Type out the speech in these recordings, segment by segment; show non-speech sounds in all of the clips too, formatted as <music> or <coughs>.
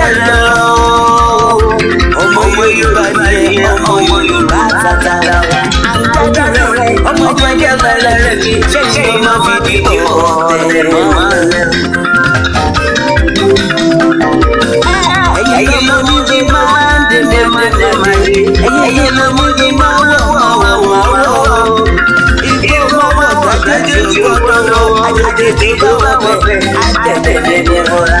ṣẹlẹ̀ o. ọmọ Yorùbá ni ẹ ọmọ Yorùbá tata la wa. àgbàdo rẹ ọmọ jẹjẹ bẹ̀rẹ̀ rẹ kì í ṣe ṣe máa fi dìbò ọ̀rẹ́ máa lẹ. ẹyẹ ló mú mi máa ń dèmẹ mọlẹ mọlẹ ẹyẹ ló mú mi máa wọ wọ wọ wọ. ìgbé wọ́wọ́ gbàgbé ti gbọ́dọ̀ lọ ajá tètè bá wà pẹ̀pẹ̀ àtẹ̀tẹ̀ lẹ́nu ọ̀la.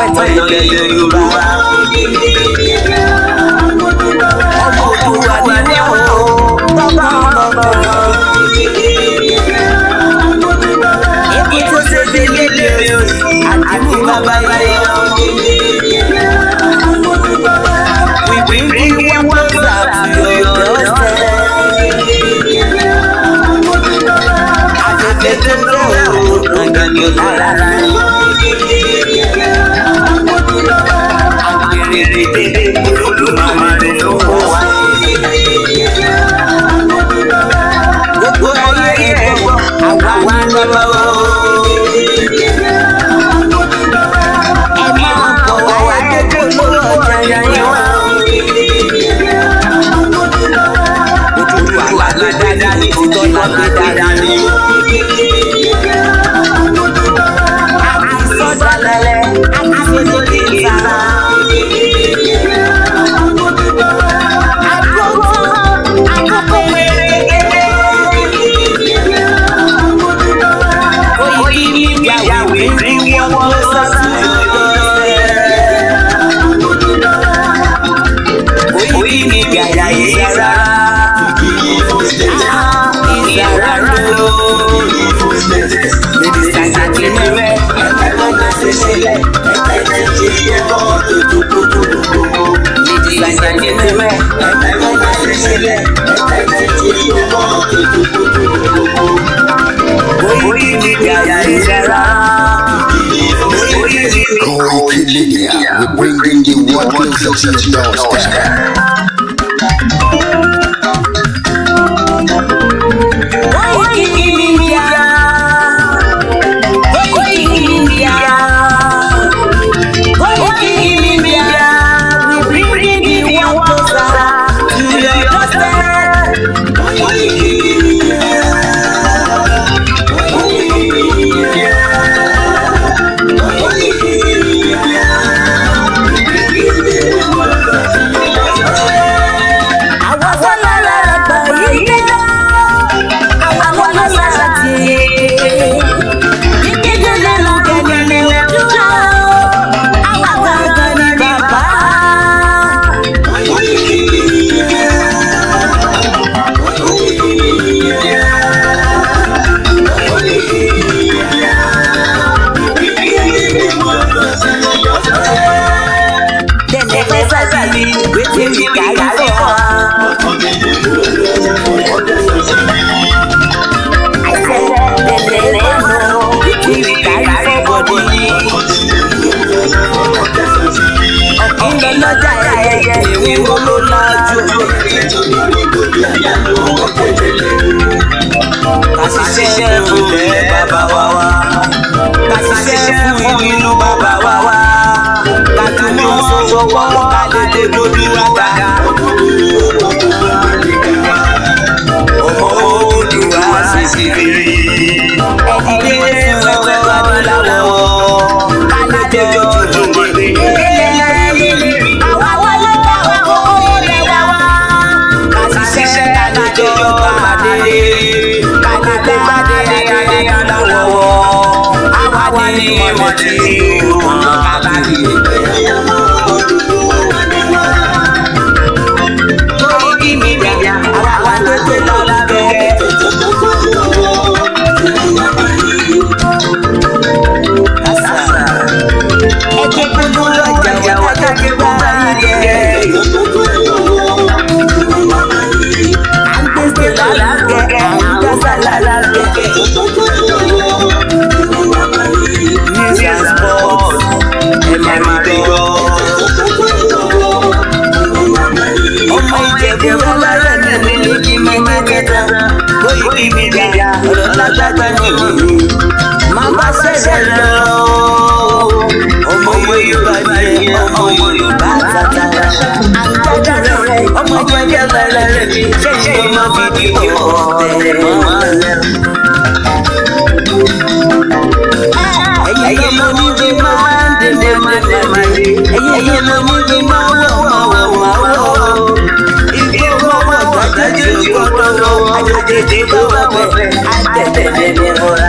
fẹ́tàn ilẹ̀ Yorùbá. ọmọ Oòduà ni wọ́n o bàbá bàbá. ikú tó ṣe bí lédè àti bàbá yẹ. We bring you your doorstep. Afẹ́fẹ́ bàbá o. ẹ máa bọ̀ wá wá dẹ́kun lówó ọjà yẹn wá. nítorí wàhálà 要有些气恼。Kàṣiṣẹ́ fúnlẹ̀ bàbá wa wá. Kàṣiṣẹ́ fún ìlú bàbá wa wá. Kàdúmọ̀ sọ̀wọ́ ká lè dé lórí wa dá. Martin ṣẹ̀ṣẹ̀ lọ. ọmọ Yorùbá ni ọmọ Yorùbá tata. àgbàdo rẹ ọmọ jẹjẹ lẹrẹ rẹ mi ṣẹ̀ṣẹ̀ ìmọ̀ fi di ọ̀bẹ mọ́ lẹ. ẹ̀yin ọmọ mi ti máa ń dèdè máa dèdè máa dé. ẹ̀yin ọmọ mi ti máa ń wọ̀ wọ̀ wọ̀ wọ̀ wọ̀. ìgbé wọ́wọ́ gbàdájú ìgbọ́dọ̀ lọ. ajọ́jọ́ ti bá wà pẹ́ àtẹ̀tẹ̀ lẹ́nu ọ̀la.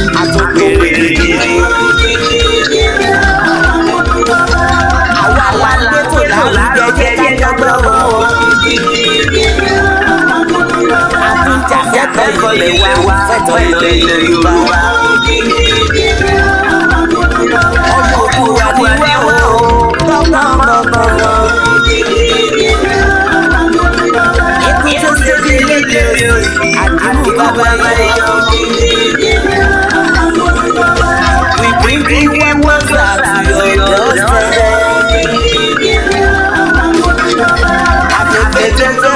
kẹ́kọ̀ọ́ lè wá fẹ́tọ̀ ilẹ̀ Yorùbá. ọdún òkú wa ni wá o tọ́gbọ́n bọ̀bọ̀n. ikú tó ṣe bí lédè àdúgbò bàbá yẹn. We bring the weapons out to your doorstep. Afẹ́fẹ́ tó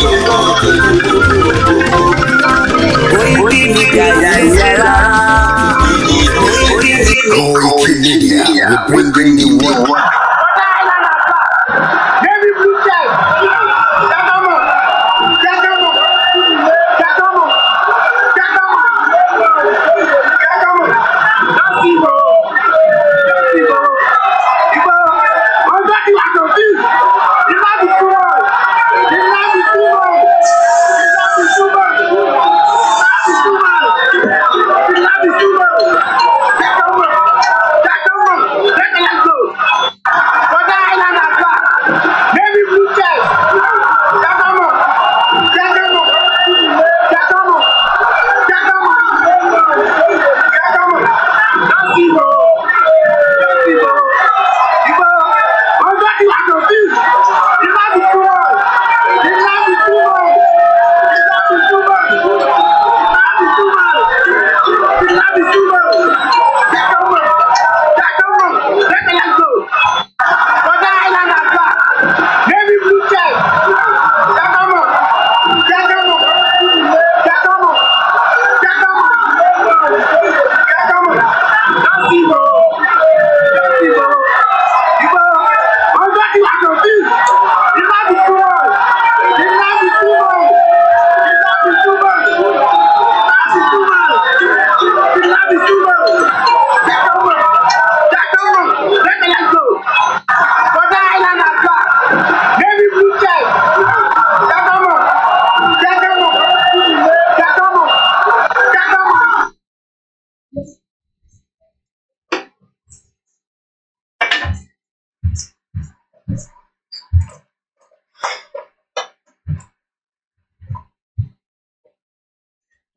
Koiki Media Nigeria. Koiki bringing you what?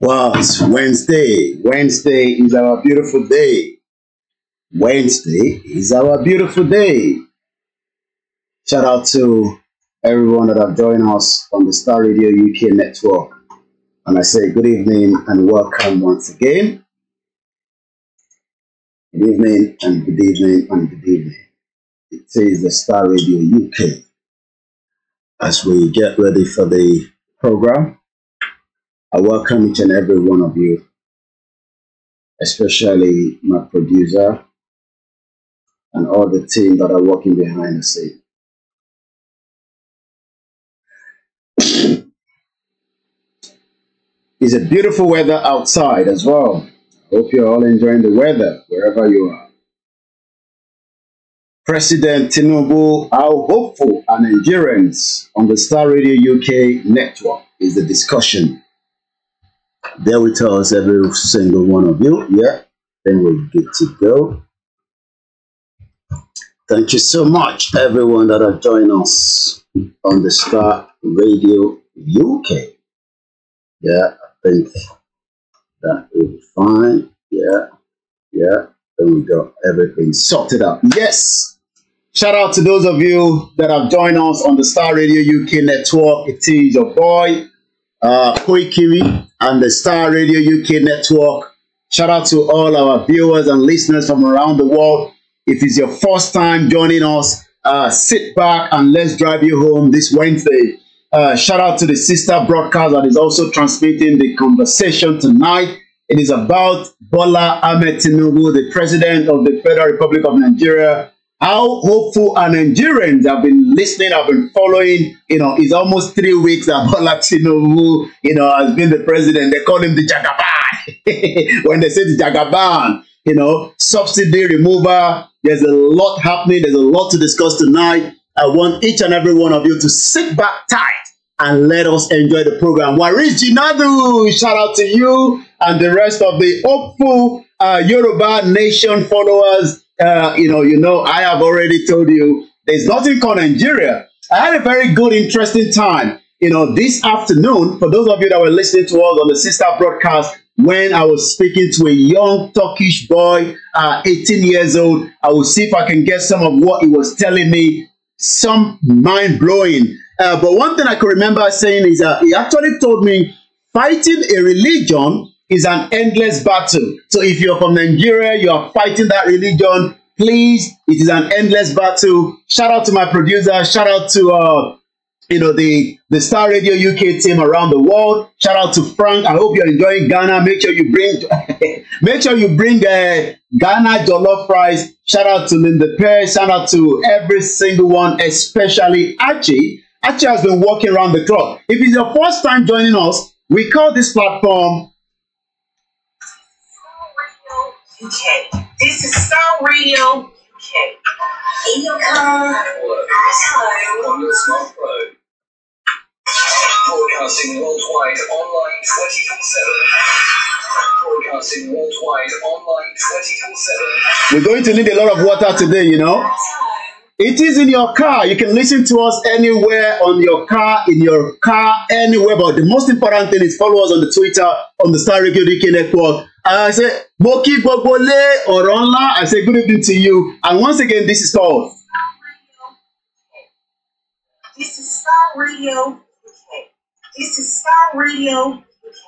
Well, it's Wednesday. Wednesday is our beautiful day. Wednesday is our beautiful day. Shout out to everyone that have joined us on the Star Radio UK network. And I say good evening and welcome once again. Good evening and good evening and good evening. It is the Star Radio UK. As we get ready for the program, I welcome each and every one of you, especially my producer and all the team that are working behind the scene. <coughs> it's a beautiful weather outside as well. Hope you're all enjoying the weather wherever you are. President Tinubu, how hopeful and endurance on the Star Radio UK network is the discussion there we tell us every single one of you. Yeah. Then we're good to go. Thank you so much, everyone that have joined us on the Star Radio UK. Yeah, I think that will be fine. Yeah, yeah. Then we got everything sorted out. Yes. Shout out to those of you that have joined us on the Star Radio UK network. It is your boy, uh, Koikiwi and the Star Radio UK network. Shout out to all our viewers and listeners from around the world. If it's your first time joining us, uh, sit back and let's drive you home this Wednesday. Uh, shout out to the sister broadcast that is also transmitting the conversation tonight. It is about Bola Ahmed Tinubu, the president of the Federal Republic of Nigeria, how hopeful and Nigerians have been listening, have been following. You know, it's almost three weeks that <laughs> Bola Tinubu, you know, has been the president. They call him the Jagaban. <laughs> when they say the Jagaban, you know, subsidy remover. There's a lot happening. There's a lot to discuss tonight. I want each and every one of you to sit back tight and let us enjoy the program. Waris Jinadu, shout out to you and the rest of the hopeful uh, Yoruba Nation followers uh, you know, you know, I have already told you there's nothing called Nigeria. I had a very good, interesting time. You know, this afternoon, for those of you that were listening to us on the sister broadcast, when I was speaking to a young Turkish boy, uh, 18 years old, I will see if I can get some of what he was telling me. Some mind blowing. Uh, but one thing I could remember saying is that he actually told me fighting a religion is an endless battle. So if you're from Nigeria, you are fighting that religion, please, it is an endless battle. Shout out to my producer, shout out to uh, you know the the Star Radio UK team around the world. Shout out to Frank. I hope you're enjoying Ghana. Make sure you bring <laughs> make sure you bring uh, Ghana dollar fries. Shout out to Linda Perry. Shout out to every single one, especially Archie. Archie has been working around the clock. If it's your first time joining us, we call this platform UK. This is Star Radio UK. In your car, at home, on your smartphone. Broadcasting worldwide online 24 7. Broadcasting worldwide online 24 7. We're going to need a lot of water today, you know. It is in your car. You can listen to us anywhere on your car, in your car, anywhere. But the most important thing is follow us on the Twitter, on the Star Radio UK Network, I say mo kí gbogbo lé ọ̀rọ̀ ńlá I say good evening to you and once again this is called. This is Star Radio UK. This is Star Radio UK.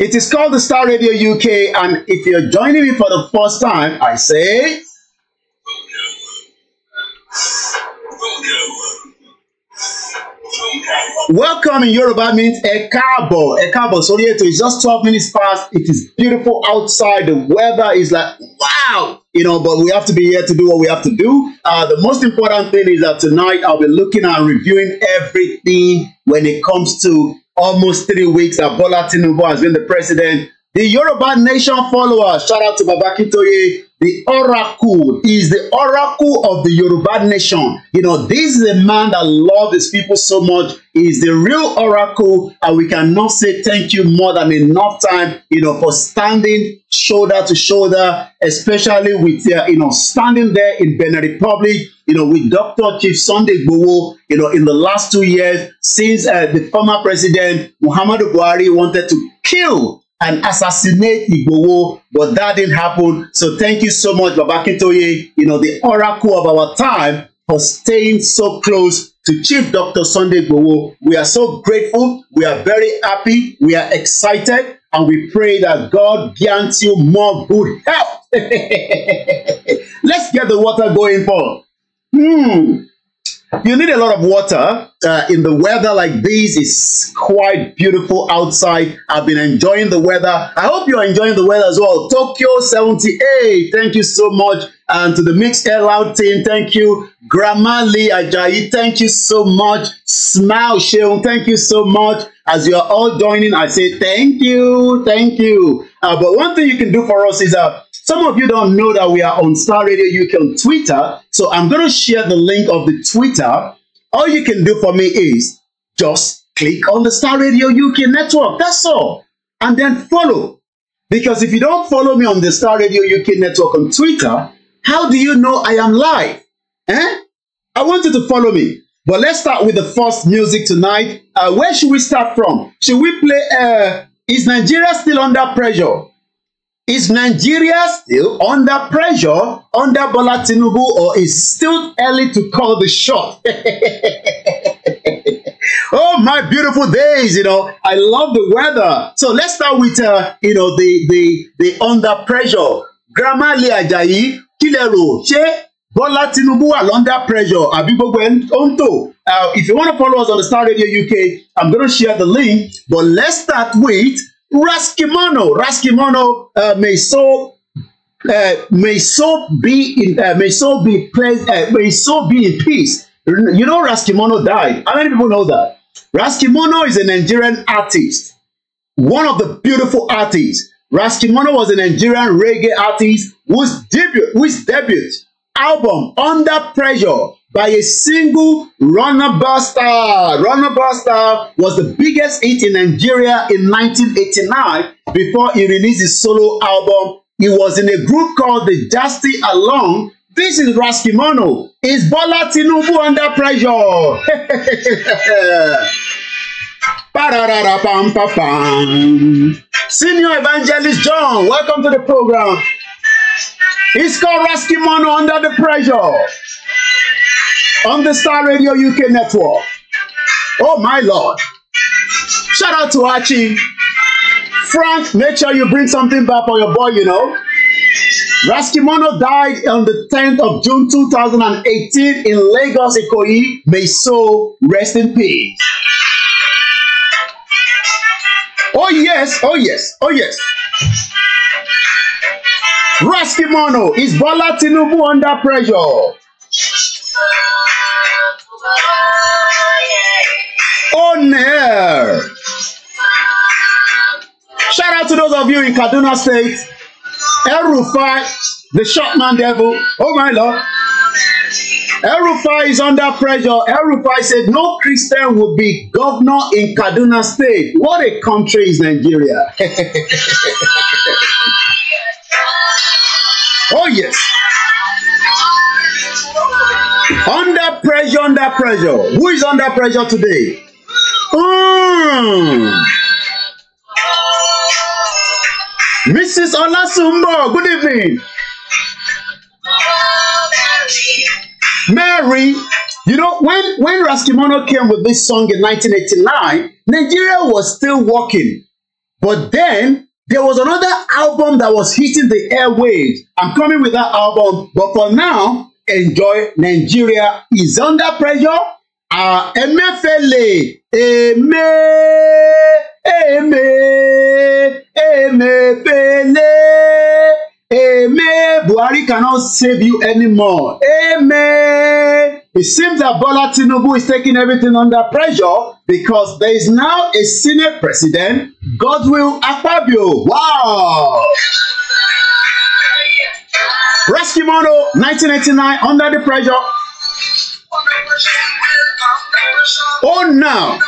It is called the Star Radio UK, and if you're joining me for the first time, I say Welcome in Yoruba means ẹ káàbọ̀, ẹ káàbọ̀ sórí ètò. It's just twelve minutes past. It is beautiful outside. The weather is like, wow! You know, but we have to be here to do what we have to do. Uh, the most important thing is that tonight I'll be looking and reviewing everything when it comes to almost three weeks that Bola Tinubu has been the president. The Yoruba Nation followers, shout out to Babakitoye, The oracle is the oracle of the Yoruba nation. You know, this is a man that loves his people so much. He is the real oracle, and we cannot say thank you more than enough time, you know, for standing shoulder to shoulder, especially with, uh, you know, standing there in Benin Republic, you know, with Dr. Chief Sunday Gbowo, you know, in the last two years, since uh, the former president, Muhammadu Buhari, wanted to kill and assassinate Igbowo, but that didn't happen. So thank you so much, Babakitoye, you know, the oracle of our time for staying so close to Chief Dr. Sunday Igbowo. We are so grateful. We are very happy. We are excited. And we pray that God grants you more good health. <laughs> Let's get the water going, Paul. Hmm. you need a lot of water uh, in the weather like this. It's quite beautiful outside. I've been enjoying the weather. I hope you're enjoying the weather as well. Tokyo 78, thank you so much. And to the Mixed Air Loud team, thank you. Grandma Lee Ajayi, thank you so much. Smile Sheung, thank you so much. As you're all joining, I say thank you, thank you. Uh, but one thing you can do for us is uh, Some of you don't know that we are on Star Radio UK on Twitter, so I'm going to share the link of the Twitter. All you can do for me is just click on the Star Radio UK network. That's all. And then follow. Because if you don't follow me on the Star Radio UK network on Twitter, how do you know I am live? Eh? I want you to follow me. But let's start with the first music tonight. Uh, where should we start from? Should we play uh, Is Nigeria Still Under Pressure? Is Nigeria still under pressure under Bola Tinubu or is still early to call the shot? <laughs> oh my beautiful days, you know, I love the weather. So let's start with uh, you know the the the under pressure. Grandma Lé Ajayi Kilero ṣé Bola Tinubu wà under pressure àbí gbogbo ẹ̀ ń tò. Uh, if you want to follow us on the Star Radio UK, I'm going to share the link. But let's start with Raskimono, Raskimono, uh, may so uh, may so be in uh, may so be pleased, uh, may so be in peace. You know, Raskimono died. How many people know that? Raskimono is a Nigerian artist, one of the beautiful artists. Raskimono was a Nigerian reggae artist whose debut, whose debut album Under Pressure by a single runner buster. Runner buster was the biggest hit in Nigeria in 1989 before he released his solo album. He was in a group called the Justy Along. This is Raskimono. Is Bola Tinubu under pressure? <laughs> Senior Evangelist John, welcome to the program. It's called Raskimono Under the Pressure on the Star Radio UK network. Oh my lord. Shout out to Archie. Frank, make sure you bring something back for your boy, you know. Raskimono died on the 10th of June 2018 in Lagos, Ikoyi. May so rest in peace. Oh yes, oh yes, oh yes. Raskimono is Bola Tinubu under pressure. On air. Shout out to those of you in Kaduna State. El Rufai, the short devil. Oh my Lord. El Rufai is under pressure. El Rufai said no Christian will be governor in Kaduna State. What a country is Nigeria. <laughs> oh yes. Under pressure, under pressure. Who is under pressure today? Mm. Mrs. Olasunbo, good evening. Mary, you know, when, when Raskimono came with this song in 1989, Nigeria was still working. But then there was another album that was hitting the airwaves. I'm coming with that album, but for now, enjoy Nigeria is under pressure. Uh, Emefiele, Eme, Eme, Emefiele, Eme, Buhari cannot save you anymore. Eme. It seems that Bola Tinubu is taking everything under pressure because there is now a senior president, Godwill Akpabio. Wow! Rescue Mondo, 1999, Under the Pressure. Oh, now.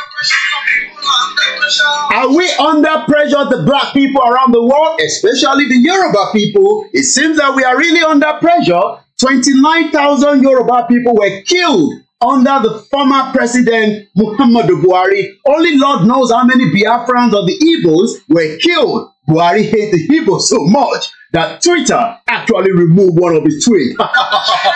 Are we under pressure, the black people around the world, especially the Yoruba people? It seems that we are really under pressure. 29,000 Yoruba people were killed under the former president Muhammadu Buhari. Only Lord knows how many Biafrans or the Igbos were killed. Buhari hated the Igbos so much that Twitter actually removed one of his tweets. <laughs>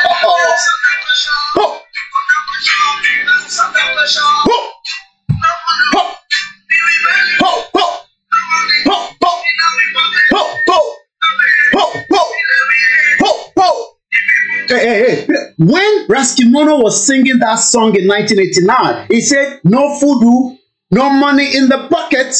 Hey, hey, hey. When Raskimono was singing that song in 1989, he said, No voodoo, no money in the pocket,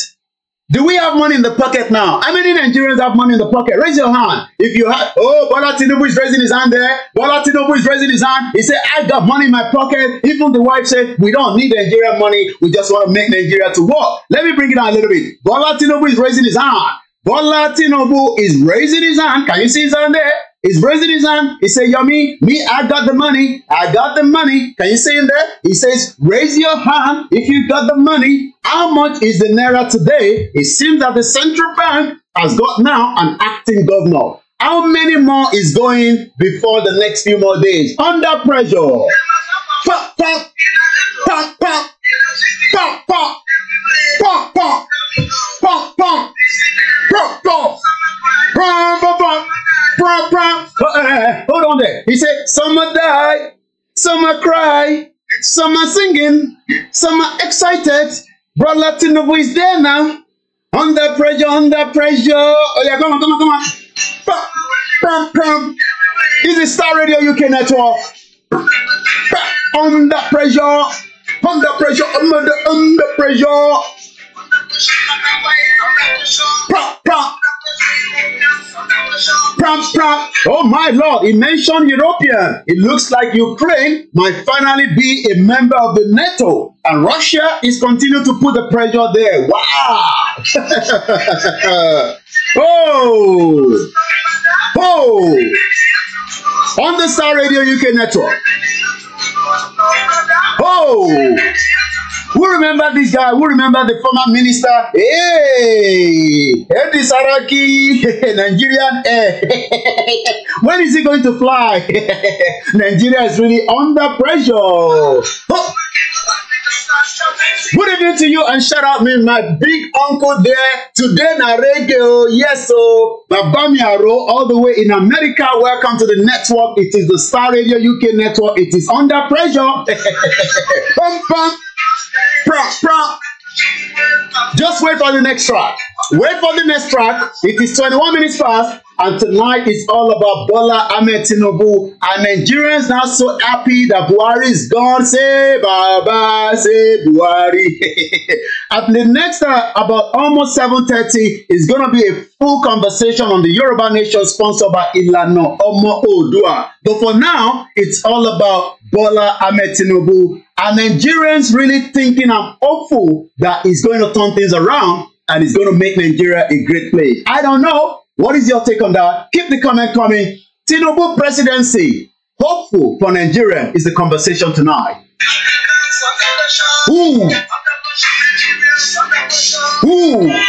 Do we have money in the pocket now? How many Nigerians have money in the pocket? Raise your hand. If you have, oh, Bola Tinubu is raising his hand there. Bola Tinubu is raising his hand. He said, I got money in my pocket. Even the wife said, we don't need Nigeria money. We just want to make Nigeria to work. Let me bring it down a little bit. Bola Tinubu is raising his hand. Bola Tinubu is raising his hand. Can you see his hand there? He's raising his hand. He said, Yomi, me, I got the money. I got the money. Can you see in there? He says, raise your hand if you got the money. How much is the Naira today? It seems that the central bank has got now an acting governor. How many more is going before the next few more days? Under pressure. Pop, pop, pop, pop, pop, pop, pop, pop, pop, pop, pop, pop, pop, Prom, prom. Uh, hold on there. He said, Some are die, some are cry, some are singing, some are excited. Bro, Tinubu is there now. Under pressure, under pressure. Oh, yeah, come on, come on, come on. Prom, prom, prom. This is Star Radio UK Network. Under pressure, under pressure, under, under pressure. Prom, prom. Pram, pram. Oh my Lord, he mentioned European. It looks like Ukraine might finally be a member of the NATO. And Russia is continuing to put the pressure there. Wow! <laughs> oh! Oh! On the Star Radio UK network. Oh! Who remember this guy? Who remember the former minister? Hey, Eddie Saraki, <laughs> Nigerian air. <laughs> when is he going to fly? <laughs> Nigeria is really under pressure. Oh. Good evening to you and shout out me, my big uncle there. Today na oh, yes o, oh. Baba Aro all the way in America. Welcome to the network. It is the Star Radio UK network. It is under pressure. bum, bum. Prop, prop. Just wait for the next track. Wait for the next track. It is 21 minutes past, and tonight is all about Bola Ahmed Tinubu. And Nigerians now so happy that Buhari is gone. Say bye bye, say Buhari. <laughs> At the next uh, about almost 7:30 is going to be a full conversation on the Yoruba Nation sponsored by Ilana Omo Odua. But for now, it's all about Bola Ahmed Tinubu Are Nigerians really thinking and hopeful that it's going to turn things around and it's going to make Nigeria a great place? I don't know. What is your take on that? Keep the comment coming. Tinubu presidency, hopeful for Nigeria is the conversation tonight. Ooh. Ooh.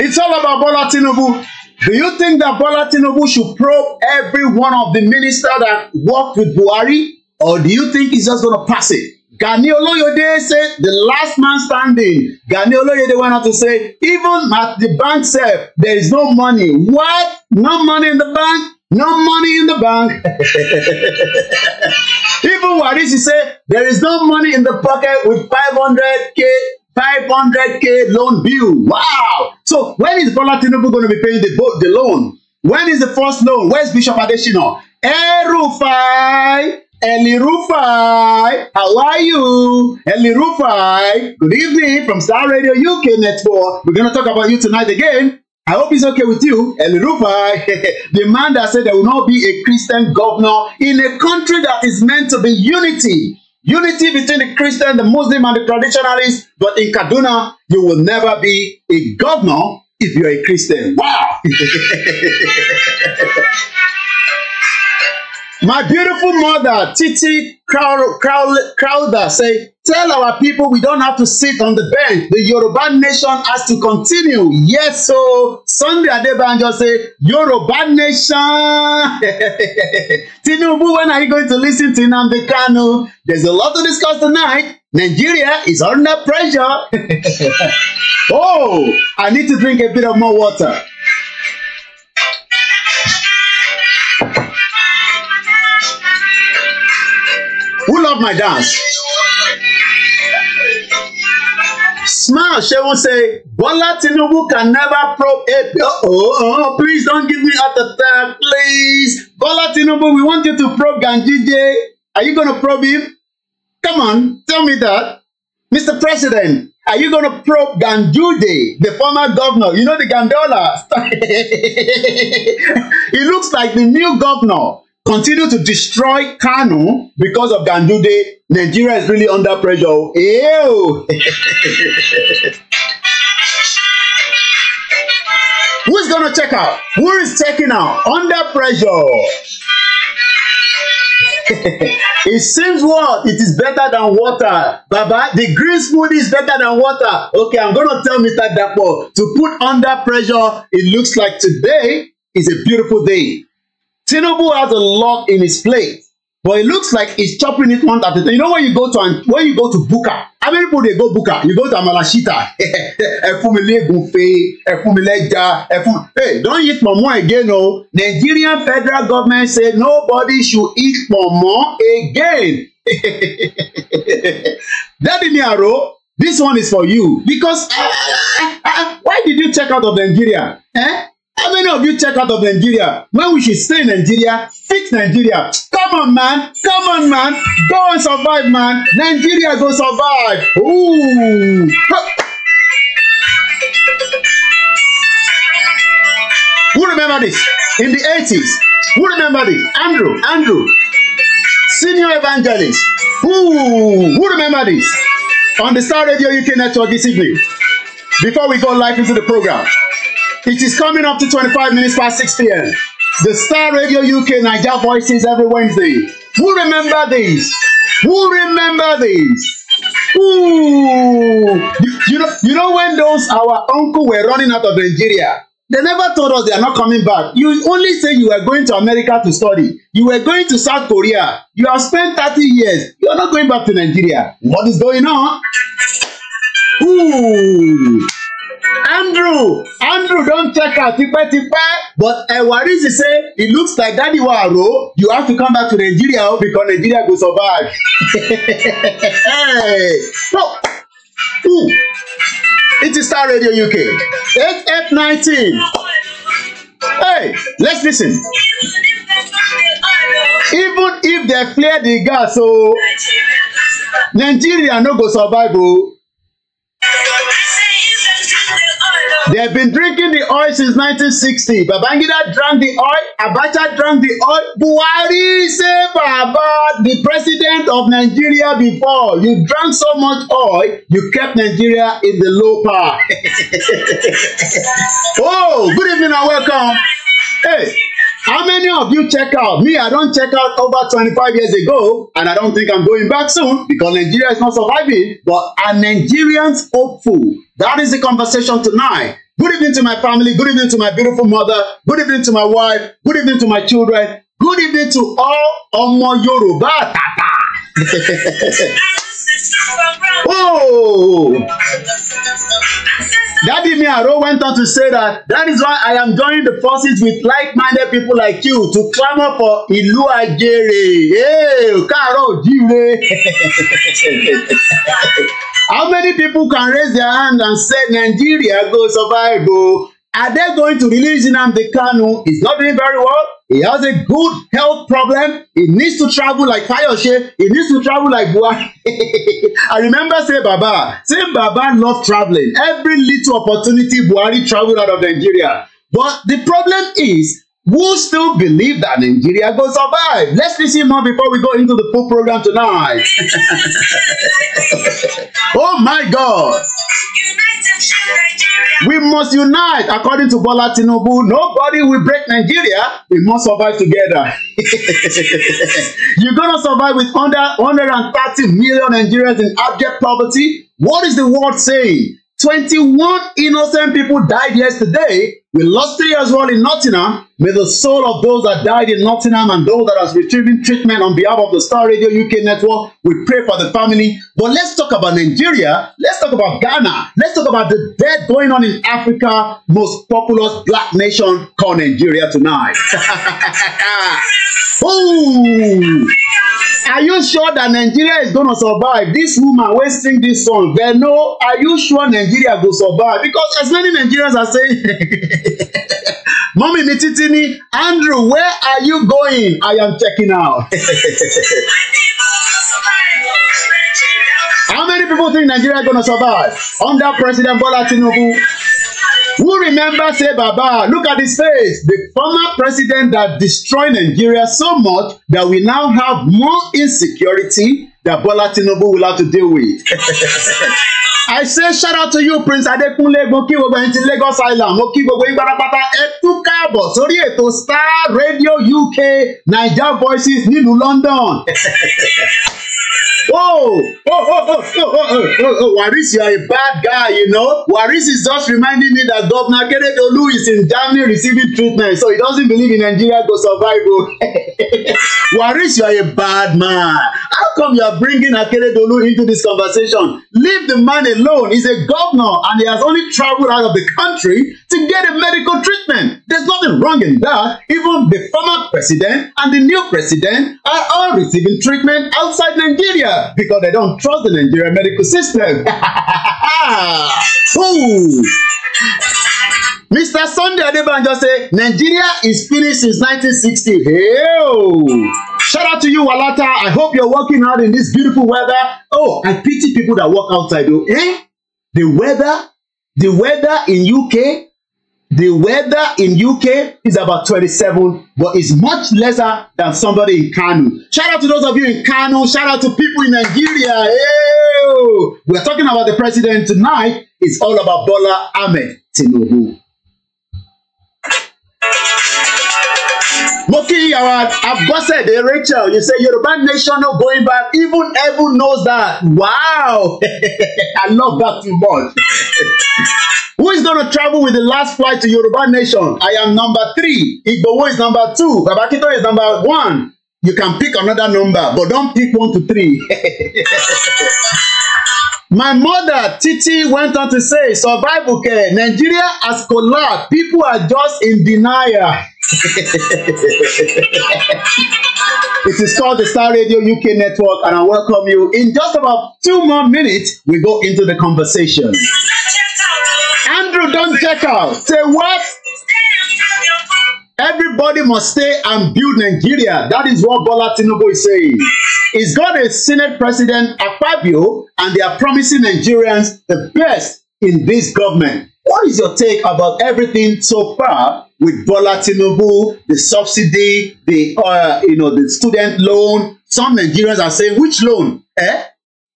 It's all about Bola Tinubu. Do you think that Bola Tinubu should probe every one of the ministers that worked with Buhari? Or do you think he's just gonna pass it? Gani Oloyede said, the last man standing. Gani Oloyede went on to say, even at the bank said, there is no money. What? No money in the bank? No money in the bank. <laughs> even Warishi said, there is no money in the pocket with 500k 500k loan bill. Wow! So when is Bola Tinubu going be paying the, the loan? When is the first loan? Where's Bishop Adesina? Erufai Elirufai, how are you? Elirufai, good evening from Star Radio UK Network. We're going to talk about you tonight again. I hope it's okay with you, Elirufai, <laughs> the man that said there will not be a Christian governor in a country that is meant to be unity. Unity between the Christian, the Muslim, and the traditionalists. But in Kaduna, you will never be a governor if you're a Christian. Wow! <laughs> My beautiful mother, Titi Crowder, say, tell our people we don't have to sit on the bench. The Yoruba nation has to continue. Yes, so Sunday Adebanjo say, Yoruba nation. <laughs> Tinubu, when are you going to listen to Nnamdi Kanu? There's a lot to discuss tonight. Nigeria is under pressure. <laughs> oh, I need to drink a bit of more water. People love my dance. Smile, She Seun say, Bola Tinubu can never probe it. Oh, oh, please don't give me the third. please. Bola Tinubu, we want you to probe Gangije. Are you going to probe him? Come on, tell me that. Mr. President, are you going to probe Ganjude, the former governor? You know the Gandola? <laughs> he looks like the new governor continue to destroy Kanu because of Ganduje. Nigeria is really under pressure. Ew. <laughs> Who's gonna check out? Who is checking out? Under pressure. <laughs> it seems what it is better than water baba the green smoothie is better than water okay i'm gonna tell mr dapo to put under pressure it looks like today is a beautiful day Tinubu has a lot in his plate, but it looks like he's chopping it one at a time. You know when you go to when you go to Buka, how many people dey go Buka? You go to Amalashita, <laughs> Hey, don't eat momo again o. Oh. Nigerian federal government said nobody should eat momo again. <laughs> Daddy Miaro, this one is for you because uh, uh, uh, why did you check out of Nigeria? Eh? How many of you check out of Nigeria? When we should stay in Nigeria, fix Nigeria. Come on, man. Come on, man. Go and survive, man. Nigeria go survive. Ooh. Who remember this? In the 80s. Who remember this? Andrew. Andrew. Senior evangelist. Ooh. Who remember this? On the Star Radio UK network this evening. Before we go live into the program. It is coming up to 25 minutes past 6 p.m. The Star Radio UK Niger Voices every Wednesday. Who remember these? Who remember these? Ooh! You, you, know, you know when those our uncle were running out of Nigeria? They never told us they are not coming back. You only say you were going to America to study. You were going to South Korea. You have spent 30 years. You are not going back to Nigeria. What is going on? Ooh! Andrew Andrew don't check out Tipe Tipe. but Ewarisi say it looks like daddy Waro. you have to come back to Nigeria oh, because Nigeria go survive. <laughs> hey. so Ooh. It is Star Radio UK F F nineteen. Hey, let's listen. Even if they clear the gas, so oh, Nigeria no go survive o. Oh. They have been drinking the oil since 1960. Babangida drank the oil. Abacha drank the oil. Buhari say Baba, the president of Nigeria before, you drank so much oil, you kept Nigeria in the low power. <laughs> oh, good evening and welcome. Hey. How many of you check out? Me, I don't check out over 25 years ago, and I don't think I'm going back soon because Nigeria is not surviving. But are Nigerians hopeful? That is the conversation tonight. Good evening to my family. Good evening to my beautiful mother. Good evening to my wife. Good evening to my children. Good evening to all ọmọ Yorùbá àtàtà. <laughs> Oh! Daddy Miaro went on to say that that is why I am joining the forces with like-minded people like you to clamour for Ilu ìlú àjèrè. Káàárọ̀ òjíire. <laughs> How many people can raise their hand and say Nigeria go survive o? Are they going to release Nnamdi Kanu? He's not doing very well. He has a good health problem. He needs to travel like Fayose. He needs to travel like Buhari. <laughs> I remember say Baba, say Baba love traveling. Every little opportunity Buhari travel out of Nigeria. But the problem is, who still believe that Nigeria will survive? Let's listen more before we go into the full program tonight. <laughs> oh my God. We must unite according to Bola Tinubu. Nobody will break Nigeria. We must survive together. <laughs> You're gonna survive with under 130 million Nigerians in abject poverty. What is the world saying? 21 innocent people died yesterday We lost three as well in Nottingham. May the soul of those that died in Nottingham and those that are receiving treatment on behalf of the Star Radio UK network, we pray for the family. But let's talk about Nigeria. Let's talk about Ghana. Let's talk about the death going on in Africa, most populous black nation called Nigeria tonight. <laughs> Ooh. Are you sure that Nigeria is going to survive? This woman wasting this song, Veno, are you sure Nigeria will survive? Because as many Nigerians are saying <laughs> <laughs> mọ́mì mi títí ní Andrew where are you going? I am checking out. <laughs> How many people think Nigeria gonna survive under President Bola Tinubu? Who remember say Baba? Look at his face. The former president that destroyed Nigeria so much that we now have more insecurity that Bola Tinubu will have to deal with. <laughs> I say shout out to you Prince Adekunle mo kí gbogbo ẹni ti Lagos Island mo kí gbogbo yín pátápátá ẹ tún káàbọ̀ sórí ètò Star Radio UK Naija Voices nílùú London. <laughs> Oh, oh, oh, oh, oh, oh, oh, oh, Waris, you are a bad guy, you know. Waris is just reminding me that Governor Keredolu is in Germany receiving treatment, so he doesn't believe in Nigeria go Survival. Oh. <laughs> Waris, you are a bad man. How come you are bringing Akeredolu into this conversation? Leave the man alone. He's a governor and he has only traveled out of the country to get a medical treatment. There's nothing wrong in that. Even the former president and the new president are all receiving treatment outside Nigeria because they don't trust the Nigerian medical system. <laughs> Ooh. Mr. Sunday Adebanjo say Nigeria is finished since 1960. Hey, Shout out to you, Walata. I hope you're working out in this beautiful weather. Oh, I pity people that work outside. Oh, eh? The weather, the weather in UK The weather in UK is about 27, but it's much lesser than somebody in Kano. Shout out to those of you in Kano. Shout out to people in Nigeria. Hey! We're talking about the president tonight. It's all about Bola Ahmed Tinubu. Moki kí yàrá Abọ́sẹ̀dé Rachel you say Yoruba nation no going back even Evan knows that wow <laughs> I love that too much. <laughs> Who is going to travel with the last flight to Yoruba Nation? I am number three. Igbowo is number two. Babakito is number one. You can pick another number, but don't pick one to three. <laughs> My mother, Titi, went on to say, survival care, Nigeria has collapsed. People are just in denial. <laughs> it is called the Star Radio UK Network, and I welcome you. In just about two more minutes, we go into the conversation don't check out. Say what? Everybody must stay and build Nigeria. That is what Bola Tinubu is saying. He's got a Senate President Akpabio, and they are promising Nigerians the best in this government. What is your take about everything so far with Bola Tinubu, the subsidy, the uh, you know the student loan? Some Nigerians are saying, which loan? Eh?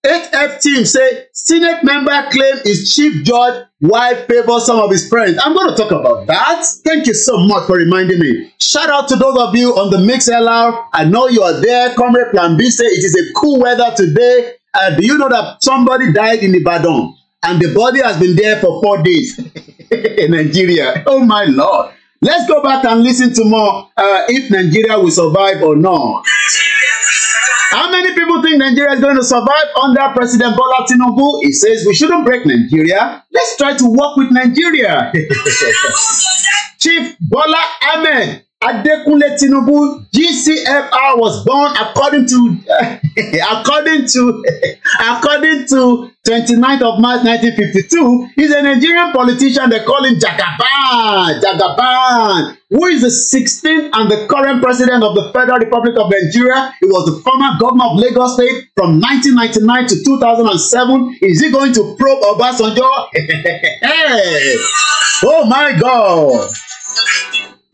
8 team say Senate member claim his chief judge wife favors some of his friends. I'm going to talk about that. Thank you so much for reminding me. Shout out to those of you on the Mix I know you are there. Comrade Plan B say it is a cool weather today. Uh, do you know that somebody died in Ibadan and the body has been there for four days <laughs> in Nigeria? Oh my lord. Let's go back and listen to more uh, if Nigeria will survive or not. How many people think Nigeria is going to survive under President Bola Tinubu? He says we shouldn't break Nigeria. Let's try to work with Nigeria. <laughs> Chief Bola Ahmed Adekunle Tinubu GCFR was born according to <laughs> according to <laughs> according to 29th of March 1952 He's a Nigerian politician they call him Jagaban Jagaban who is the 16th and the current president of the Federal Republic of Nigeria. He was the former governor of Lagos State from 1999 to 2007. Is he going to probe Obasanjo? <laughs> hey! Oh my God!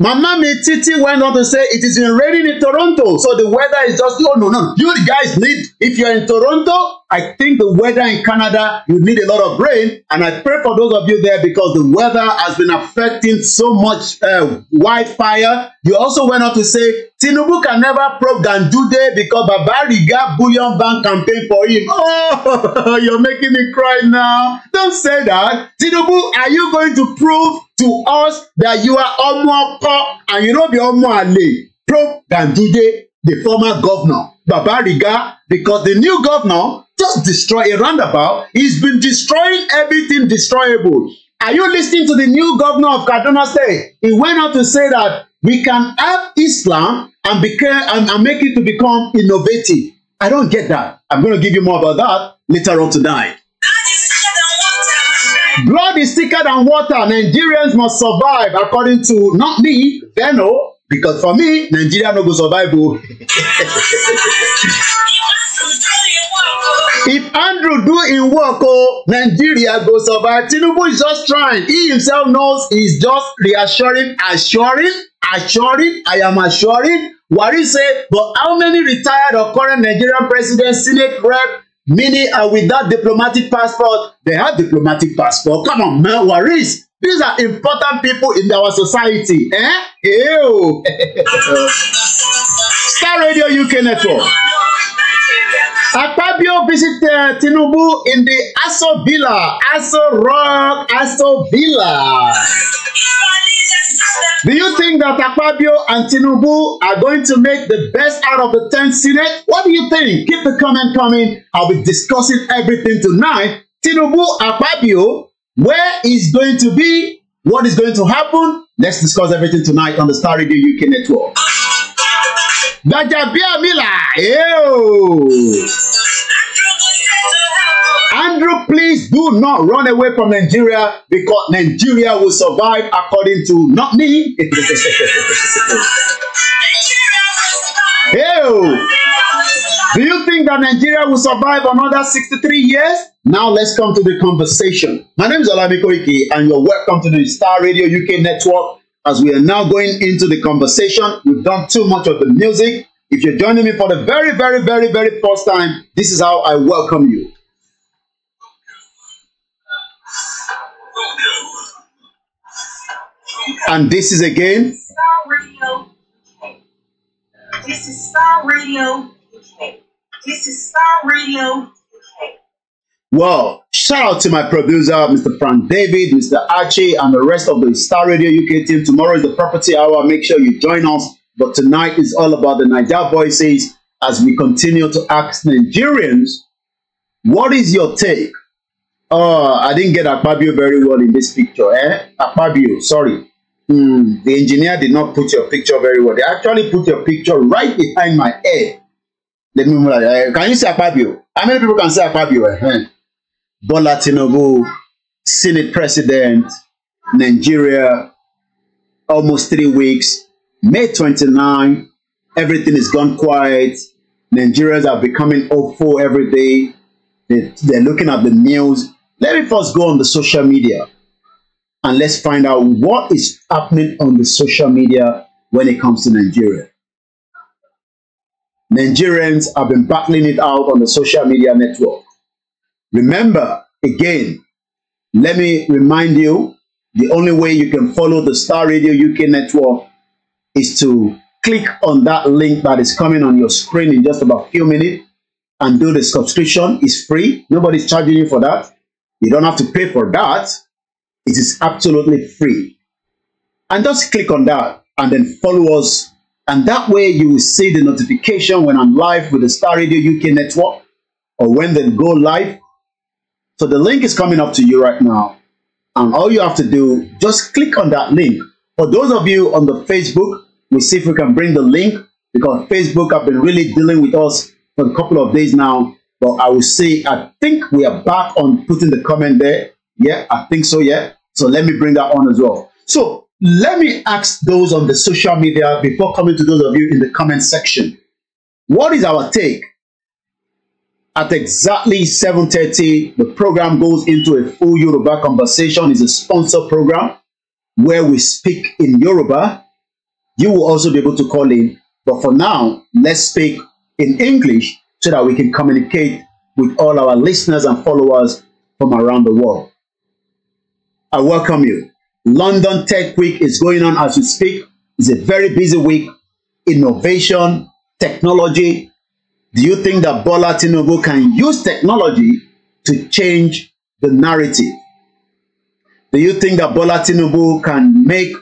Mama mi Titi went on to say it is raining in Toronto, so the weather is just oh no no. You guys need if you're in Toronto, I think the weather in Canada you need a lot of rain, and I pray for those of you there because the weather has been affecting so much uh, wildfire. You also went on to say Tinubu can never probe Gandude because Baba Riga Bullion Bank campaign for him. <laughs> Oh, <laughs> you're making me cry now. Don't say that. Tinubu, are you going to prove to us that you are Omuoko and you no be Omu Ale, Prof. Ganduje, the former governor, Baba Riga, because the new governor just destroy a roundabout. He's been destroying everything destroyable. Are you listening to the new governor of Kaduna State? He went on to say that we can help Islam and, become, and, and make it to become innovative. I don't get that. I'm going to give you more about that later on tonight. Blood is thicker than water. Nigerians must survive, according to not me, Beno, because for me, Nigeria no go survive. Oh. <laughs> if Andrew do in work, oh, Nigeria go survive. Tinubu is just trying. He himself knows he's just reassuring, assuring, assuring. I am assuring. Wari say, but how many retired or current Nigerian president, Senate rep, Many are without diplomatic passport. They have diplomatic passport. Come on, man, worries. These are important people in our society. Eh? Ew. <laughs> Star Radio UK Network. Akpabio visit uh, Tinubu in the Aso Villa, Aso Rock, Aso Villa. Do you think that Akpabio and Tinubu are going to make the best out of the 10th Senate? What do you think? Keep the comment coming. I'll be discussing everything tonight. Tinubu Akpabio, where is going to be? What is going to happen? Let's discuss everything tonight on the Star Radio UK network. Mila, yo. Andrew Do not run away from Nigeria because Nigeria will survive according to not me. hey, do you think that Nigeria will survive another 63 years? Now let's come to the conversation. My name is Olami Koike and you're welcome to the Star Radio UK network as we are now going into the conversation. We've done too much of the music. If you're joining me for the very, very, very, very first time, this is how I welcome you. And this is again. Star Radio This is Star Radio This is Star Radio Well, shout out to my producer, Mr. Frank David, Mr. Archie, and the rest of the Star Radio UK team. Tomorrow is the property hour. Make sure you join us. But tonight is all about the Niger voices as we continue to ask Nigerians, what is your take? Uh, I didn't get Akpabio very well in this picture. Eh? Akpabio, sorry. Mm, the engineer did not put your picture very well. They actually put your picture right behind my head. Let me move. Uh, can you see Akpabio? How many people can say Akpabio? Uh-huh. Bola Tinubu, Senate President, Nigeria, almost three weeks. May 29, everything is gone quiet. Nigerians are becoming hopeful every day. They, they're looking at the news. Let me first go on the social media. and let's find out what is happening on the social media when it comes to Nigeria. Nigerians have been battling it out on the social media network. Remember, again, let me remind you, the only way you can follow the Star Radio UK network is to click on that link that is coming on your screen in just about a few minutes and do the subscription. It's free. Nobody's charging you for that. You don't have to pay for that. It is absolutely free. And just click on that and then follow us. And that way you will see the notification when I'm live with the Star Radio UK network or when they go live. So the link is coming up to you right now. And all you have to do, just click on that link. For those of you on the Facebook, we see if we can bring the link because Facebook have been really dealing with us for a couple of days now. But I will say, I think we are back on putting the comment there. Yeah, I think so. Yeah. So let me bring that on as well. So let me ask those on the social media before coming to those of you in the comment section. What is our take? At exactly 7.30, the program goes into a full Yoruba conversation. It's a sponsor program where we speak in Yoruba. You will also be able to call in. But for now, let's speak in English so that we can communicate with all our listeners and followers from around the world. I welcome you. London Tech Week is going on as we speak. It's a very busy week. Innovation, technology. Do you think that Bola Tinubu can use technology to change the narrative? Do you think that Bola Tinubu can make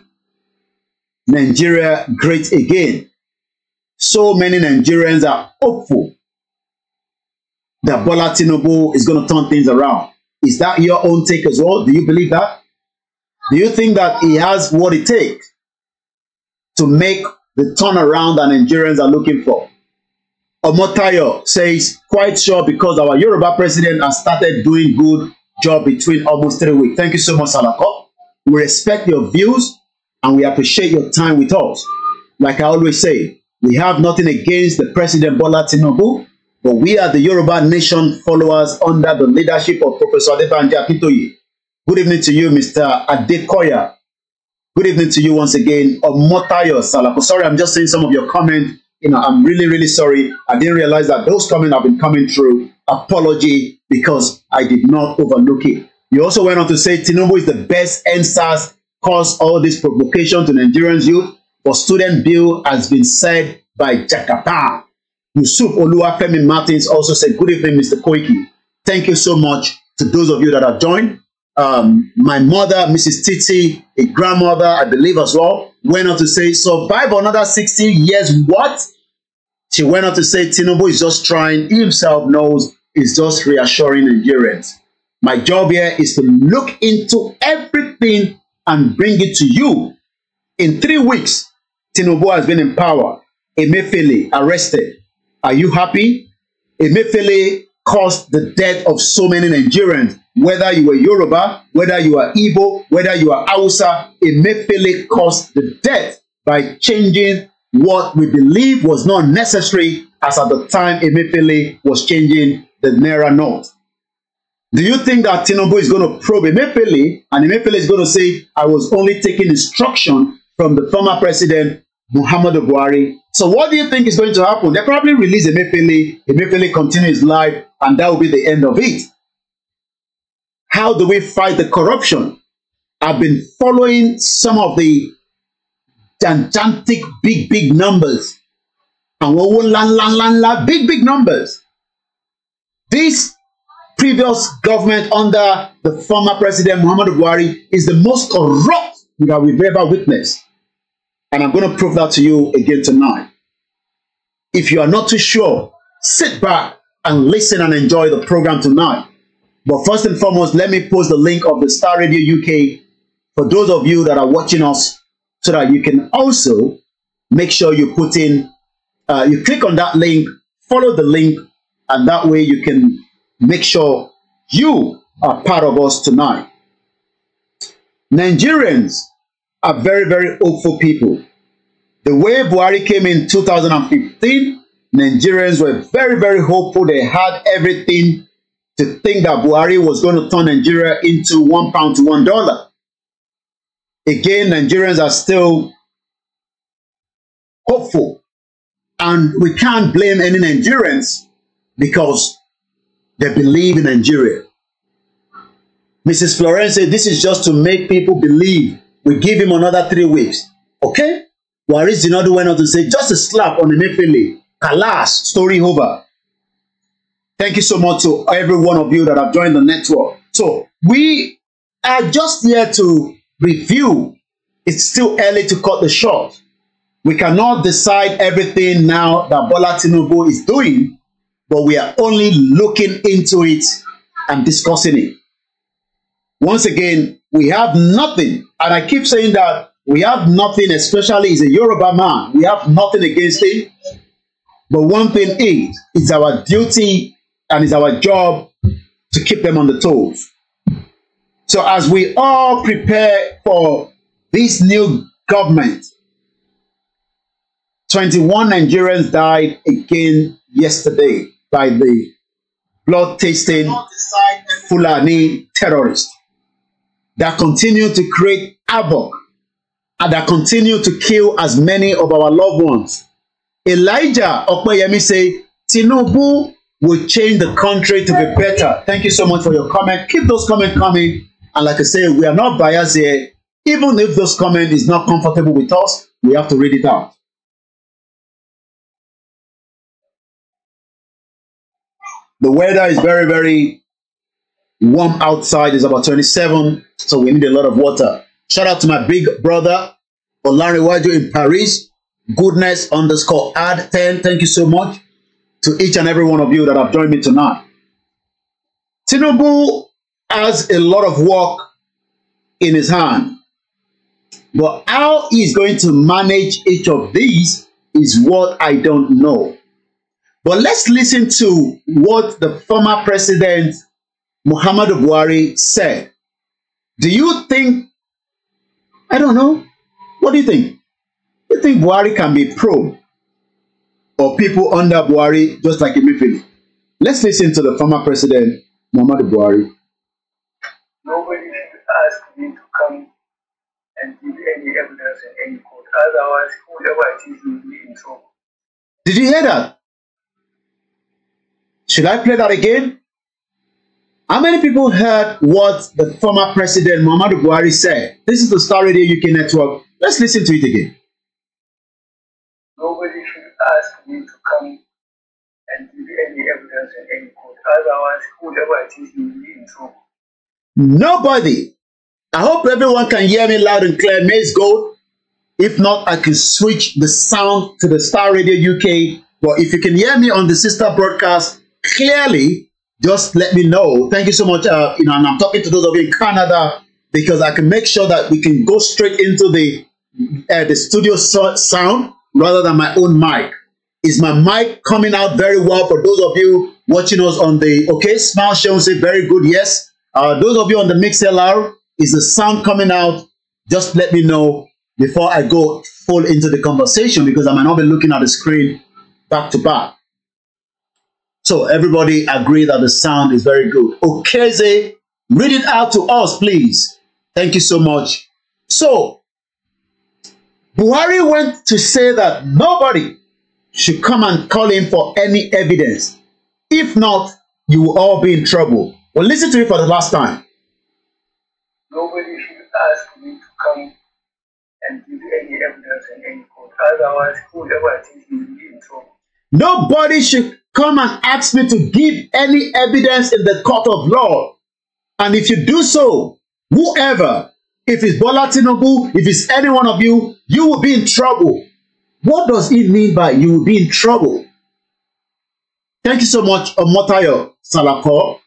Nigeria great again? So many Nigerians are hopeful that Bola Tinubu is going to turn things around. Is that your own take as well? Do you believe that? Do you think that he has what it takes to make the turnaround that Nigerians are looking for? Omotayo says, quite sure because our Yoruba president has started doing good job between almost three weeks. Thank you so much, Salako. We respect your views and we appreciate your time with us. Like I always say, we have nothing against the President Bola Tinubu, but we are the Yoruba Nation followers under the leadership of Professor Adebanji Akintoye. Good evening to you, Mr. Adekoya. Good evening to you once again, Omotayo Salako. Sorry, I'm just seeing some of your comments. You know, I'm really, really sorry. I didn't realize that those comments have been coming through. Apology because I did not overlook it. You also went on to say Tinubu is the best NSAS cause all this provocation to Nigerians youth for student bill has been said by Jakarta. Yusuf Oluwafemi Martins also said, Good evening, Mr. Koiki. Thank you so much to those of you that have joined um, my mother, Mrs. Titi, a grandmother, I believe as well, went on to say, survive another 16 years, what? She went on to say, Tinubu is just trying, he himself knows, is just reassuring Nigerians. My job here is to look into everything and bring it to you. In three weeks, Tinubu has been in power. Emefiele arrested. Are you happy? Emefiele caused the death of so many Nigerians, whether you were Yoruba, whether you are Igbo, whether you are Hausa, Emefele caused the death by changing what we believe was not necessary as at the time Emefele was changing the Naira North. Do you think that Tinubu is going to probe Emefele and Emefele is going to say, I was only taking instruction from the former president Muhammadu Buhari. So what do you think is going to happen? They'll probably release Emefiele. Emefiele continues life, and that will be the end of it. How do we fight the corruption? I've been following some of the gigantic, big, big numbers. And we land, land, land, land. big, big numbers. This previous government under the former president, Muhammadu Buhari, is the most corrupt that we've ever witnessed. And I'm going to prove that to you again tonight. If you are not too sure, sit back and listen and enjoy the program tonight. But first and foremost, let me post the link of the Star Radio UK for those of you that are watching us so that you can also make sure you put in, uh, you click on that link, follow the link, and that way you can make sure you are part of us tonight. Nigerians are very, very hopeful people. The way Buhari came in 2015, Nigerians were very, very hopeful. They had everything to think that Buhari was going to turn Nigeria into one pound to one dollar. Again, Nigerians are still hopeful. And we can't blame any Nigerians because they believe in Nigeria. Mrs. Florence said this is just to make people believe We give him another three weeks. Okay? Waris Zinadu went on to say, just a slap on the Mepele. Kalas, story over. Thank you so much to every one of you that have joined the network. So we are just here to review. It's still early to cut the short. We cannot decide everything now that Bola Tinubu is doing, but we are only looking into it and discussing it. Once again, We have nothing. And I keep saying that we have nothing, especially as a Yoruba man. We have nothing against him. But one thing is, it's our duty and it's our job to keep them on the toes. So as we all prepare for this new government, 21 Nigerians died again yesterday by the blood-tasting Fulani terrorists. that continue to create havoc and that continue to kill as many of our loved ones. Elijah Opeyemi said, Tinubu will change the country to be better. Thank you so much for your comment. Keep those comments coming. And like I say, we are not biased here. Even if those comment is not comfortable with us, we have to read it out. The weather is very, very warm outside is about 27, so we need a lot of water. Shout out to my big brother, Olanrewaju in Paris, goodness underscore add 10. Thank you so much to each and every one of you that have joined me tonight. Tinubu has a lot of work in his hand, but how he's going to manage each of these is what I don't know. But let's listen to what the former president Muhammad Buhari said. Do you think, I don't know, what do you think? You think Buhari can be pro or people under Buhari just like Emefiele? Let's listen to the former president, Muhammad Buhari. Nobody should ask me to come and give any evidence in any court. Otherwise, whoever it is will be in trouble. Did you hear that? Should I play that again? How many people heard what the former president Muhammadu Buhari said? This is the Star Radio UK network. Let's listen to it again. Nobody should ask me to come and give any evidence in any court. Otherwise, whoever it is, you will be in trouble. Nobody. I hope everyone can hear me loud and clear. Maze go. If not, I can switch the sound to the Star Radio UK. But if you can hear me on the sister broadcast clearly, just let me know. Thank you so much. Uh, you know, and I'm talking to those of you in Canada because I can make sure that we can go straight into the uh, the studio so sound rather than my own mic. Is my mic coming out very well for those of you watching us on the okay? Smile show say very good, yes. Uh, those of you on the MixLR, is the sound coming out? Just let me know before I go full into the conversation because I might not be looking at the screen back to back. So everybody agree that the sound is very good. Okeze, read it out to us, please. Thank you so much. So, Buhari went to say that nobody should come and call him for any evidence. If not, you will all be in trouble. Well, listen to it for the last time. Nobody should ask me to come and give any evidence in any court. Otherwise, whoever thinks he will be in trouble. Nobody should Come and ask me to give any evidence in the court of law. And if you do so, whoever, if it's Bola Tinubu, if it's any one of you, you will be in trouble. What does it mean by you will be in trouble? Thank you so much, Omotayo Salako.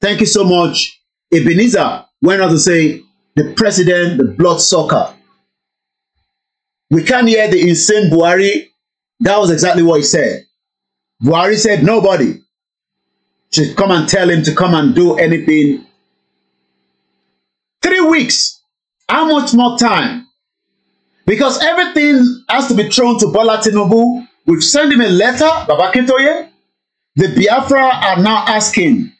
Thank you so much, Ebenezer. When I say, the president, the blood sucker, We can hear the insane Buhari. That was exactly what he said. Buhari said nobody should come and tell him to come and do anything. Three weeks. How much more time? Because everything has to be thrown to Bola Tinubu. We've sent him a letter, Baba The Biafra are now asking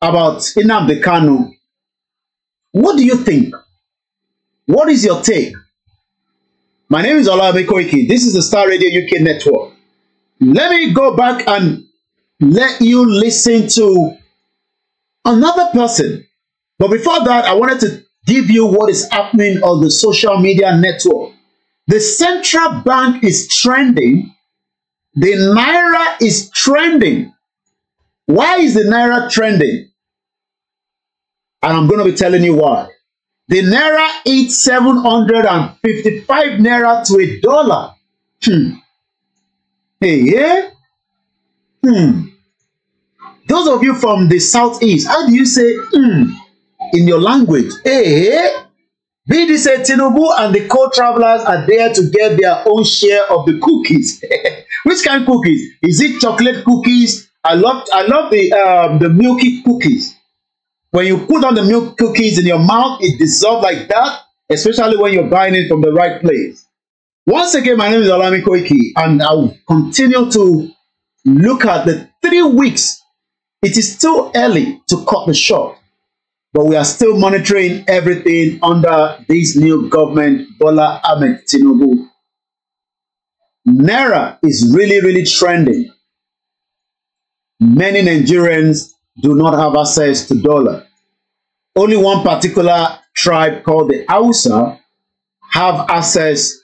about Inamde Kanu. What do you think? What is your take? My name is Olawale Koiki. This is the Star Radio UK network let me go back and let you listen to another person. But before that, I wanted to give you what is happening on the social media network. The central bank is trending. The Naira is trending. Why is the Naira trending? And I'm going to be telling you why. The Naira hit 755 Naira to a dollar. Hmm. Hey, yeah? Hmm. Those of you from the southeast, how do you say hmm in your language? Hey? Be this a Tinubu and the co-travelers are there to get their own share of the cookies. <laughs> Which kind of cookies? Is it chocolate cookies? I love I love the um, the milky cookies. When you put on the milk cookies in your mouth, it dissolves like that, especially when you're buying it from the right place. Once again, my name is Olami Koiki, and I will continue to look at the three weeks. It is too early to cut the short, but we are still monitoring everything under this new government, Bola Ahmed Tinubu. Naira is really, really trending. Many Nigerians do not have access to dollar. Only one particular tribe called the Hausa have access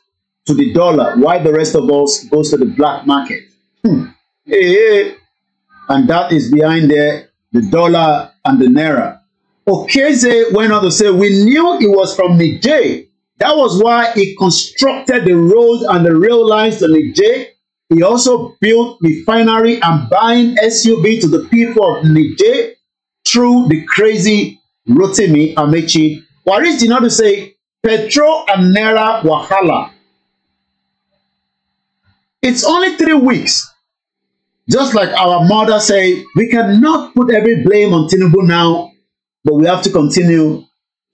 to the dollar while the rest of us goes to the black market. Hmm. Hey, hey. And that is behind there, the dollar and the naira. Okeze went on to say, we knew it was from Niger. That was why he constructed the road and the rail lines to Niger. He also built refinery and buying SUV to the people of Niger through the crazy Rotimi Amechi. Waris did not to say, petrol and naira wahala It's only three weeks. Just like our mother said, we cannot put every blame on Tinubu now, but we have to continue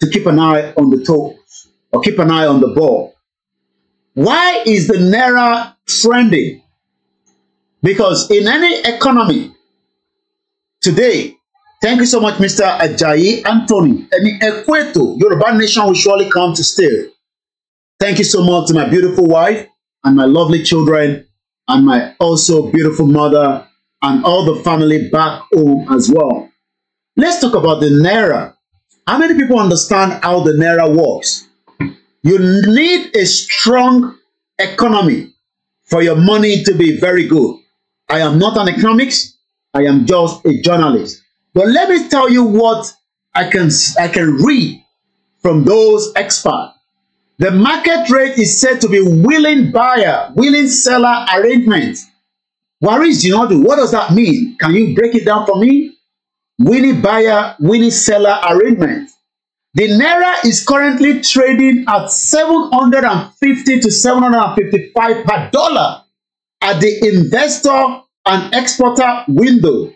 to keep an eye on the toes or keep an eye on the ball. Why is the Naira trending? Because in any economy today, thank you so much, Mr. Ajayi Anthony. I mean, Equato, Yoruba nation will surely come to stay. Thank you so much to my beautiful wife, and my lovely children and my also beautiful mother and all the family back home as well. Let's talk about the Naira. How many people understand how the Naira works? You need a strong economy for your money to be very good. I am not an economist. I am just a journalist. But let me tell you what I can, I can read from those experts The market rate is said to be willing buyer, willing seller arrangement. do not do. what does that mean? Can you break it down for me? Willing buyer, willing seller arrangement. The Naira is currently trading at 750 to 755 per dollar at the investor and exporter window.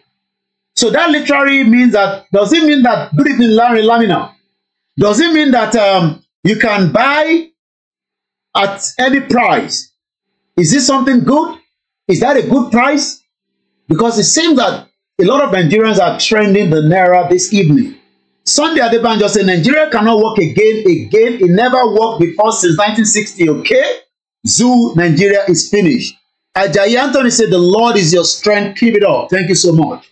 So that literally means that, does it mean that Britain Larry Lamina? Does it mean that um, You can buy at any price. Is this something good? Is that a good price? Because it seems that a lot of Nigerians are trending the Naira this evening. Sunday just said Nigeria cannot work again, again. It never worked before since 1960, okay? Zoo, Nigeria is finished. Ajayi Anthony said, The Lord is your strength. Keep it up. Thank you so much.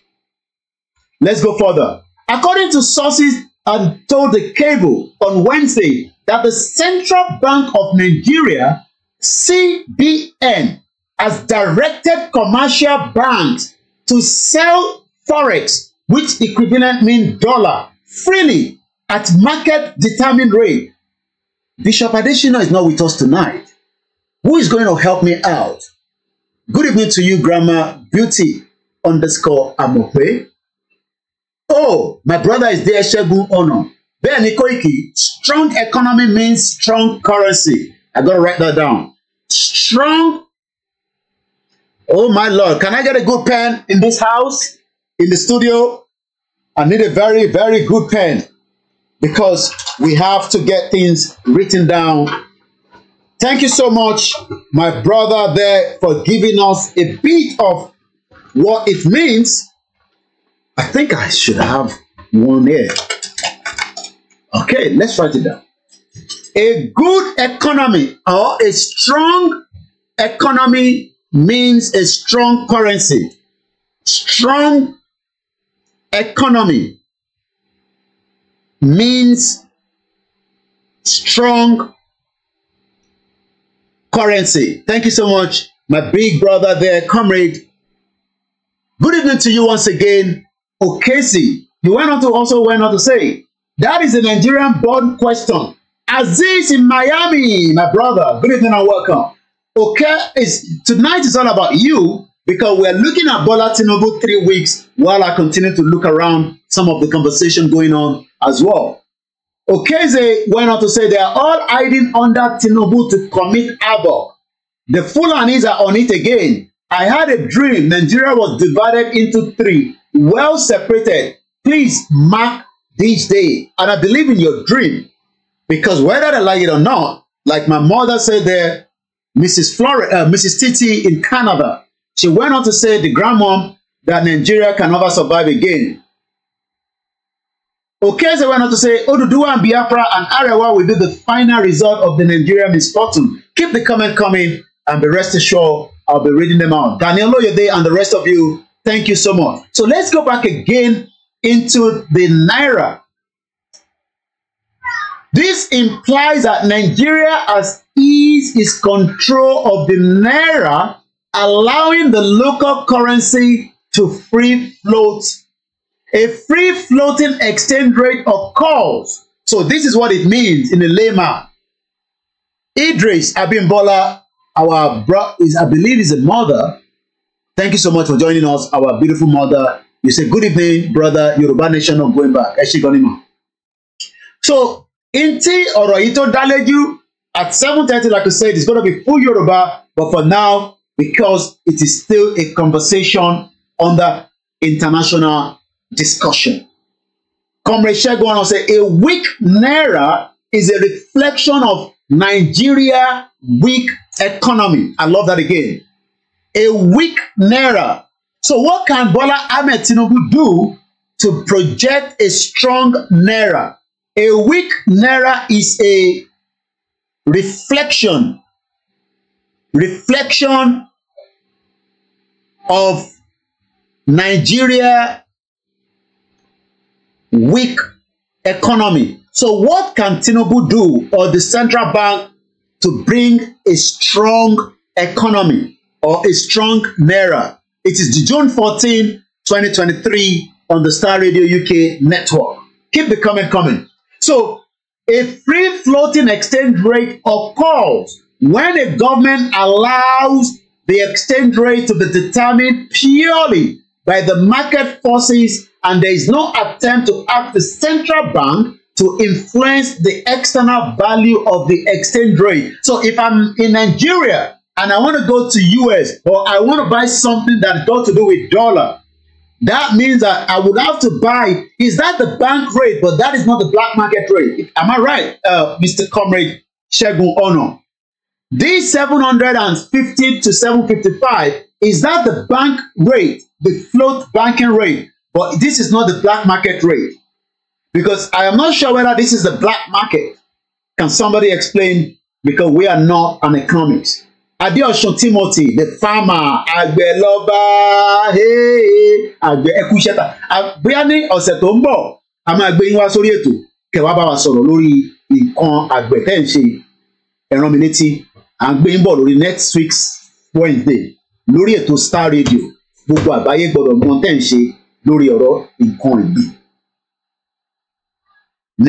Let's go further. According to sources and told the cable on Wednesday, that the Central Bank of Nigeria, CBN, has directed commercial banks to sell forex, which equivalent means dollar, freely at market determined rate. Bishop Adesina is not with us tonight. Who is going to help me out? Good evening to you, Grandma Beauty underscore Amope. Oh, my brother is there, Shagun Ono bẹ́ẹ̀ ni Koiki strong economy means strong currency I gotta write that down strong oh my lord can I get a good pen in this house in the studio I need a very very good pen because we have to get things written down Thank you so much, my brother, there for giving us a bit of what it means. I think I should have one here. Okay, let's write it down. A good economy or a strong economy means a strong currency. Strong economy means strong currency. Thank you so much, my big brother there, comrade. Good evening to you once again, Okesi. You went on to also went on to say That is a Nigerian born question. Aziz in Miami, my brother, good evening and welcome. Okay, is tonight is all about you because we're looking at Bola about three weeks while I continue to look around some of the conversation going on as well. Okay, they went on to say they are all hiding under Tinubu to commit havoc. The Fulanis are on it again. I had a dream Nigeria was divided into three, well separated. Please mark this day. And I believe in your dream because whether I like it or not, like my mother said there, Mrs. Flore- uh, Mrs. Titi in Canada, she went on to say the grandmom that Nigeria can never survive again. Okeze went on to say Oduduwa and Biafra and Arewa will be the final result of the Nigerian misfortune. Keep the comment coming and be rest assured I'll be reading them out. Daniel Oyede and the rest of you, thank you so much. So let's go back again into the naira. This implies that Nigeria has eased its control of the naira, allowing the local currency to free float. A free floating exchange rate occurs. So this is what it means in the layman. Idris Abimbola, our bro, is I believe is a mother. Thank you so much for joining us, our beautiful mother You say good evening, brother Yoruba nation not going back. Ẹ ṣe gan ni mọ̀. So, in ti ọ̀rọ̀ yìí tó dá lẹ́jú at seven thirty like I said it's gonna be full Yoruba. but for now because it is still a conversation under international discussion. Comrade Segun Oron say a weak naira is a reflection of Nigeria weak economy. I love that again. A weak naira So, what can Bola Ahmed Tinubu do to project a strong naira? A weak naira is a reflection, reflection of Nigeria weak economy. So, what can Tinubu do or the central bank to bring a strong economy or a strong naira? It is June 14, 2023 on the Star Radio UK network. Keep the comment coming. So, a free floating exchange rate occurs when a government allows the exchange rate to be determined purely by the market forces and there is no attempt to ask the central bank to influence the external value of the exchange rate. So if I'm in Nigeria and I want to go to US or I want to buy something that got to do with dollar, that means that I would have to buy. Is that the bank rate? But that is not the black market rate. Am I right, uh, Mr. Comrade Shegun Ono? This 750 to 755 is that the bank rate, the float banking rate, but this is not the black market rate because I am not sure whether this is the black market. Can somebody explain? Because we are not an economist. Adéọ̀sùn Timothy the farmer àgbẹ̀ lọ́ba àgbẹ̀ ẹkú iṣẹ́ ta bóyá ní ọ̀sẹ̀ tó ń bọ̀ a máa gbé yín wá sórí ètò kẹwàá bá wa sọ̀rọ̀ lórí nǹkan àgbẹ̀ tẹ́ ń ṣe ẹ̀ràn mi létí à ń gbé yín bọ̀ lórí next week's Wednesday lórí ètò Star Radio gbogbo àgbáyé gbọ́dọ̀ mọ tẹ́ ń ṣe lórí ọ̀rọ̀ nǹkan ìgbìn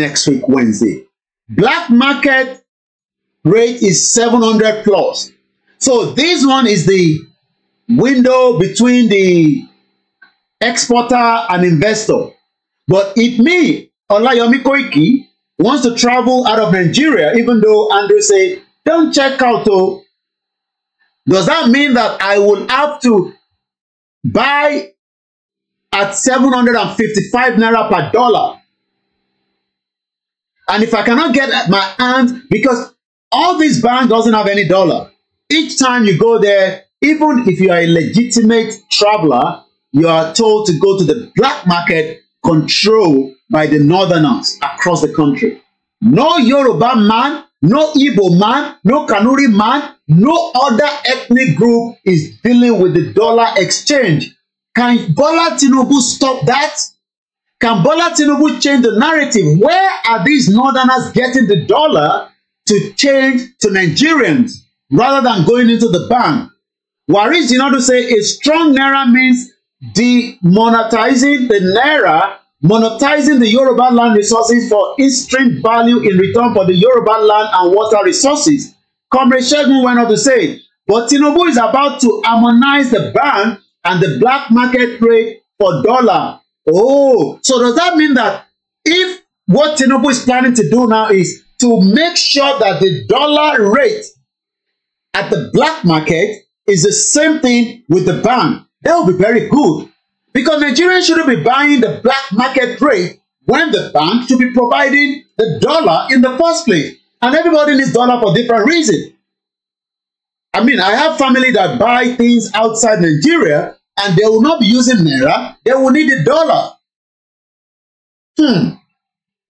next week Wednesday black market rate is seven hundred plus So this one is the window between the exporter and investor. But if me, Olayomi Koiki, wants to travel out of Nigeria, even though Andrew said, don't check out, oh, does that mean that I would have to buy at 755 naira per dollar? And if I cannot get my hands, because all these banks doesn't have any dollar. Each time you go there, even if you are a legitimate traveler, you are told to go to the black market controlled by the northerners across the country. No Yoruba man, no Igbo man, no Kanuri man, no other ethnic group is dealing with the dollar exchange. Can Bola Tinubu stop that? Can Bola Tinubu change the narrative? Where are these northerners getting the dollar to change to Nigerians? rather than going into the bank. Waris did not say a strong naira means demonetizing the naira, monetizing the Yoruba land resources for instant value in return for the Yoruba land and water resources. Comrade Shegun went on to say, but Tinubu is about to harmonize the ban and the black market rate for dollar. Oh, so does that mean that if what Tinubu is planning to do now is to make sure that the dollar rate at the black market is the same thing with the bank. That will be very good because Nigerians shouldn't be buying the black market rate when the bank should be providing the dollar in the first place. And everybody needs dollar for different reasons. I mean, I have family that buy things outside Nigeria and they will not be using Naira, they will need the dollar. Hmm.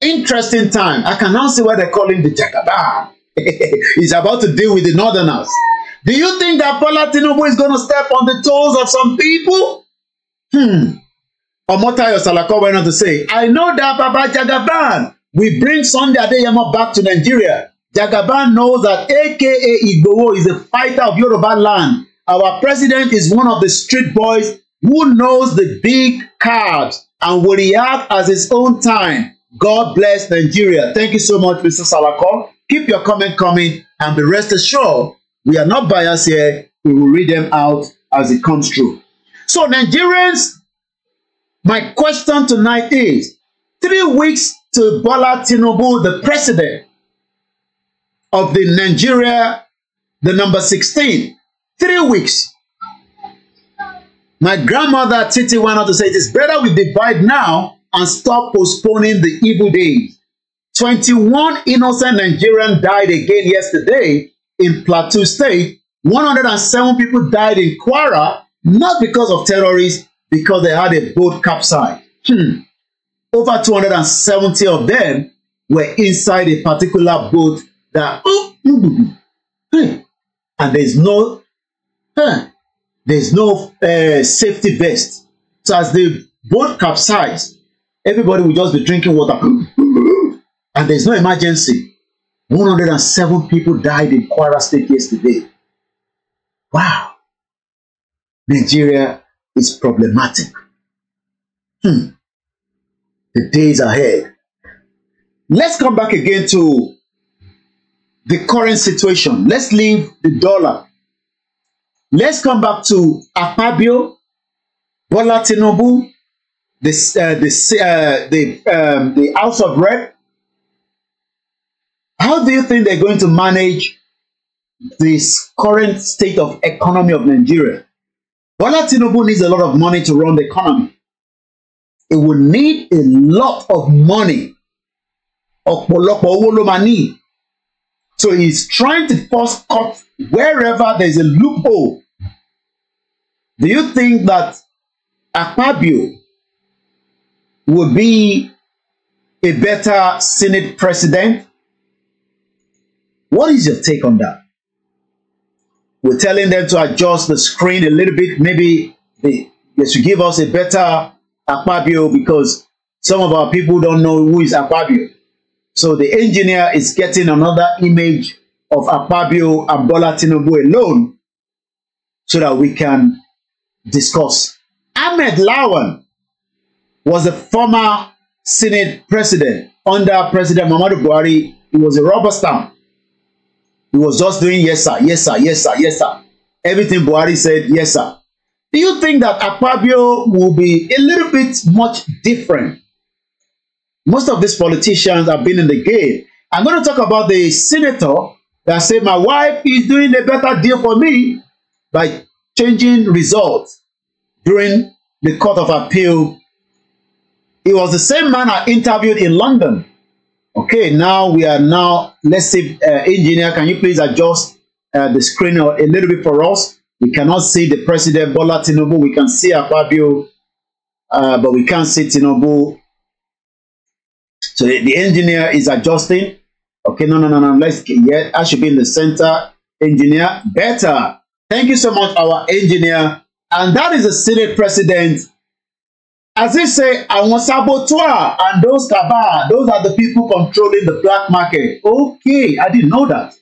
Interesting time. I can now see why they're calling the Jacobin. <laughs> He's about to deal with the northerners. Do you think that Bola Tinubu is going to step on the toes of some people? Hmm. Omotayo Salako went on to say, I know that Baba Jagaban will bring Sunday Adeyemo back to Nigeria. Jagaban knows that AKA Igboho is a fighter of Yoruba land. Our president is one of the street boys who knows the big cards and will react as his own time. God bless Nigeria. Thank you so much, Mr. Salako. Keep your comment coming and be rest assured we are not biased here. We will read them out as it comes true. So Nigerians, my question tonight is, three weeks to Bola Tinubu, the president of the Nigeria, the number 16, three weeks. My grandmother Titi went on to say, it is better we divide now and stop postponing the evil days. 21 innocent Nigerians died again yesterday in Plateau State. 107 people died in Quara, not because of terrorists, because they had a boat capsized. Hmm. Over 270 of them were inside a particular boat that, oh, hmm. Hmm. and there's no, there's no uh, safety vest. So as the boat capsized, everybody will just be drinking water and there's no emergency. 107 people died in Kwara State yesterday. Wow. Nigeria is problematic. Hmm. The days ahead. Let's come back again to the current situation. Let's leave the dollar. Let's come back to Akpabio, Bola Tinubu, this, uh, this, uh, the, um, the House of Rep, How do you think they're going to manage this current state of economy of Nigeria? Bola Tinubu needs a lot of money to run the economy. It will need a lot of money. Ọ̀pọ̀lọpọ̀ owó So he's trying to force cut wherever there's a loophole. Do you think that Akpabio would be a better Senate president What is your take on that? We're telling them to adjust the screen a little bit. Maybe they, they should give us a better Akpabio because some of our people don't know who is Akpabio. So the engineer is getting another image of Akpabio and Bola Tinubu alone so that we can discuss. Ahmed Lawan was a former Senate president under President Muhammadu Buhari. He was a rubber stamp. He was just doing yes sir, yes sir, yes sir, yes sir. Everything Buhari said, yes sir. Do you think that Akpabio will be a little bit much different? Most of these politicians have been in the game. I'm going to talk about the senator that said, my wife is doing a better deal for me by changing results during the Court of Appeal. It was the same man I interviewed in London Okay, now we are now, let's see, uh, engineer, can you please adjust uh, the screen a little bit for us? We cannot see the president, Bola Tinubu. We can see Ababio, uh, but we can't see Tinubu. So the, the engineer is adjusting. Okay, no, no, no, no. Let's get, yeah, I should be in the center. Engineer, better. Thank you so much, our engineer. And that is the Senate president, as if say àwọn saboteur and those cabal those are the people controlling the black market okay i didn't know that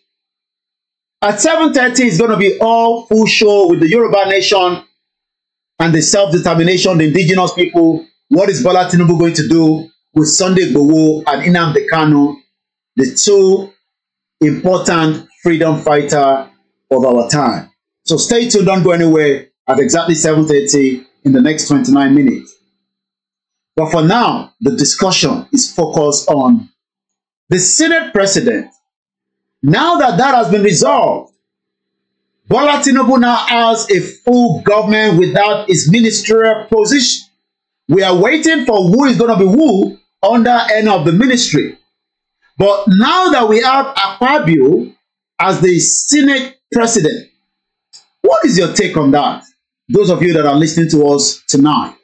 at seven thirty it's gonna be all full show with the Yoruba Nation and the self-determination the indigenous people what is Bola Tinubu going to do with Sunday Igboho and Nnamdi Kanu the two important freedom fighter of our time so stay tuned don't go anywhere at exactly seven thirty in the next twenty-nine minutes. But for now, the discussion is focused on the Senate president. Now that that has been resolved, Bola Tinubu now has a full government without his ministerial position. We are waiting for who is going to be who under any of the ministry. But now that we have Akpabio as the Senate president, what is your take on that? Those of you that are listening to us tonight.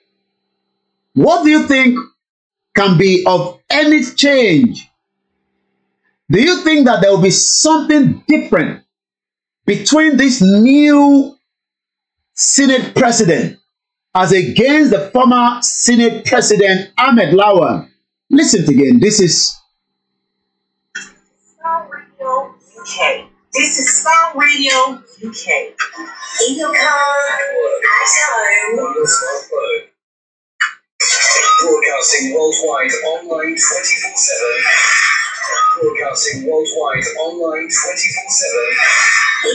What do you think can be of any change? Do you think that there will be something different between this new Senate president as against the former Senate president Ahmed Lawan? Listen again. This is Sound Radio UK. This is Sound Radio UK. In your car, at home. Broadcasting worldwide online 24 7. Broadcasting worldwide online 24 7.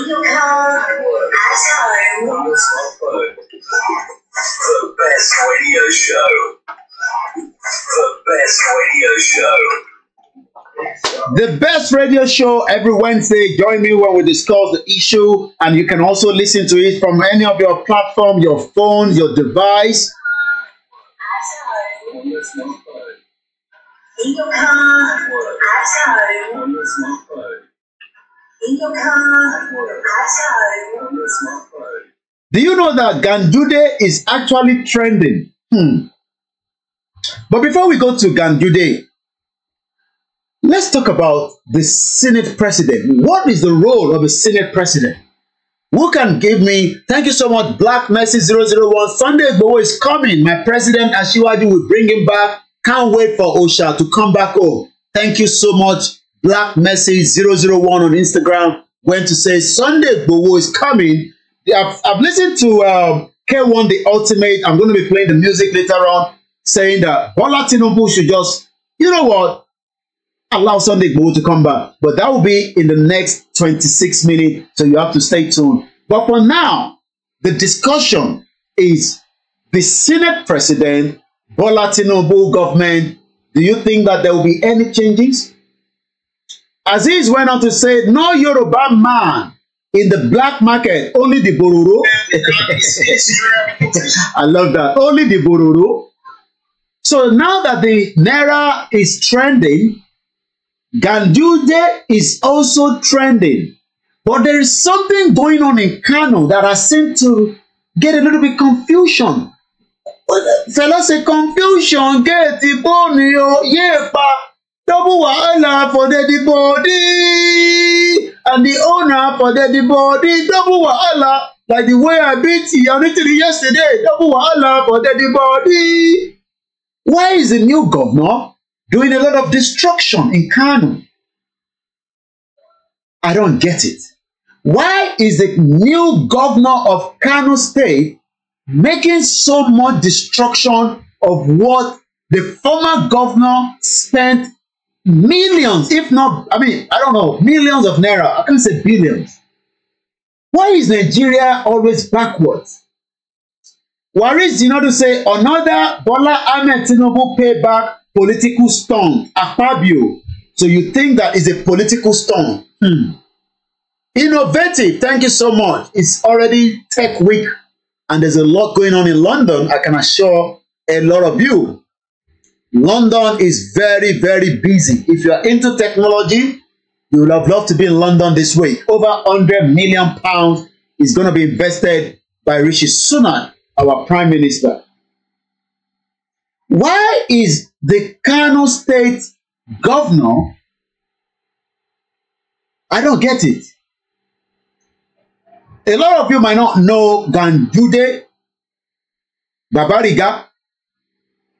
In your car, at home, on your smartphone. The best radio show. The best radio show. The best radio show every Wednesday. Join me when we discuss the issue, and you can also listen to it from any of your platform, your phone, your device, in your car, at home. In your car, at home. Do you know that Gandude is actually trending? Hmm. But before we go to Gandude, let's talk about the Senate president. What is the role of a Senate president? Who can give me? Thank you so much, Black Mercy 001. Sunday Bowo is coming. My president Ashiwaju will bring him back. Can't wait for Osha to come back home. Thank you so much, Black Mercy 001 on Instagram. Went to say Sunday Bowo is coming. I've, I've listened to um, K1 The Ultimate. I'm going to be playing the music later on, saying that Bola Tinubu should just, you know what, allow Sunday Bowo to come back. But that will be in the next 26 minutes, so you have to stay tuned. But for now, the discussion is the Senate President, Bola Tinubu government, do you think that there will be any changes? Aziz went on to say, no Yoruba man in the black market, only the bororo. <laughs> I love that. Only the bororo. So now that the Naira is trending, Ganduje is also trending. But there is something going on in Kano that I seem to get a little bit confusion. Fella say confusion get the bone yeah pa double wahala for the body and the owner for the body double wahala like the way I beat Onitiri yesterday double wahala for the body. Why is the new governor? doing a lot of destruction in Kano. I don't get it. Why is the new governor of Kano State making so much destruction of what the former governor spent millions, if not, I mean, I don't know, millions of naira. I can't say billions. Why is Nigeria always backwards? Waris you know to say another Bola Ahmed Tinubu payback political storm. Akpabio. Ah, so you think that is a political storm. Hmm. Innovative. Thank you so much. It's already Tech Week and there's a lot going on in London. I can assure a lot of you. London is very, very busy. If you are into technology, you would have loved to be in London this week. Over 100 million pounds is going to be invested by Rishi Sunak, our Prime Minister. Why is the Kano State governor? I don't get it. A lot of you might not know Gandude Babariga.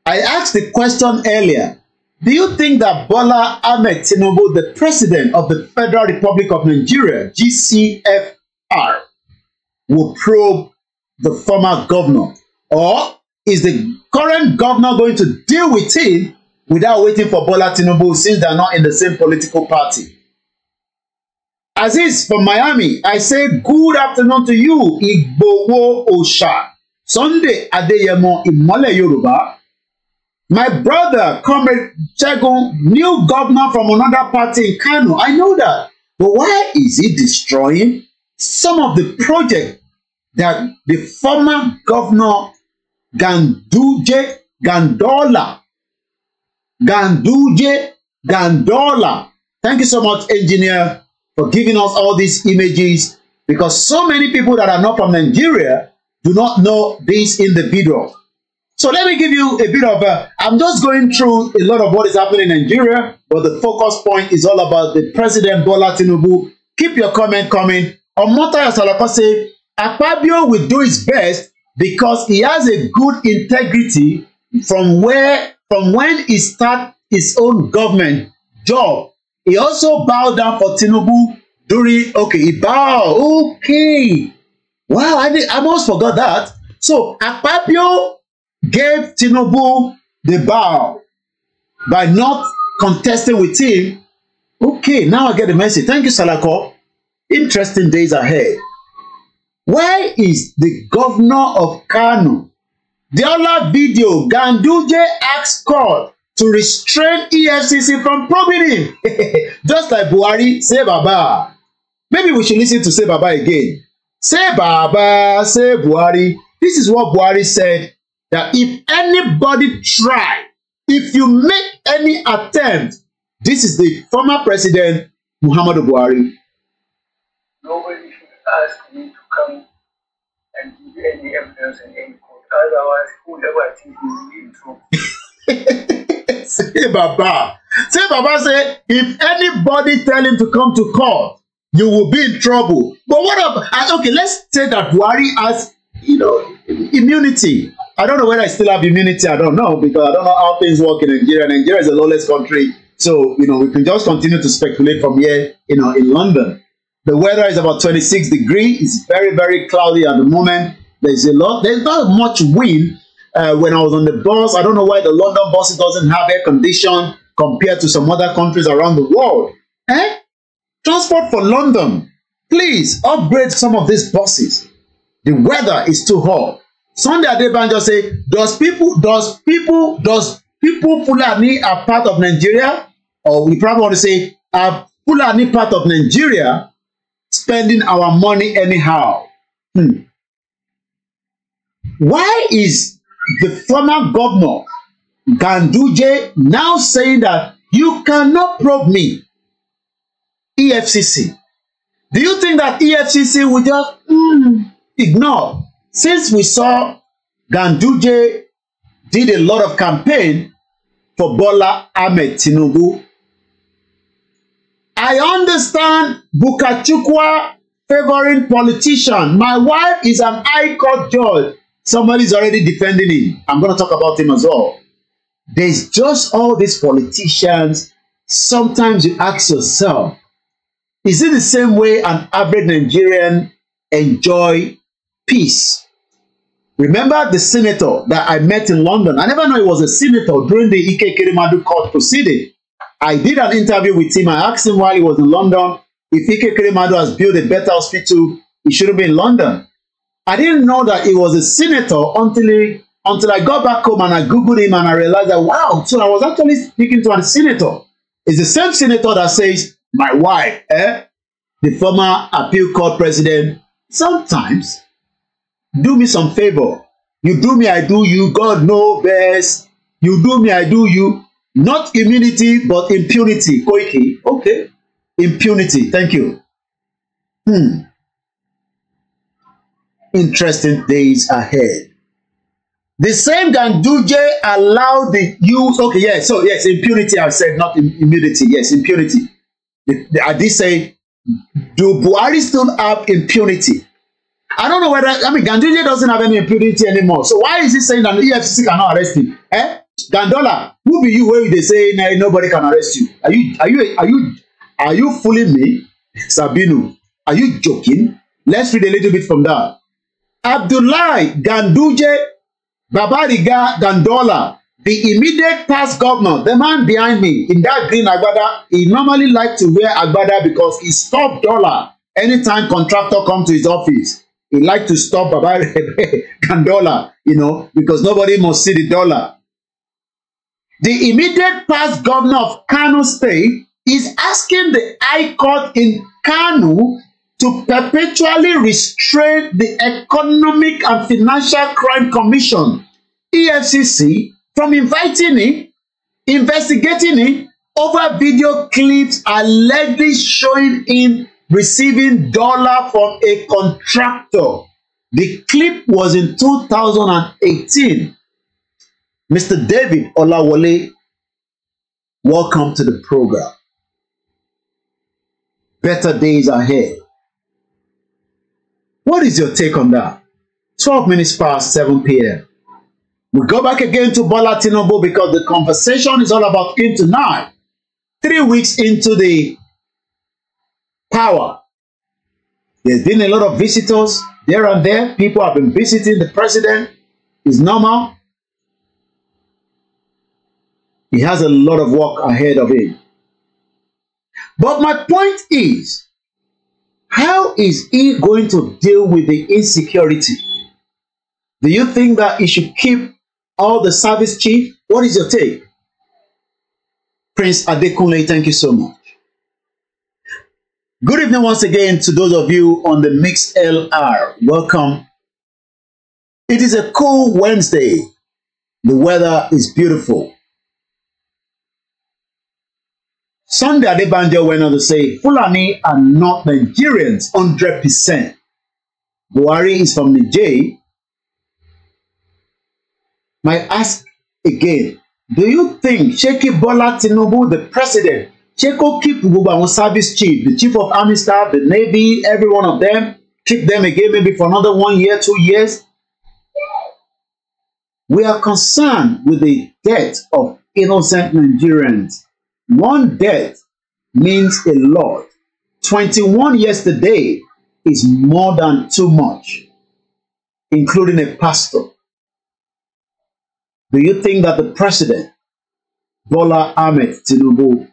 I asked the question earlier. Do you think that Bola Ahmed Tinubu, the president of the Federal Republic of Nigeria, GCFR, will probe the former governor? Or is the current governor going to deal with it without waiting for Bola Tinubu since they're not in the same political party. Aziz from Miami, I say good afternoon to you, Igbowo Osha. Sunday Adeyemo in Imole Yoruba. My brother, Comrade Chegun, new governor from another party in Kano. I know that. But why is he destroying some of the projects that the former governor Ganduje Gandola. Ganduje Gandola. Thank you so much, engineer, for giving us all these images because so many people that are not from Nigeria do not know this individual. So let me give you a bit of a, uh, I'm just going through a lot of what is happening in Nigeria, but the focus point is all about the President Bola Tinubu. Keep your comment coming. Omota Salako say, Akpabio will do his best because he has a good integrity from where from when he start his own government job he also bow down for Tinubu during okay he bow okay wow I did, almost forgot that so Akpabio gave Tinubu the bow by not contesting with him okay now I get the message thank you Salako interesting days ahead. Where is the governor of Kano? Deola video Ganduje asks court to restrain EFCC from probing him. <laughs> Just like Buhari, say Baba. Maybe we should listen to say Baba again. Say Baba, say Buhari. This is what Buhari said that if anybody try, if you make any attempt, this is the former president Muhammadu Buhari. Nobody should ask me come and give any evidence in any court. Otherwise, whoever it is will be in trouble. Say Baba. Say Baba say, if anybody tell him to come to court, you will be in trouble. But what about, okay, let's say that Buhari has, you know, immunity. I don't know whether I still have immunity. I don't know because I don't know how things work in Nigeria. Nigeria is a lawless country. So, you know, we can just continue to speculate from here, you know, in London. The weather is about 26 degrees. It's very, very cloudy at the moment. There's a lot. There's not much wind. Uh, when I was on the bus, I don't know why the London bus doesn't have air condition compared to some other countries around the world. Eh? Transport for London. Please upgrade some of these buses. The weather is too hot. Sunday Adebanjo say, does people, does people, does people Fulani are part of Nigeria? Or we probably want to say, are Fulani part of Nigeria? spending our money anyhow. Hmm. Why is the former governor, Ganduje, now saying that you cannot probe me, EFCC? Do you think that EFCC will just mm, ignore? Since we saw Ganduje did a lot of campaign for Bola Ahmed Tinubu I understand Bukachukwa favoring politician. My wife is an high court judge. Somebody's already defending him. I'm going to talk about him as well. There's just all these politicians. Sometimes you ask yourself, is it the same way an average Nigerian enjoy peace? Remember the senator that I met in London? I never know he was a senator during the Ike Kirimadu court proceeding. I did an interview with him. I asked him while he was in London if Ike Kremado has built a better hospital, he should have been in London. I didn't know that he was a senator until he, until I got back home and I googled him and I realized that wow. So I was actually speaking to a senator. It's the same senator that says my wife, eh, the former appeal court president. Sometimes, do me some favor. You do me, I do you. God knows best. You do me, I do you not immunity but impunity Koiki okay impunity thank you hmm interesting days ahead the same Ganduje allowed the use okay yes so yes impunity I said not immunity yes impunity the, the, I did say do Buhari still have impunity I don't know whether I mean Ganduje doesn't have any impunity anymore so why is he saying that the EFCC cannot arrest him eh Gandola, who be you wey dey say na nobody can arrest you? Are you are you are you are you fooling me? Sabinu, are you joking? Let's read a little bit from that. Abdullahi Ganduje Babariga Gandola, the immediate past governor, the man behind me in that green agbada, he normally like to wear agbada because he stop dollar anytime contractor come to his office. He like to stop Babariga <laughs> Gandola, you know, because nobody must see the dollar. The immediate past governor of Kano State is asking the High Court in Kano to perpetually restrain the Economic and Financial Crime Commission, EFCC, from inviting him, investigating him over video clips allegedly showing him receiving dollar from a contractor. The clip was in 2018 Mr. David Olawole, welcome to the program. Better days ahead. What is your take on that? 12 minutes past 7 p.m. We go back again to Bola Tinubu because the conversation is all about him tonight. Three weeks into the power. There's been a lot of visitors there and there. People have been visiting the president. It's normal. He has a lot of work ahead of him. But my point is, how is he going to deal with the insecurity? Do you think that he should keep all the service chief? What is your take? Prince Adekunle, thank you so much. Good evening once again to those of you on the mix LR. Welcome. It is a cool Wednesday. The weather is beautiful. Sunday Adebanjo went on to say, Fulani are not Nigerians 100%. Buhari is from Niger. My ask again, do you think Sheikh Bola Tinubu, the president, Sheko will keep service chief, the chief of army staff, the navy, every one of them, keep them again maybe for another one year, two years? We are concerned with the death of innocent Nigerians. One death means a lot. 21 yesterday is more than too much, including a pastor. Do you think that the president, Bola Ahmed Tinubu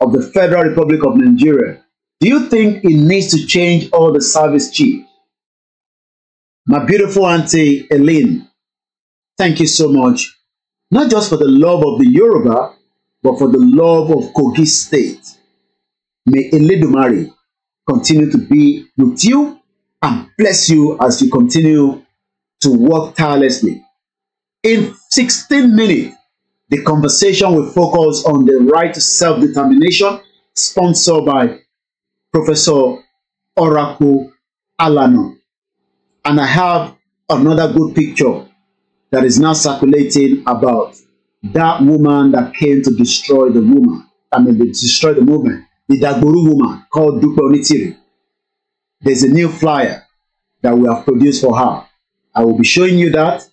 of the Federal Republic of Nigeria, do you think he needs to change all the service chiefs? My beautiful auntie Eileen, thank you so much, not just for the love of the Yoruba, But for the love of Kogi State, may Eledumare continue to be with you and bless you as you continue to work tirelessly. In 16 minutes, the conversation will focus on the right to self-determination sponsored by Professor Oraku Alano. And I have another good picture that is now circulating about that woman that came to destroy the woman, I mean, they destroy the movement, the Dagburu woman called Dupe Onitiri. There's a new flyer that we have produced for her. I will be showing you that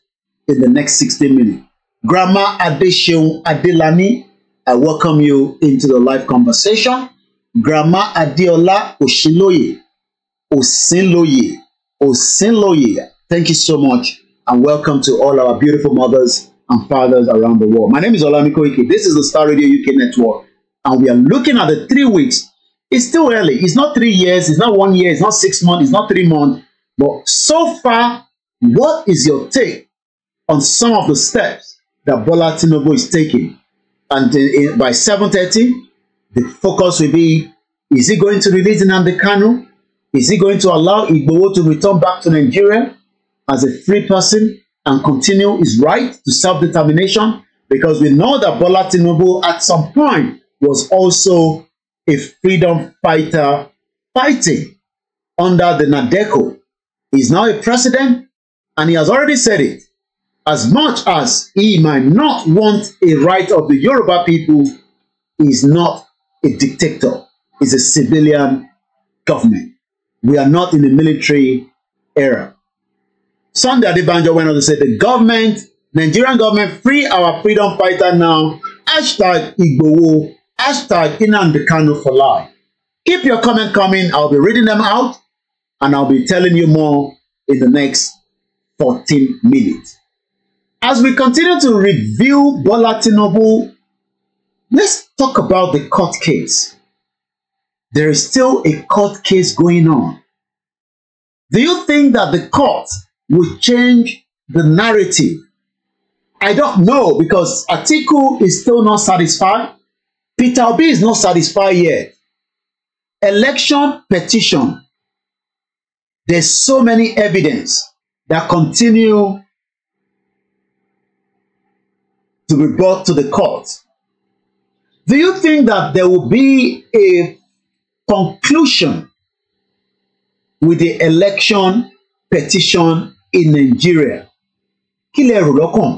in the next 16 minutes. Grandma Adesheun Adelani, I welcome you into the live conversation. Grandma Adiola Oshiloye, Osinloye, Osinloye, thank you so much and welcome to all our beautiful mothers and fathers around the world. My name is Olamiko Ike. This is the Star Radio UK network, and we are looking at the three weeks. It's still early. It's not three years. It's not one year. It's not six months. It's not three months. But so far, what is your take on some of the steps that Bola Tinubu is taking? And in, in, by 7.30, the focus will be, is he going to release Nnamdi Kanu? Is he going to allow Igboho to return back to Nigeria as a free person? and continue his right to self-determination because we know that Bola Tinubu at some point was also a freedom fighter fighting under the Nadeco. He's now a president and he has already said it. As much as he might not want a right of the Yoruba people, he's not a dictator. He's a civilian government. We are not in the military era. Sunday Adebanjo went on to say the government, Nigerian government, free our freedom fighter now. Hashtag Igbowo. Hashtag Inamdi for life. Keep your comment coming. I'll be reading them out and I'll be telling you more in the next 14 minutes. As we continue to review Bola Tinubu, let's talk about the court case. There is still a court case going on. Do you think that the court will change the narrative. I don't know because Atiku is still not satisfied. Peter Obi is not satisfied yet. Election petition. There's so many evidence that continue to be brought to the court. Do you think that there will be a conclusion with the election petition in Nigeria kí lẹ rò lọ́kàn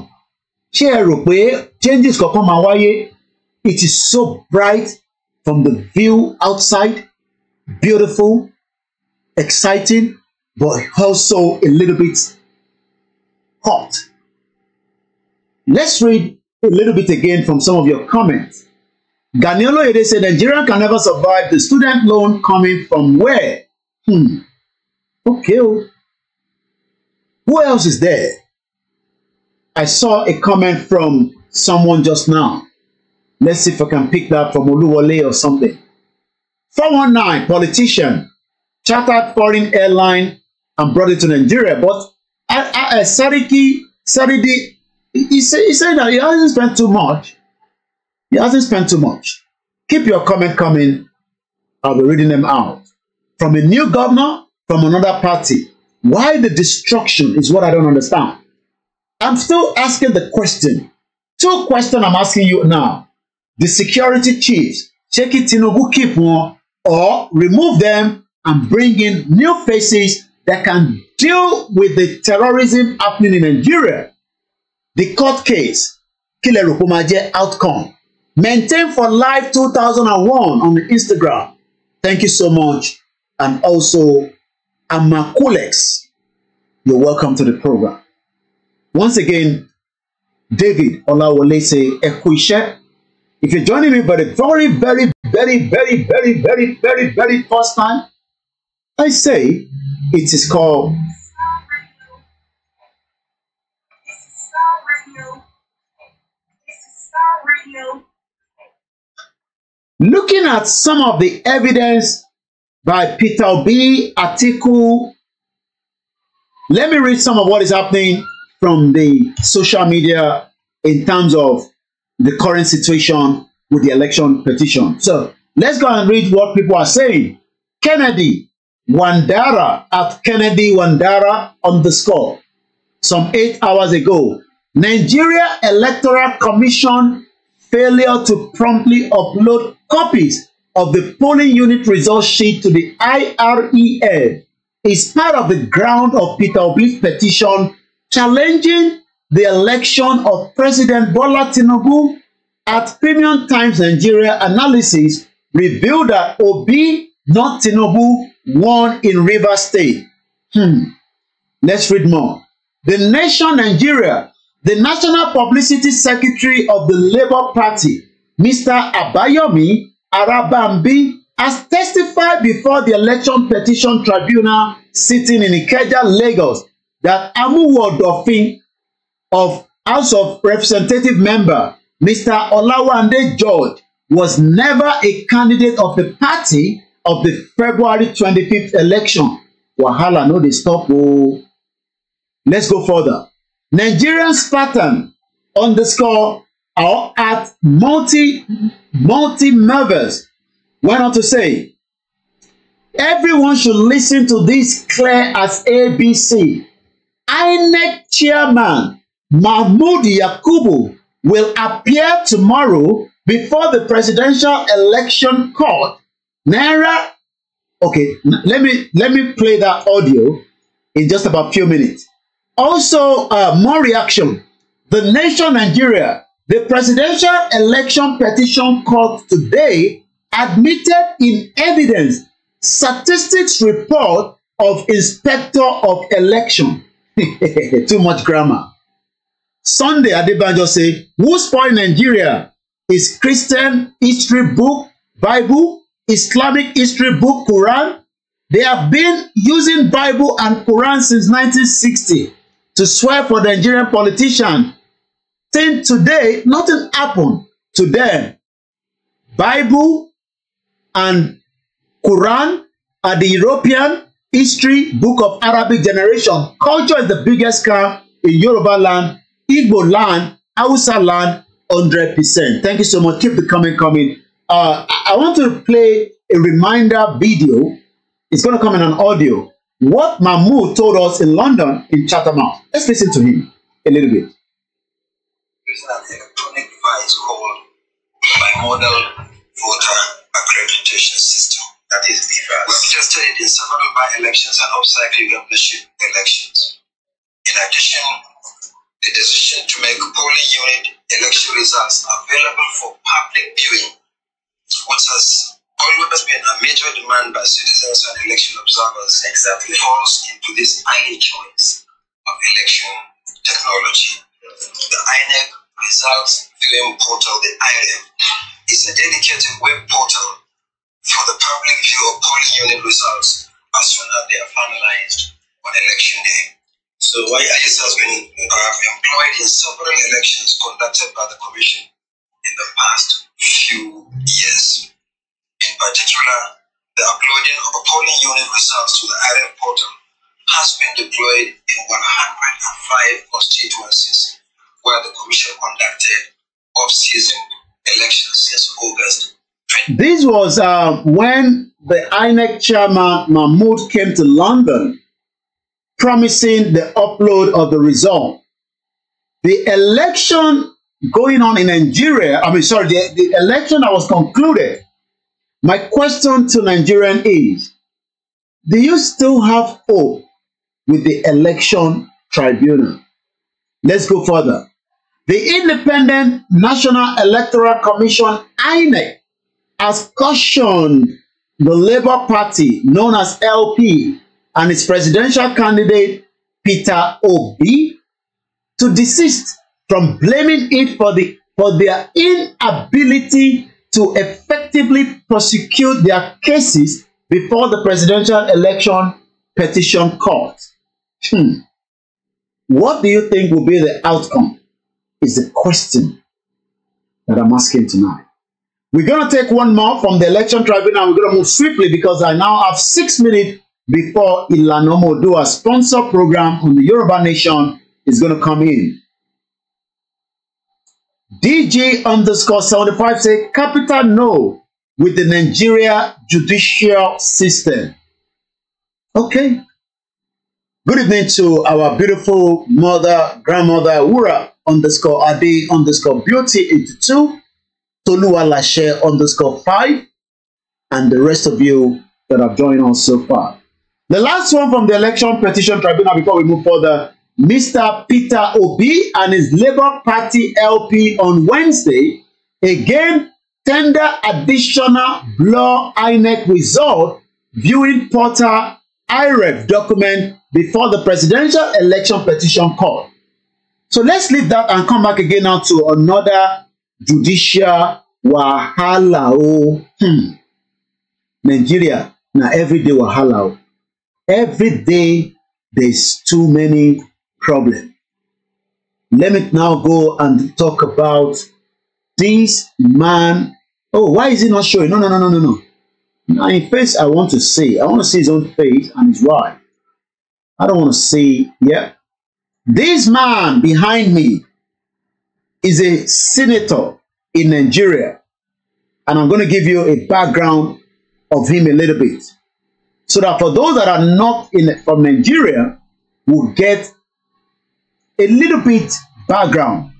ṣé ẹ rò pé changes kankan máa wáyé it is so bright from the view outside beautiful exciting but also a little bit hot let's read a little bit again from some of your comments. Ganiolo Ede said Nigeria can never survive the student loan coming from where? Hmm. Okay. Oh. Who else is there? I saw a comment from someone just now. Let's see if I can pick that from Oluwole or something. 419 politician chartered foreign airline and brought it to Nigeria. But I, I, Sariki, Saridi, he, say, he said that he hasn't spent too much. He hasn't spent too much. Keep your comment coming. I'll be reading them out. From a new governor, from another party. Why the destruction is what I don't understand. I'm still asking the question. Two questions I'm asking you now. The security chiefs, check it in who keep one or remove them and bring in new faces that can deal with the terrorism happening in Nigeria. The court case, Kile Rukumaje outcome. Maintain for life 2001 on Instagram. Thank you so much. And also Amakulex. You're welcome to the program. Once again, David Olawole say Ekuishe. If you're joining me for the very, very, very, very, very, very, very, very first time, I say it is called Looking at some of the evidence by Peter B. article. Let me read some of what is happening from the social media in terms of the current situation with the election petition. So let's go and read what people are saying. Kennedy Wandara at Kennedy Wandara underscore some eight hours ago. Nigeria Electoral Commission failure to promptly upload copies of the polling unit result sheet to the IREF is part of the ground of Peter Obi's petition challenging the election of President Bola Tinubu at Premium Times Nigeria analysis revealed that Obi, not Tinubu, won in Rivers State. Hmm. Let's read more. The Nation Nigeria, the National Publicity Secretary of the Labour Party, Mr. Abayomi, Arabambi has testified before the Election Petition Tribunal sitting in Ikeja, Lagos, that Amuwo Odofin of House of Representative member Mr. Olawande George was never a candidate of the party of the February 25th election. Wahala no they stop oo. Oh. Let's go further. Nigerian Spartan underscore or at multi multi marvels went on to say everyone should listen to this clear as abc INEC chairman mahmood yakubu will appear tomorrow before the presidential election court naira okay let me let me play that audio in just about few minutes also uh, more reaction the nation nigeria The Presidential Election Petition Court today admitted in evidence statistics report of Inspector of Election. <laughs> Too much grammar. Sunday Adebanjo say, who spoil Nigeria is Christian history book, Bible, Islamic history book, Quran. They have been using Bible and Quran since 1960 to swear for Nigerian politicians till today nothing happened to them. Bible and Quran are the European history book of Arabic generation. Culture is the biggest car in Yoruba land, Igbo land, Hausa land, hundred percent. Thank you so much. Keep the comment coming. Uh, I want to play a reminder video. It's going to come in an audio. What Mahmoud told us in London in Chatham House. Let's listen to him a little bit. using an electronic device called Bimodal Voter Accreditation System, that is BVAS. We've tested it in several by-elections and upcycling membership elections. In addition, the decision to make polling unit election results available for public viewing, which has always been a major demand by citizens and election observers, exactly falls into this early choice of election technology. The INEC Results Viewing Portal, the IREM, is a dedicated web portal for the public view of polling unit results as soon as they are finalized on election day. So YIS has been employed in several elections conducted by the Commission in the past few years. In particular, the uploading of polling unit results to the IREM portal has been deployed in 105 constituencies where the Commission conducted off-season elections since August. This was uh, when the INEC chairman Mahmoud came to London promising the upload of the result. The election going on in Nigeria, I mean, sorry, the, the election that was concluded, my question to Nigerian is, do you still have hope with the election tribunal? Let's go further. The Independent National Electoral Commission, INEC, has cautioned the Labour Party, known as LP, and its presidential candidate, Peter Obi, to desist from blaming it for, the, for their inability to effectively prosecute their cases before the presidential election petition court. Hmm. What do you think will be the outcome? is the question that I'm asking tonight. We're going to take one more from the election tribunal. We're going to move swiftly because I now have six minutes before Ilanomo do a sponsor program on the Yoruba Nation is going to come in. DG underscore 75 say capital no with the Nigeria judicial system. Okay. Good evening to our beautiful mother, grandmother, Ura. underscore Ade underscore beauty 82, Toluwalashe underscore 5, and the rest of you that have joined us so far. The last one from the Election Petition Tribunal before we move further, Mr. Peter Obi and his Labour Party LP on Wednesday again tender additional law INEC result viewing Porter IREF document before the Presidential Election Petition Court. So let's leave that and come back again now to another judicial wahala o. Oh. Hmm. Nigeria na everyday wahala o. Oh. Every day there's too many problems. Let me now go and talk about this man. Oh, why is he not showing? No, no, no, no, no, no. Now, in face, I want to see. I want to see his own face and his wife. I don't want to see. Yeah, This man behind me is a senator in Nigeria. And I'm going to give you a background of him a little bit. So that for those that are not in, from Nigeria, will get a little bit background.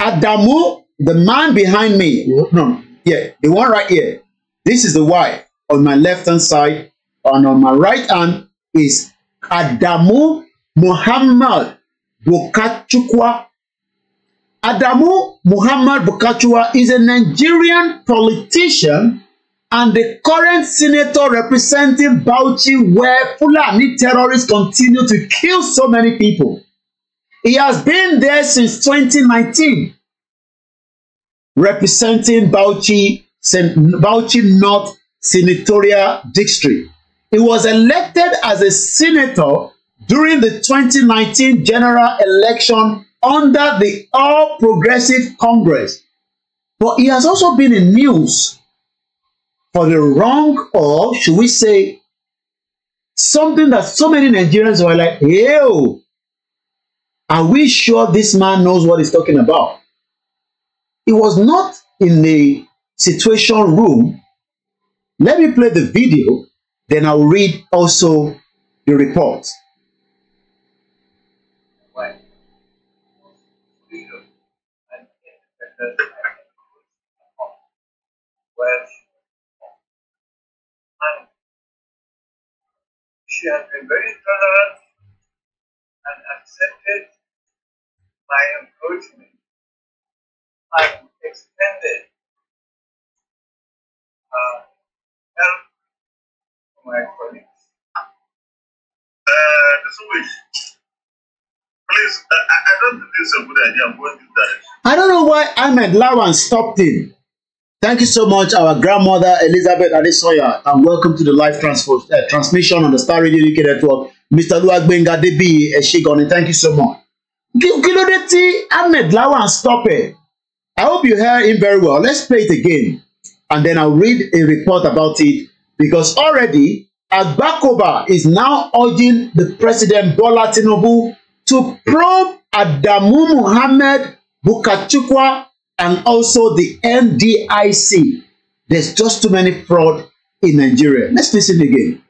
Adamu, the man behind me, no, yeah, the one right here. This is the wife on my left hand side, and on my right hand is Adamu Muhammad Bukachukwa. Adamu Muhammad Bukachukwa is a Nigerian politician and the current senator representing Bauchi where Fulani terrorists continue to kill so many people. He has been there since 2019, representing Bauchi, Bauchi North Senatorial District. He was elected as a senator during the 2019 general election under the All Progressive Congress. But he has also been in news for the wrong or should we say something that so many Nigerians were like, ew, are we sure this man knows what he's talking about? He was not in the situation room. Let me play the video, then I'll read also the report. she has been very tolerant and accepted my encroachment. I've extended uh, help to my colleagues. Uh, this wish. Please, I, I don't think it's a good idea. I'm going to that. I don't know why Ahmed Lawan stopped him. Thank you so much, our grandmother Elizabeth Adesoya, and welcome to the live transfer, uh, transmission on the Star Radio UK network. Mr. Luagbenga Debi Eshigoni, thank you so much. Kí ló Ahmed Lawan stop it. I hope you hear him very well. Let's play it again, and then I'll read a report about it because already Agbakoba is now urging the President Bola Tinubu to probe Adamu Muhammad Bukachukwa and also the NDIC. There's just too many fraud in Nigeria. Let's listen again.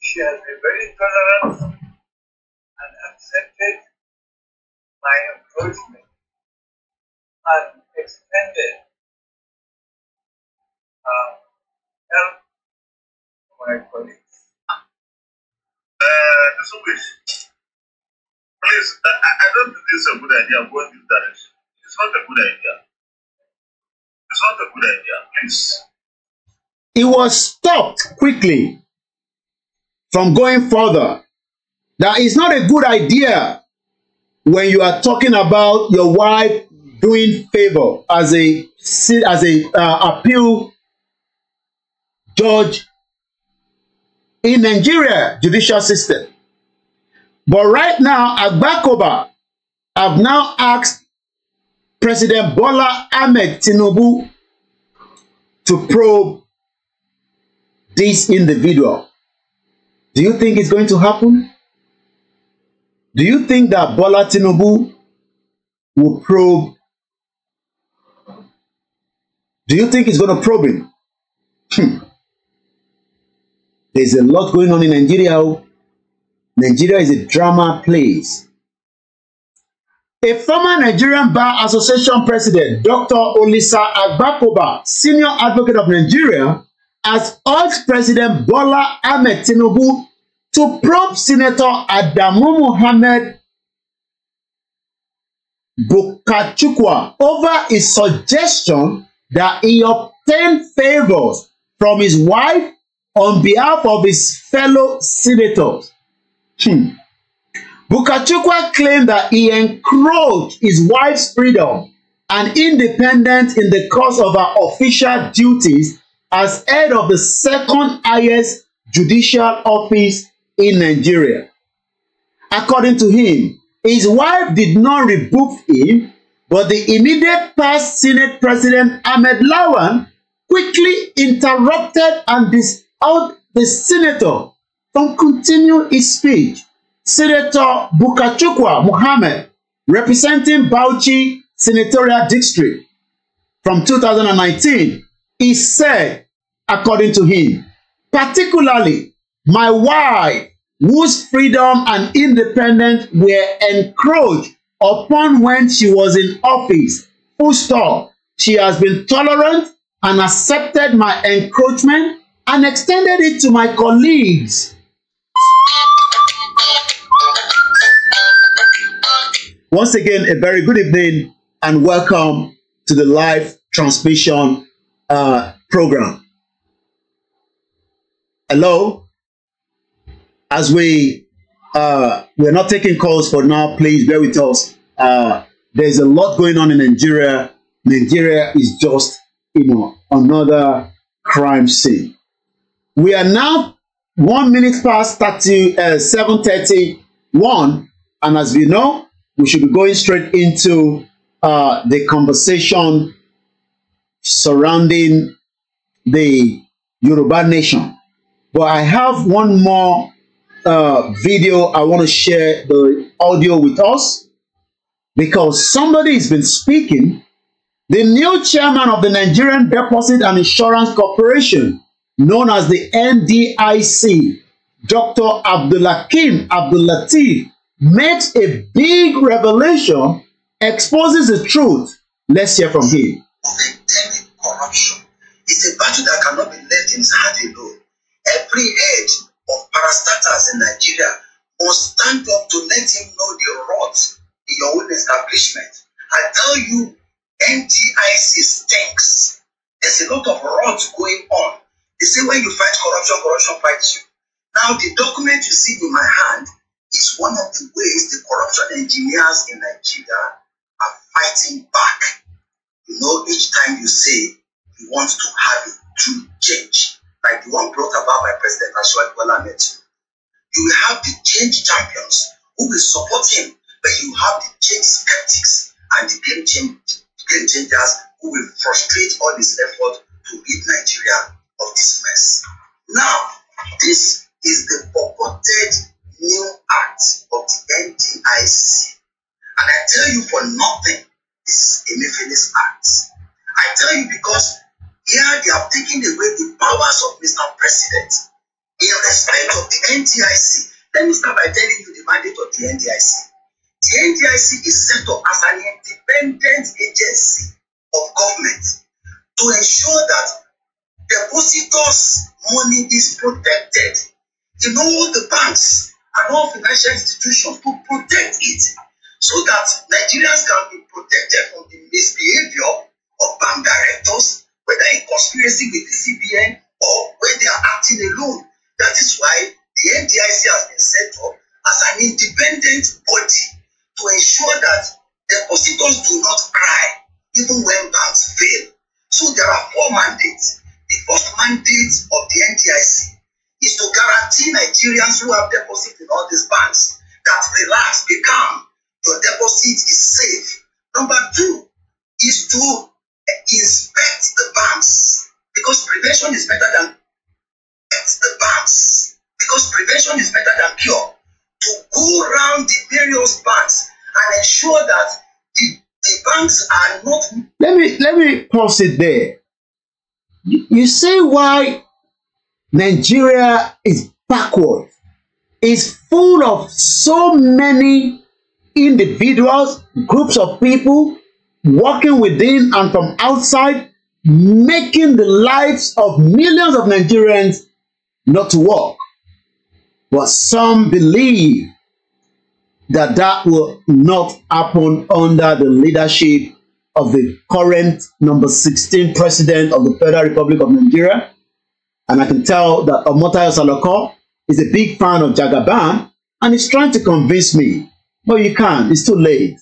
She has been very tolerant and accepted my and extended uh, help my colleagues. Uh, so which, please, I, I don't think this is a good idea going this direction. It's not a good idea. It's not a good idea, please. It was stopped quickly from going further. That is not a good idea when you are talking about your wife doing favor as a as a uh, appeal judge in Nigeria judicial system. But right now, Agbakoba have now asked President Bola Ahmed Tinubu to probe this individual. Do you think it's going to happen? Do you think that Bola Tinubu will probe? Do you think he's going to probe him? Hmm. There's a lot going on in Nigeria. Oh. Nigeria is a drama place. A former Nigerian Bar Association president, Dr. Olisa Agbakoba, senior advocate of Nigeria, has urged President Bola Ahmed Tinubu to probe Senator Adamu Mohammed Bukachukwa over his suggestion that he obtained favors from his wife on behalf of his fellow senators. Hmm. Bukachukwu claimed that he encroached his wife's freedom and independence in the course of her official duties as head of the second highest judicial office in Nigeria. According to him, his wife did not rebuke him, but the immediate past Senate President Ahmed Lawan quickly interrupted and dis out the senator from continue his speech. Senator Bukachukwa Muhammad, representing Bauchi Senatorial District from 2019, he said, according to him, particularly my wife, whose freedom and independence were encroached upon when she was in office, full stop. She has been tolerant and accepted my encroachment and extended it to my colleagues. Once again, a very good evening and welcome to the live transmission uh, program. Hello. As we uh, we're not taking calls for now, please bear with us. Uh, there's a lot going on in Nigeria. Nigeria is just you know another crime scene we are now one minute past thirty uh, seven thirty one and as we know we should be going straight into uh, the conversation surrounding the Yoruba nation. But I have one more uh, video I want to share the audio with us because somebody has been speaking. The new chairman of the Nigerian Deposit and Insurance Corporation known as the NDIC, Dr. Abdulakim Abdulatif makes a big revelation, exposes the truth. Let's hear from him. Endemic corruption is a battle that cannot be left in his heart alone. Every head of parastatals in Nigeria must stand up to let him know the rot in your own establishment. I tell you, NDIC stinks. There's a lot of rot going on. He said, when you fight corruption, corruption fights you. Now, the document you see in my hand is one of the ways the corruption engineers in Nigeria are fighting back. You know, each time you say you want to have a true change, like the one brought about by President Ashwad Bola you will have the change champions who will support him, but you have the change skeptics and the game, change, game changers who will frustrate all this effort to lead Nigeria of this mess. Now, this is the purported new act of the NDIC. And I tell you for nothing, this is a Mephiles act. I tell you because here they have taken away the powers of Mr. President in respect of the NDIC. Let me start by telling you the mandate of the NDIC. The NDIC is set up as an independent agency of government to ensure that depositors' money is protected in all the banks and all financial institutions to protect it so that Nigerians can be protected from the misbehavior of bank directors, whether in conspiracy with the CBN or when they are acting alone. That is why the NDIC has been set up as an independent body to ensure that depositors do not cry even when banks fail. So there are four mandates the first mandate of the NTIC is to guarantee Nigerians who have deposits in all these banks that relax, be calm, your deposit is safe. Number two is to eh, inspect the banks because prevention is better than eh, the banks because prevention is better than cure. To go round the various banks and ensure that the, the banks are not. Let me let me pause it there you see why Nigeria is backward. It's full of so many individuals, groups of people working within and from outside, making the lives of millions of Nigerians not to work. But some believe that that will not happen under the leadership of the current number 16 president of the Federal Republic of Nigeria. And I can tell that Omotayo Salako is a big fan of Jagaban and he's trying to convince me. But you can't. It's too late.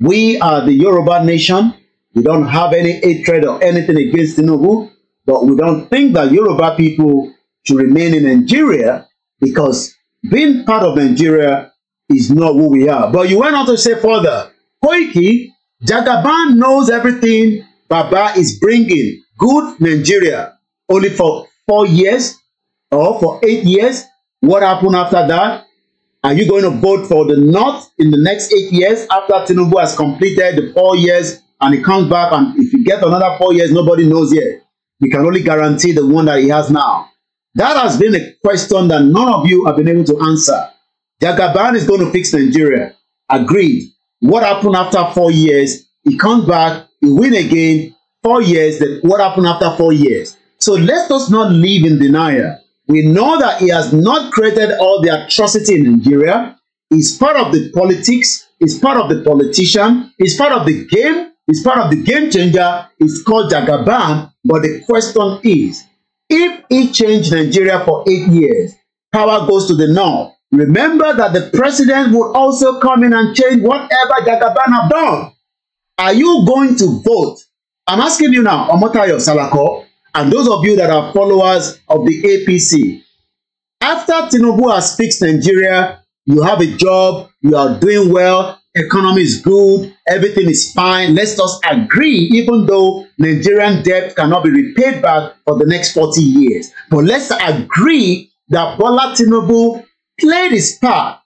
We are the Yoruba nation. We don't have any hatred or anything against Tinubu, but we don't think that Yoruba people should remain in Nigeria because being part of Nigeria is not who we are. But you went on to say further, Koiki Jagaban knows everything Baba is bringing. Good Nigeria. Only for four years or for eight years. What happened after that? Are you going to vote for the North in the next eight years after Tinubu has completed the four years and he comes back and if you get another four years, nobody knows yet. We can only guarantee the one that he has now. That has been a question that none of you have been able to answer. Jagaban is going to fix Nigeria. Agreed. What happened after four years? He comes back, he win again. Four years. Then what happened after four years? So let us not live in denial. We know that he has not created all the atrocity in Nigeria. He's part of the politics. He's part of the politician. He's part of the game. He's part of the game changer. It's called Jagaban. But the question is, if he changed Nigeria for eight years, power goes to the north. Remember that the president would also come in and change whatever Jagaban have done. Are you going to vote? I'm asking you now, Omotayo Salako, and those of you that are followers of the APC. After Tinubu has fixed Nigeria, you have a job, you are doing well, economy is good, everything is fine. Let's just agree, even though Nigerian debt cannot be repaid back for the next 40 years. But let's agree that Bola Tinubu played his part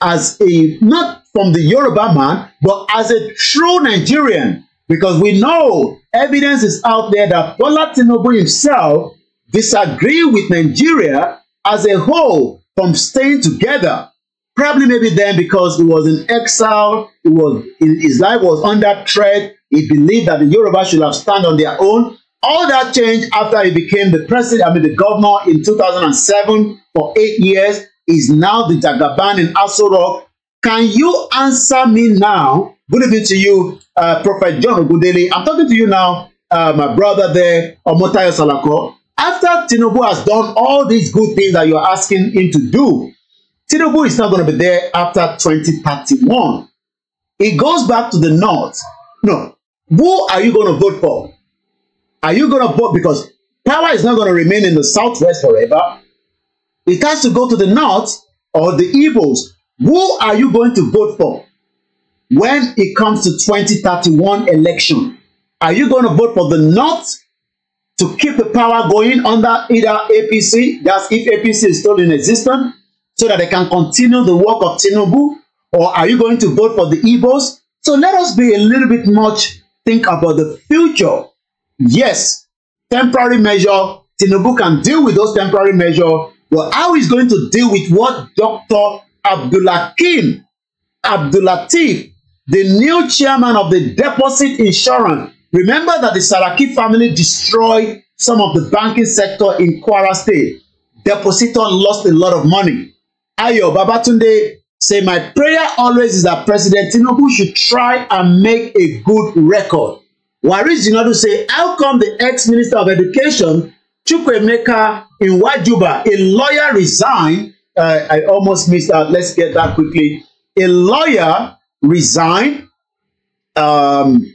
as a not from the Yoruba man, but as a true Nigerian, because we know evidence is out there that Bola Tinubu himself disagreed with Nigeria as a whole from staying together. Probably maybe then because he was in exile, he was his life was under threat. He believed that the Yoruba should have stand on their own. All that changed after he became the president, I mean the governor in 2007 for eight years is now the Dagaban in Asorok. Can you answer me now? Good evening to you, uh, Prophet John Ogundele. I'm talking to you now, uh, my brother there, Omotayo Salako. After Tinubu has done all these good things that you're asking him to do, Tinubu is not going to be there after 2031. It goes back to the north. No. Who are you going to vote for? Are you going to vote because power is not going to remain in the southwest forever? It has to go to the North or the Igbos. Who are you going to vote for when it comes to 2031 election? Are you going to vote for the North to keep the power going under either APC, that's if APC is still in existence, so that they can continue the work of Tinubu, or are you going to vote for the Igbos? So let us be a little bit much think about the future. Yes, temporary measure, Tinubu can deal with those temporary measures Well, how is going to deal with what Dr. Abdulakim Abdulatif, the new chairman of the deposit insurance, remember that the Saraki family destroyed some of the banking sector in Kwara State. Depositor lost a lot of money. Ayo Babatunde say my prayer always is that President Tinubu should try and make a good record. Waris Jinadu say how come the ex-minister of education Chukwemeka in a lawyer resigned. Uh, I almost missed that. Let's get that quickly. A lawyer resigned. Um,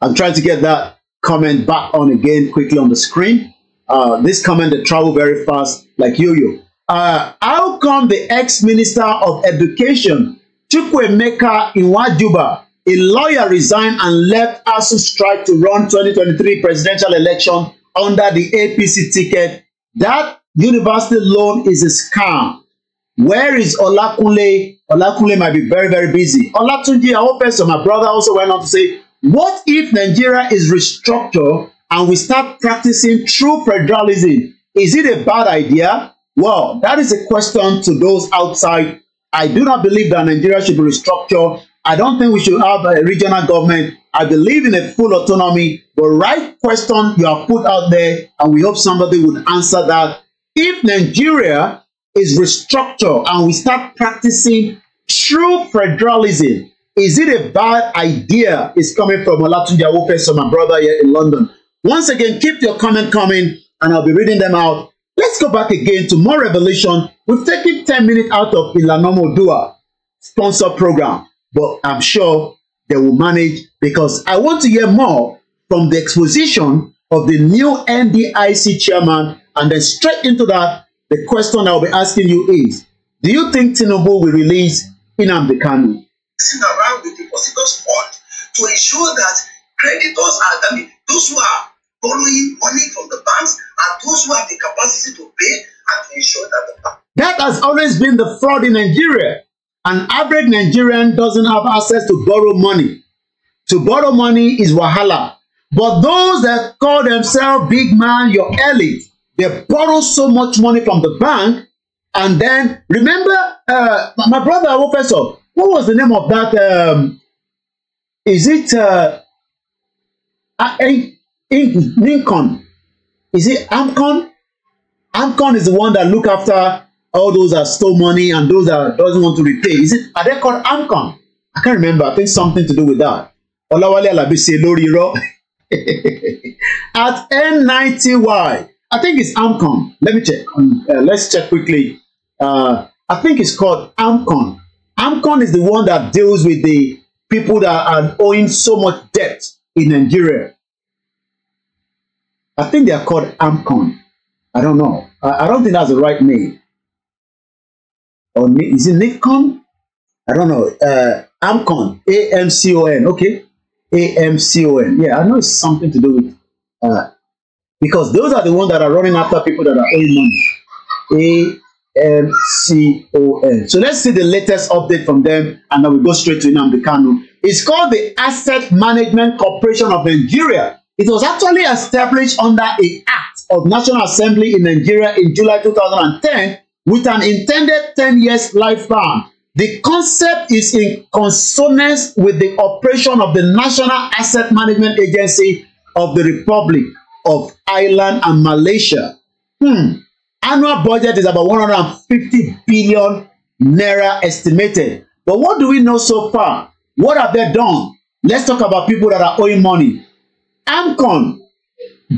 I'm trying to get that comment back on again quickly on the screen. Uh, this comment that travel very fast like yo-yo. Uh, how come the ex-minister of education, Chukwemeka Iwajuba, a lawyer resigned and left ASU strike to run 2023 presidential election under the APC ticket. That university loan is a scam. Where is Olakule? Olakule might be very, very busy. Olatunji, hope so. my brother, also went on to say, what if Nigeria is restructured and we start practicing true federalism? Is it a bad idea? Well, that is a question to those outside. I do not believe that Nigeria should be restructured. I don't think we should have a regional government. I believe in a full autonomy The right question you have put out there, and we hope somebody would answer that. If Nigeria is restructured and we start practicing true federalism, is it a bad idea? Is coming from Olatunji Awopeso, my brother here in London. Once again, keep your comment coming, and I'll be reading them out. Let's go back again to more revelation. We've taken 10 minutes out of Ilanomo Dua sponsor program, but I'm sure they will manage because I want to hear more from the exposition of the new NDIC chairman and then straight into that, the question I'll be asking you is, do you think Tinubu will release Nnamdi Kanu? Sit around with the depositors fund to ensure that creditors are, I mean, those who are borrowing money from the banks are those who have the capacity to pay and to ensure that the bank. That has always been the fraud in Nigeria. An average Nigerian doesn't have access to borrow money. To borrow money is wahala. But those that call themselves big man, your elite, they borrow so much money from the bank. And then, remember, uh, my brother, professor, what was the name of that? Um, is it uh, uh eh, Lincoln? Is it Amcon? Amcon is the one that look after all those that stole money and those that doesn't want to repay. Is it are they called Amcon? I can't remember. I think something to do with that. Olawale Alabi say lórí <laughs> <laughs> at N90Y. I think it's Amcon. Let me check. Um, uh, let's check quickly. Uh, I think it's called Amcon. Amcon is the one that deals with the people that are owing so much debt in Nigeria. I think they are called Amcon. I don't know. I, I don't think that's the right name. Or is it Nikon? I don't know. Uh, Amcon. A M C O N. Okay. AMCON. Yeah, I know it's something to do with uh, because those are the ones that are running after people that are owing money. AMCON. So let's see the latest update from them, and then we go straight to Nnamdi Kanu. It's called the Asset Management Corporation of Nigeria. It was actually established under a act of National Assembly in Nigeria in July 2010 with an intended 10 years life ban The concept is in consonance with the operation of the National Asset Management Agency of the Republic of Ireland and Malaysia. Hmm. Annual budget is about 150 billion naira estimated. But what do we know so far? What have they done? Let's talk about people that are owing money. Amcon,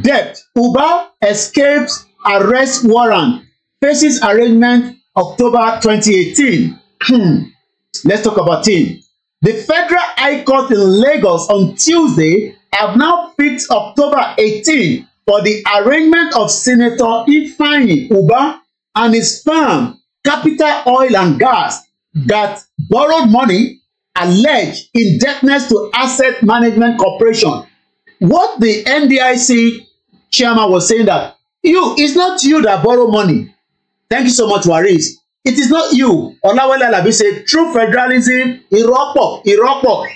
debt. Uber escapes arrest warrant, faces arraignment October 2018. Hmm. Let's talk about it. The Federal High Court in Lagos on Tuesday have now fixed October 18 for the arraignment of Senator Ifeanyi Uba and his firm Capital Oil and Gas that borrowed money alleged indebtedness to Asset Management Corporation. What the NDIC chairman was saying that you, it's not you that borrow money. Thank you so much, Waris it is not you Ọláwálé Alábí say true federalism irọ́pọ̀ irọ́pọ̀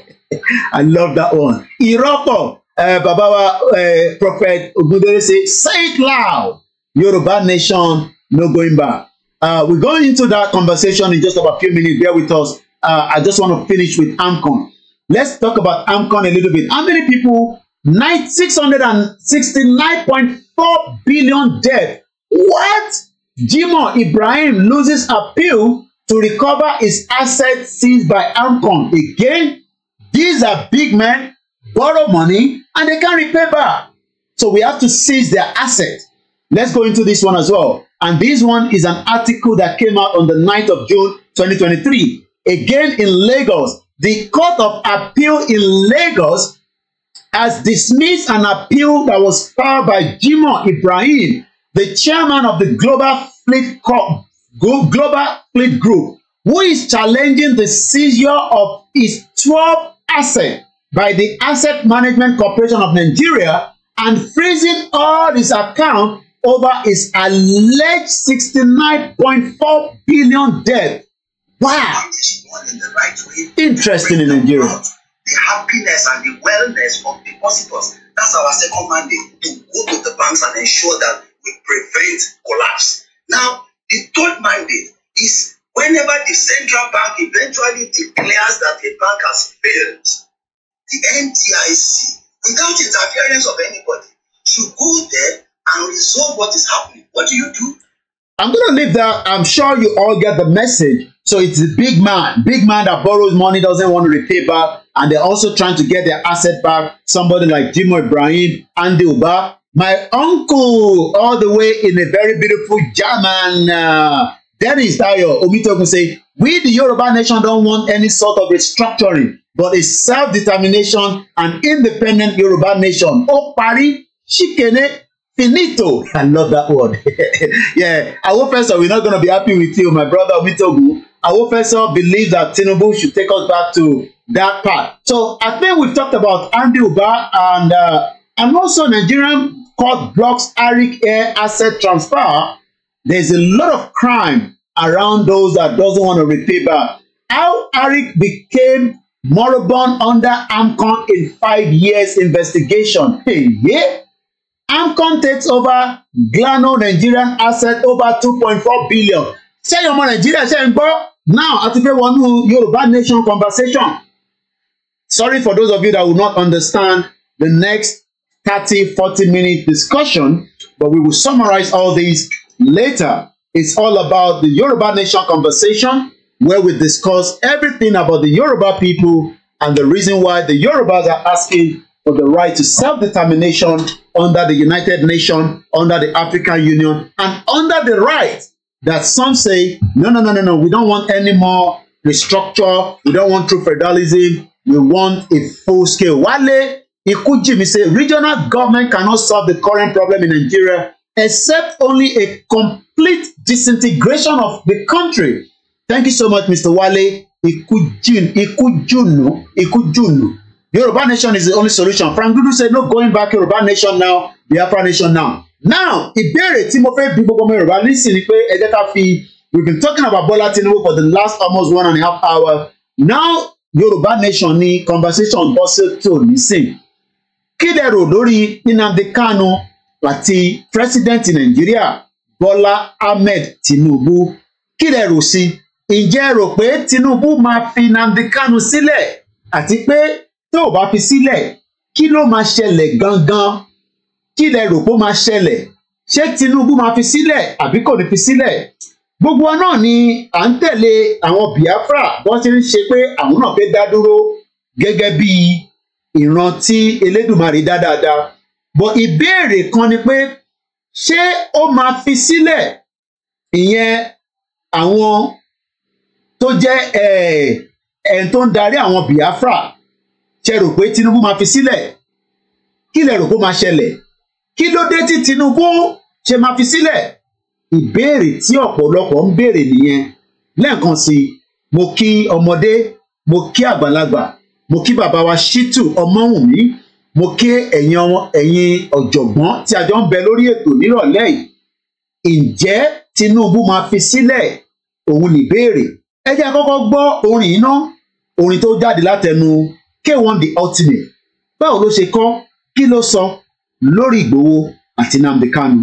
<laughs> I love that one irọ́pọ̀ uh, babawa uh, prophet Ogundere say say it loud Yoruba nation no going back uh, we go into that conversation in just about a few minutes bear with us uh, I just want to finish with AMCON let's talk about AMCON a little bit how many people nine six hundred and sixty-nine point four billion debt what Jimo Ibrahim loses appeal to recover his assets seized by AMCON. Again, these are big men, borrow money, and they can't repay back. So we have to seize their assets. Let's go into this one as well. And this one is an article that came out on the 9th of June 2023. Again in Lagos, the Court of Appeal in Lagos has dismissed an appeal that was filed by Jimo Ibrahim the chairman of the Global Fleet Corp, Global Fleet Group, who is challenging the seizure of his 12 assets by the Asset Management Corporation of Nigeria and freezing all his account over his alleged 69.4 billion debt. Wow! Interesting in Nigeria. The happiness and the wellness of depositors. That's our second mandate to go to the banks and ensure that to prevent collapse. Now, the third mandate is whenever the central bank eventually declares that a bank has failed, the NTIC, without interference of anybody, should go there and resolve what is happening. What do you do? I'm going to leave that. I'm sure you all get the message. So it's a big man, big man that borrows money, doesn't want to repay back, and they're also trying to get their asset back. Somebody like Jimo Ibrahim, Andy Uba, my uncle all the way in a very beautiful German. Uh, Dennis Tayo Omitogun say, we the Yoruba nation don't want any sort of restructuring, but a self-determination and independent Yoruba nation. Ó parí, ṣìkẹ́nẹ́, finito. <laughs> I love that word. <laughs> yeah, our professor, we're not going to be happy with you, my brother Omitogun. Our professor believes that Tinubu should take us back to that part. So I think we've talked about Andy Uba and uh, and also Nigerian court blocks Eric Air asset transfer, there's a lot of crime around those that doesn't want to repay back. How Eric became moribund under AMCON in five years investigation. Hey, yeah. AMCON takes over Glano Nigerian asset over 2.4 billion. Say your money Nigeria. Say gbọ́? Now, a ti fẹ́ wọnú Yorùbá nation conversation. Sorry for those of you that will not understand the next 30, 40 minute discussion, but we will summarize all these later. It's all about the Yoruba Nation conversation, where we discuss everything about the Yoruba people and the reason why the Yorubas are asking for the right to self-determination under the United Nations, under the African Union, and under the right that some say, no, no, no, no, no, we don't want any more restructure, we don't want true federalism, we want a full scale. Wale Ikujimi say regional government cannot solve the current problem in Nigeria except only a complete disintegration of the country. Thank you so much, Mr. Wale Ikujin, Ikujunu, Ikujunu. Yoruba nation is the only solution. Frank Dudu said, no going back Yoruba nation now, the Biafra nation now. Now, ìbéèrè tí mo fẹ́ bí gbogbo ọmọ Yorùbá nísìn ni pé ẹ jẹ́ ká fi been talking about Bola Tinubu for the last almost one and a half hour. Now, Yoruba nation conversation bọ́ sí tòun kí lẹ rò lórí Nnamdi Kanu àti pírẹsidẹ́ǹtì Nàìjíríà Bọ́lá Ahmed Tinubu kí lẹ rò sí ǹjẹ́ rò pé Tinubu máa fi Nnamdi Kanu sílẹ̀ àti pé tó o bá fi sílẹ̀ kí ló máa ṣẹlẹ̀ gangan kí lẹ rò pé ó máa ṣẹlẹ̀ ṣé Tinubu máa fi sílẹ̀ àbí kò ní fi sílẹ̀ gbogbo wa náà ni à ń tẹ̀lé àwọn Biafra bọ́n ti ń ṣe pé àwọn náà fẹ́ dá dúró gẹ́gẹ́ bíi ìran tí Elédùmarè dá dáadáa bọ̀ ìbéèrè kan ni pé ṣé ó máa fi sílẹ̀ ìyẹn àwọn tó jẹ́ eh, ẹn tó ń darí àwọn Biafra ṣe rò pé Tinubu máa fi sílẹ̀ kí lẹ rò pé ó máa ṣẹlẹ̀ kí ló dé tí Tinubu ṣe máa fi sílẹ̀ ìbéèrè tí ọ̀pọ̀lọpọ̀ ń béèrè nìyẹn lẹ́ẹ̀kan sí mo kí ọmọdé mo kí àgbàlagbà mo kí bàbá wa Ṣítù Ọmọwùnmí mo kí ẹ̀yin ọmọ ẹ̀yin ọ̀jọ̀gbọ́n tí a jọ ń bẹ lórí ètò nírọ̀lẹ́ yìí ǹjẹ́ Tinubu máa fi sílẹ̀ òun nìbéèrè ẹ jẹ́ àkọ́kọ́ gbọ́ orin iná orin tó jáde látẹnu K1 the ultimate báwo ló ṣe kọ kí ló sọ lórí Ìgbòho àti Nnamdi Kanu.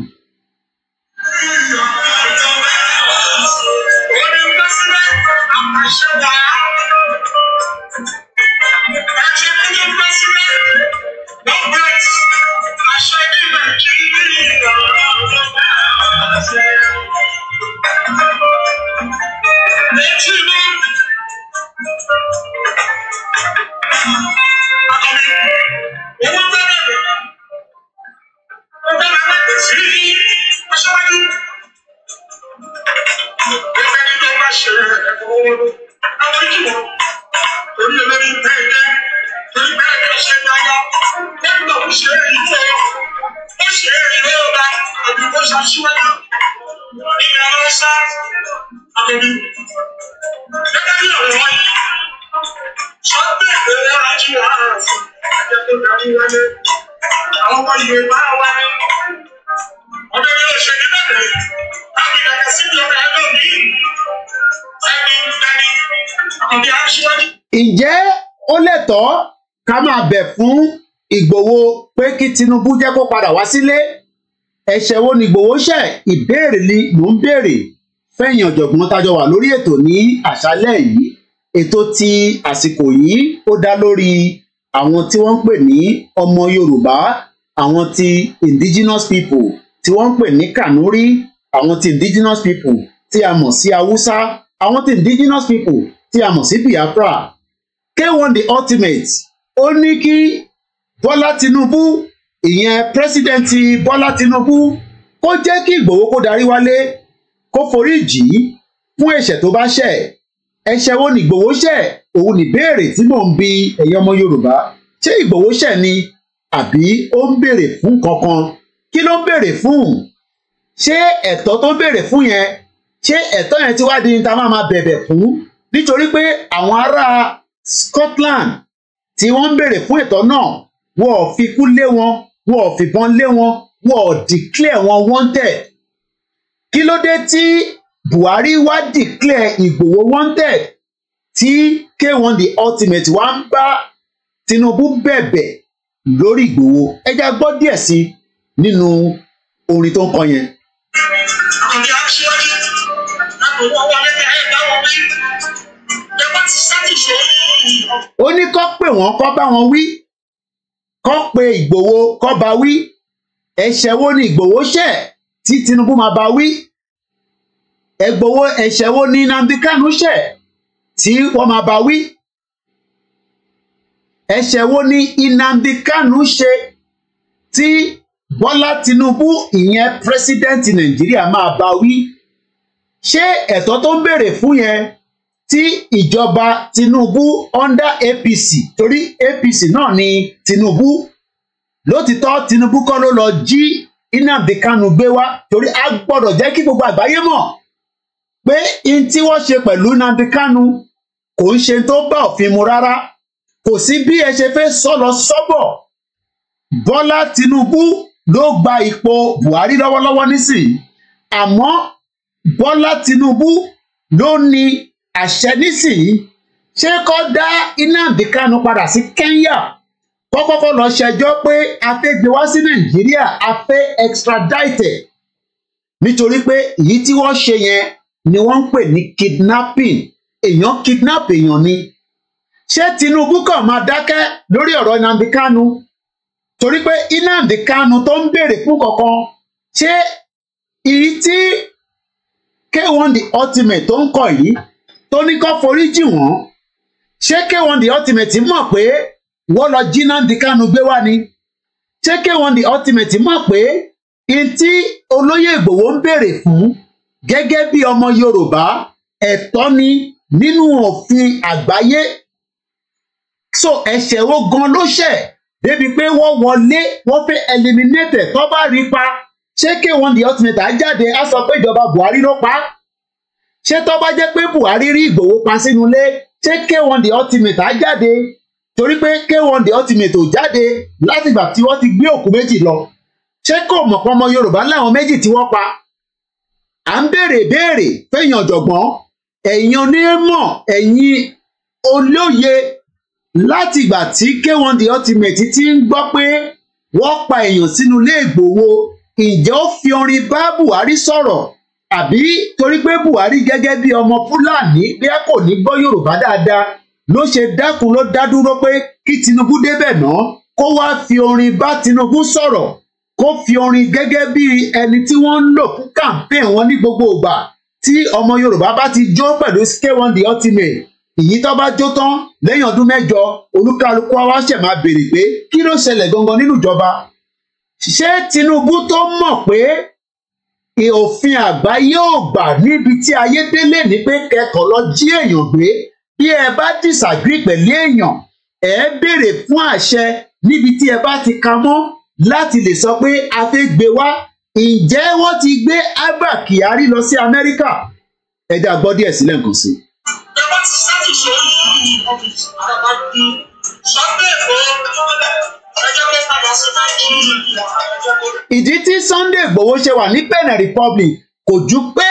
Yorùbá wa. Ọ̀dọ́ ilé òṣèlú lẹ́kọ̀ọ́ láti dàgbà síbi ọ̀gá ẹgbẹ́ mi. Ẹni ẹni àkànbí aṣíwájú. Ǹjẹ́ ó lẹ́tọ̀ọ́ ká máa bẹ̀ fún Ìgbòho pé kí Tinubu jẹ́ kó padà wá sílé? Ẹ̀ṣẹ̀ wo ni Ìgbòho ṣẹ̀? Ìbéèrè ni mò ń béèrè fẹ̀yìn ọ̀jọ̀gbọ́n tájọ wà lórí ètò ní àṣálẹ́ yìí ètò ti àsìkò yìí ó dá lórí àwọn tí wọ́n ń pè ní ọmọ Yorùbá àwọn ti indigenous people tí wọ́n ń pè ní kanuri àwọn ti indigenous people tí a mọ̀ sí haúsá àwọn ti indigenous people tí a mọ̀ sí biafra k1 the ultimate ó ní kí bọ́lá tinubu ìyẹn pírẹsidẹ́ǹtì bọ́lá tinubu kó jẹ́ kí ìgbòho kó darí wálé kó foríjì fún ẹ̀ṣẹ̀ tó bá ṣẹ̀ ẹ̀ṣẹ̀ wo ni ìgbòho ṣẹ̀ òun ní béèrè tí mò ń bi ẹ̀yin ọmọ yorùbá ṣé ìgbòho ṣẹ̀ ni àbí ó ń béèrè fún kankan kí ló ń béèrè fún ṣé ẹ̀tọ́ tó ń béèrè fún yẹn ṣé ẹ̀tọ́ yẹn ti wá di ta máa máa bẹ̀bẹ̀ fún nítorí pé àwọn ará Scotland tí wọ́n ń béèrè fún ẹ̀tọ́ náà wọ́n ò fi kú lé wọn wọ́n ò fìbọn lé wọn wọ́n ò declare wọn wanted kí ló dé tí Buhari wá declare Ìgbòho wanted tí K1 the ultimate wá ń bá Tinubu bẹ̀bẹ̀ lórí Ìgbòho ẹ já gbọ́ díẹ̀ sí nínú orin tó ń kọ yẹn. ọ̀gá aṣọ́jú àbòwọ́ wọlé tẹ ẹ bá wọn wí ẹ wọ́n ti ṣàtúnṣe. ó ní kọ́ pé wọ́n kọ́ bá wọn wí kọ́ pé Ìgbòho kọ́ bá wí ẹ̀ṣẹ̀ wo ni Ìgbòho ṣẹ̀ tí Tinubu máa bá wí ẹ̀gbòho ẹ̀ṣẹ̀ wo ni Nnamdi Kanu ṣẹ̀ tí wọ́n máa bá wí ẹ̀ṣẹ̀ wo ni Nnamdi Kanu ṣe tí Bọ́lá Tinubu ìyẹn pírẹsidẹ́ǹtì Nàìjíríà máa bá wí ṣé ẹ̀tọ́ tó ń béèrè fún yẹn tí ìjọba Tinubu under APC torí APC náà ni Tinubu lótìtọ́ Tinubu kọ́ ló lọ jí Nnamdi Kanu gbé wá torí a gbọ́dọ̀ jẹ́ kí gbogbo àgbáyé mọ̀ pé n tí wọ́n ṣe pẹ̀lú Nnamdi Kanu kò ń ṣe tó bá òfin mu rárá kò sí bí ẹ ṣe fẹ́ sọ lọ sọ́bọ̀ Bọ́lá Tinubu ló gba ipò Buhari lọ́wọ́lọ́wọ́ nísìnyí àmọ́ Bọ́lá Tinubu ló ní àṣẹ nísìnyí ṣé kó dá Nnamdi Kanu padà sí Kenya kọ́kọ́kọ́ lọ ṣẹjọ́ pé a fẹ́ gbé wá sí Nàìjíríà a fẹ́ extradite nítorí pé èyí tí wọ́n ṣe yẹn ni wọ́n ń pè ní kidnapping èèyàn kidnap èèyàn ni ṣé Tinubu kàn máa dákẹ́ lórí ọ̀rọ̀ Nnamdi Kanu torí pé Nnamdi Kanu tó ń béèrè fún kankan ṣé ìyí tí K1 the ultimate tó ń kọ yìí tó ní kó foríjì wọ́n ṣé K1 the ultimate mọ̀ pé wọ́n lọ jí Nnamdi Kanu gbé wá ni ṣé K1 the ultimate mọ̀ pé n tí olóyè Ìgbòho ń béèrè fún gẹ́gẹ́ bí ọmọ Yorùbá ẹ̀tọ́ ni nínú òfin àgbáyé so ẹ̀ṣẹ̀ wo gan ló ṣẹ̀ débi pé wọ́n wọlé wọ́n fẹ́ eliminate tó bá rí pa ṣé k one the ultimate á jáde á sọ pé ìjọba Buhari ló pa ṣé tó bá jẹ́ pé Buhari rí Ìgbòho pa sínú ilé ṣé k one the ultimate á jáde torí pé k one the ultimate ò jáde látìgbà tí wọ́n ti gbé òkú méjì lọ ṣé kò mọ̀ pé ọmọ Yorùbá láwọn méjì tí wọ́n pa à ń béèrè béèrè fẹ́yìn ọ̀jọ̀gbọ́n ẹ̀yin onímọ̀ ẹ̀yin olóye láti ìgbà tí K1 The Ultimate ti ń gbọ́ pé wọ́n pa èèyàn sínú ilé Ìgbòho ǹjẹ́ ó fi orin bá Buhari sọ̀rọ̀ àbí torí pé Buhari gẹ́gẹ́ bí ọmọ Fúlàní bẹ́ẹ̀ kò ní gbọ́ Yorùbá dáadáa ló ṣe dákun ló dá dúró pé kí Tinubu débẹ̀ náà kó wáá fi orin bá Tinubu sọ̀rọ̀ kó fi orin gẹ́gẹ́ bí ẹni tí wọ́n ń lò fún kàǹpẹ́ẹ̀ wọn ní gbogbo ìgbà tí ọmọ Yorùbá bá ti jó pẹ̀lú K1 The Ultimate ìyí tó bá jó tán lẹ́yìn ọdún mẹ́jọ olúkálukú wa ṣẹ̀ máa béèrè pé kí ló ṣẹlẹ̀ gangan nínú ìjọba ṣé Tinubu tó mọ̀ pé òfin àgbáyé ò gbà níbi tí ayédélé ní pé kẹkọọ lọ jí èèyàn gbé bí ẹ bá disagree pẹ̀lú èèyàn ẹ béèrè fún àṣẹ níbi tí ẹ bá ti ka mọ́ láti lè sọ pé a fẹ́ gbé wá ǹjẹ́ wọ́n ti gbé Abba Kyari lọ sí Amẹ́ríkà ẹ dá gbọ́ díẹ̀ sílẹ̀ nǹkan sí i láti ìdí tí Sunday Igboho ṣe wà ní Benin Republic kò ju pé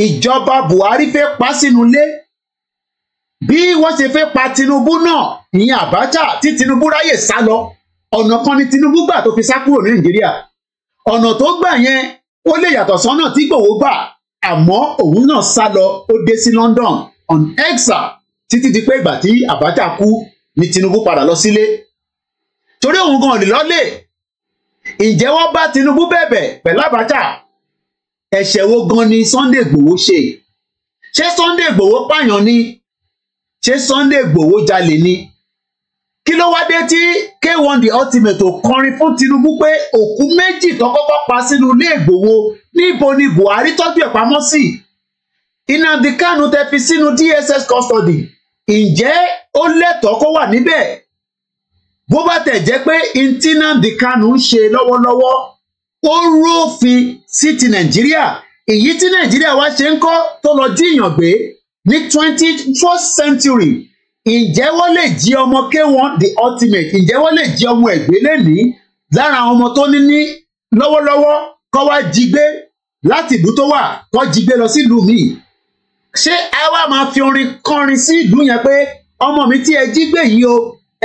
ìjọba Buhari fẹ́ pa sínú ilé bí wọ́n ṣe fẹ́ pa Tinubu náà ìyẹn Abacha tí Tinubu ráyè sá lọ ọ̀nà kan ni Tinubu gbà tó fi sá kúrò ní Nàìjíríà ọ̀nà tó gbà yẹn ó lè yàtọ̀ sọ́nà tí Igboho gbà àmọ́ òun náà sá lọ ó dé sí London on exa títí di pé ìgbà tí Abacha kú ni Tinubu padà lọ sílé torí òun gan lè lọ́lẹ̀ ǹjẹ́ wọ́n bá Tinubu bẹ̀bẹ̀ pẹ̀lú Abacha ẹ̀ṣẹ̀ wo gan ni Sunday Igboho ṣe ṣé Sunday Igboho pààyàn ni ṣé Sunday Igboho jalè ni kí ló wá dé tí K1 The Ultimate ò kọrin fún Tinubu pé òkú méjì tó kọ́kọ́ pa sínú ilé Ìgbòho níbo ni Buhari tọ́jú ẹ̀ pamọ́ sí Nnamdi Kanu tẹ fi sínú DSS custody ǹjẹ́ ó lẹ́tọ̀ọ́ kó wà níbẹ̀ bó bá tẹ̀ jẹ́ pé ntí Nnamdi Kanu ń ṣe lọ́wọ́lọ́wọ́ ó rófin sí ti Nàìjíríà èyí tí Nàìjíríà wá ṣe ń kọ́ tó lọ jíìyàn gbé ní twenty first century ǹjẹ́ wọ́n lè jí ọmọ K1 the ultimate ǹjẹ́ wọ́n lè jí ọmọ ẹ̀gbẹ́ lẹ́nìí lára àwọn ọmọ tó ní ní lọ́wọ́lọ́wọ́ kọ́ wá jí gbé láti ìlú tó wà kọ́ jí gbé lọ sílùú míì ṣé ẹ wá máa fi orin kọrin sí ìlú yẹn pé ọmọ mi tí ẹ jí gbé yìí o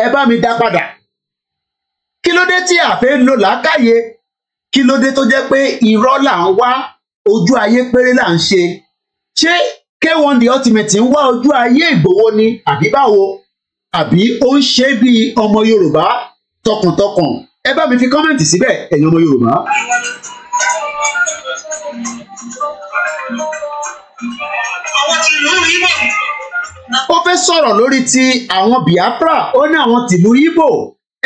ẹ bá mi dá padà kí ló dé tí àfẹ́ ń lò lákàyè kí ló dé tó jẹ́ pé irọ́ là ń wá ojú ayé péré là ń ṣe ṣé K1 the ultimate ń wá ojú ayé Ìgbòho ni àbí báwo àbí ó ń ṣe bí ọmọ Yorùbá tọkàntọkàn ẹ bá mi fi kọ́mẹ̀ntì síbẹ̀ ẹ̀yin ọmọ Yorùbá. àwọn ti lù ú Ìgbò. ó fẹ́ sọ̀rọ̀ lórí ti àwọn Biafra ó ní àwọn tìlú Ìgbò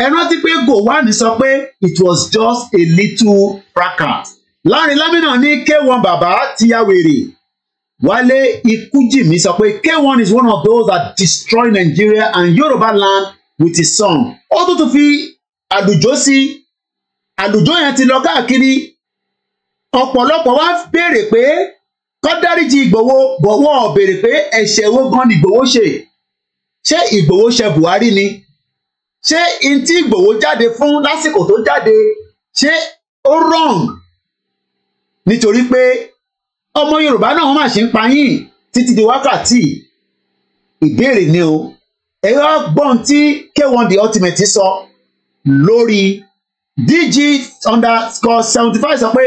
ẹ rántí pé Gowon sọ pé it was just a little fracas láàrin lámìnà ní K1 bàbá ti ya wèrè Wale Ikujimi sọ pé K1 is one of those that destroy Nigeria and Yoruba land with his song. Ó tún tún fi àlùjọ sí àlùjọ yẹn ti lọ káàkiri ọ̀pọ̀lọpọ̀ wá béèrè pé kọ́ dáríjì Ìgbòho bọ̀wọ́ béèrè pé ẹ̀ṣẹ̀ wo gan ni Ìgbòho ṣe ṣé Ìgbòho ṣe Buhari ni ṣé in tí Ìgbòho jáde fún lásìkò tó jáde ṣé ó wrong nítorí pé ọmọ yorùbá náà wọn mà ṣe ń pa yín títí di wákàtí ìbéèrè ni o ẹ wá gbọ́n tí K1 The Ultimate sọ lórí DG underscore seventy five sọ pé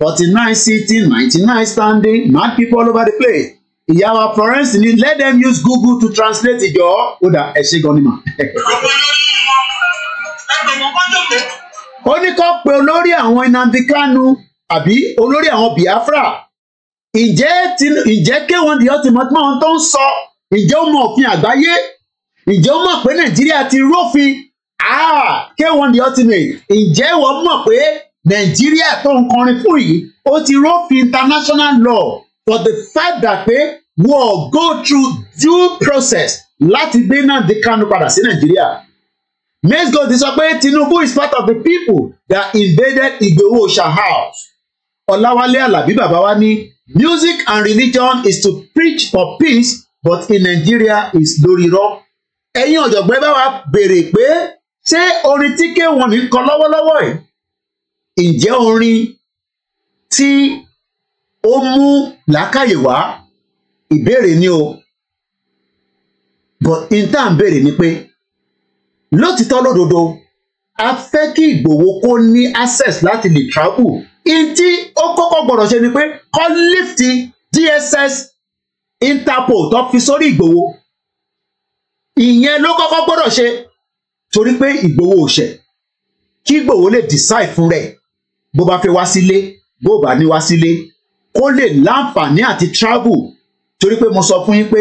forty nine sitting ninety nine standing mad people all over the place ìyá wa Florence ni let them use Google to translate ìjọ ó dà ẹ ṣe gan ni mà. ó ní kó pe olórí àwọn Nnamdi Kanu àbí olórí àwọn Biafra ǹjẹ́ ǹjẹ́ kéwọn di ọtí mọ́ ohun tó ń sọ ǹjẹ́ ó mọ òfin àgbáyé ǹjẹ́ ó mọ̀ pé nàìjíríà ti rófin ah, kéwọn di ọtí mi ǹjẹ́ ìwọ mọ̀ pé nàìjíríà tó ń kọrin fún yìí ó ti rófin international law for the fact that pé wọ́n go through due process láti gbé náà di Kanu padà sí nàìjíríà mezgo ti sọ pé Tinubu is part of the people that invaded Igboho Oòṣà house Ọláwálé Alábí bàbá wa ní Music and religion is to preach for peace but in Nigeria is lórí rọ. Ẹ̀yin ọ̀jọ̀gbọ́n bá wa béèrè pé ṣé orin tí K1 mi kọ lọ́wọ́lọ́wọ́ ẹ̀ ǹjẹ́ orin tí ó mú làákàyè wá ìbéèrè ni o but in tá à ń béèrè ni pé lótìtọ́ lódodo a fẹ́ kí Ìgbòho kó ní access láti lè travel ìdí o koko gbọ́dọ̀ ṣe ni pé kọ́ lift DSS Interpol tó fi sórí Ìgbòho ìyẹn ló kọ́kọ́ gbọ́dọ̀ ṣe torí pé Ìgbòho ò ṣẹ̀ kí Ìgbòho lè decide fún rẹ̀ bó bá fẹ́ wá sílé bó bá ni wá sílé kó lè láǹfààní àti travel torí pé mo sọ fún yín pé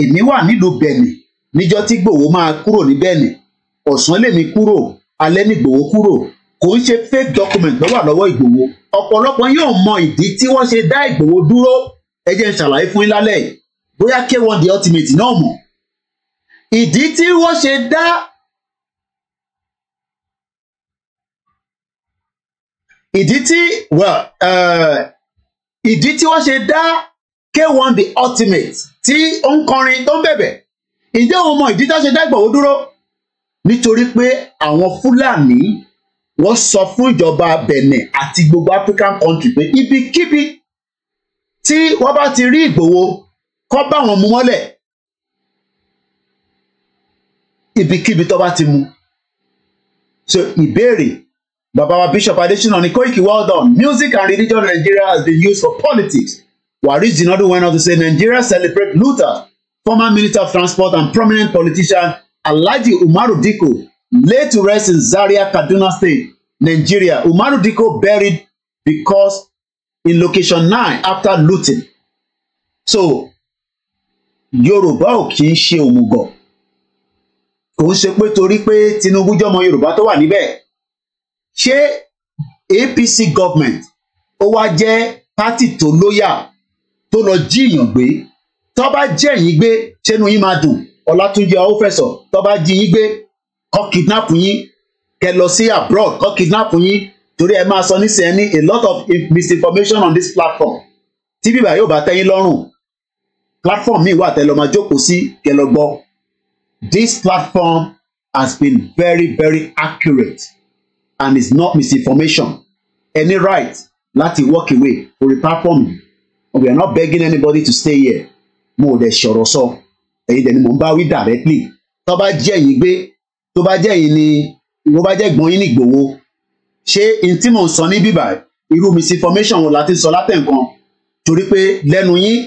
èmi wà nílùú Benin níjọ́ tí Ìgbòho máa kúrò ní Benin ọ̀sán lèmi kúrò alẹ́ nìgbòho kúrò kò ń ṣe fake document ló wà lọ́wọ́ ìgbòho ọ̀pọ̀lọpọ̀ yóò mọ ìdí tí wọ́n ṣe dá ìgbòho dúró ẹ jẹ́ n ṣàlàyé fún yín lálẹ́ yìí bóyá k1 the ultimate náà mọ̀ ìdí tí wọ́n ṣe dá ìdí tí well eh, ìdí tí wọ́n ṣe dá k1 the ultimate tí ó ń kọrin tó ń bẹ̀bẹ̀ ǹjẹ́ òun mọ ìdí tó ṣe dá ìgbòho dúró nítorí pé àwọn fúlàní wọ́n sọ fún ìjọba Benin àti gbogbo African country pé ibikíbi tí wọ́n bá ti rí Ìgbòho kó bá wọn mú mọ́lẹ̀ ibikíbi tó bá ti mú so ìbéèrè bàbá wa Bishop Adesina ní Koiki well done music and religion in Nigeria has been used for politics Waris Jinadu went on to say Nigeria celebrate Luther former minister of transport and prominent politician Alhaji Umaru Dikko laid to rest in Zaria, Kaduna State, Nigeria. Umaru Diko buried because in location nine after looting. So Yoruba ò kì í ṣe òmùgọ̀ kò ń ṣe pé torí pé Tinubu jọmọ Yorùbá tó wà níbẹ̀ ṣé APC government ó wá jẹ́ pátì tó lóyà tó lọ jíìyàn gbé tó bá jẹ́ yín gbé ṣẹ́nu yín máa dùn Ọlátúnjí Awófẹ̀sọ tó bá jí yín gbé kọ́ kidnap yín kẹ lọ sí abroad kọ́ kidnap yín torí ẹ máa sọ nísìnyẹn ní a lot of misinformation on this platform tí bíbá yóò bá tẹ́yìn lọ́rùn platform míì wà tẹ́ lọ máa jókòó sí kẹ lọ gbọ́ this platform has been very very accurate and is not misinformation any right láti walk away orí platform yìí we are not begging anybody to stay here mo ò dẹ̀ sọ̀rọ̀ sọ èyí dẹ̀ ni mò ń bá wí directly tó bá jẹ́ yìí gbé tó bá jẹ́ yìí ni ìwọ bá jẹ́ gbọ́n yín ní Ìgbòho ṣé n tí mò ń sọ ní bíbà irú misinformation wo la sọ látẹ̀ǹkan torí pé lẹ́nu yín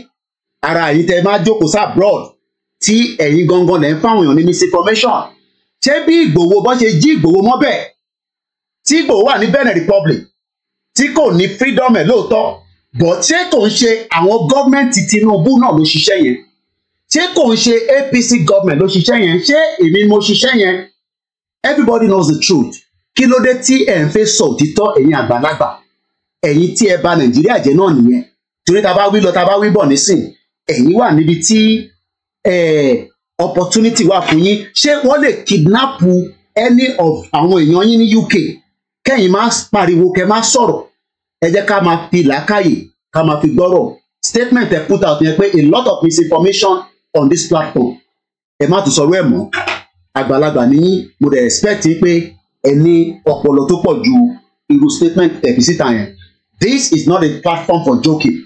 ara yìí tẹ máa jókòó sá abroad tí ẹ̀yin gangan lẹ́ ń fáwọn èèyàn ní misinformation ṣé bí Ìgbòho bọ́ ṣe jí Ìgbòho mọ́ bẹ́ẹ̀ tí Ìgbòho wà ní Benin Republic tí kò ní freedom ẹ̀ lóòótọ́ bọ̀ ṣé kò ń ṣe àwọn gọ́ọ̀mẹ̀ntì Tinubu náà ló ṣiṣẹ́ yẹn ṣé kò ń ṣe APC gọ́ọ̀mẹ̀ntì ló ṣiṣẹ́ yẹn ṣé èmi mo ṣiṣẹ́ yẹn everybody knows the truth kí ló dé tí ẹ̀ ń fẹ́ sọ òtítọ́ ẹ̀yin àgbàlagbà ẹ̀yin tí ẹ bà nàìjíríà jẹ́ náà nìyẹn torí ta bá wí lọ ta bá wí bọ̀ nísìn ẹ̀yin wà níbi tí opportunity wà fún yín ṣé wọ́n lè kidnap any of àwọn èèyàn yín ní UK kẹ́yìn máa pariwo kẹ́ máa sọ̀rọ̀ ẹ jẹ́ ká máa fi làákàyè ká máa fi gbọ́rọ̀ statement ẹ put out yẹn pé a lot of misinformation on this platform ẹ má tún sọ̀rọ̀ ẹ̀ mọ́ àgbàlagbà ní mo dẹ̀ expect pé ẹ ní tó pọ̀ ju irú statement tẹ̀bí síta yẹn this is not a platform for joking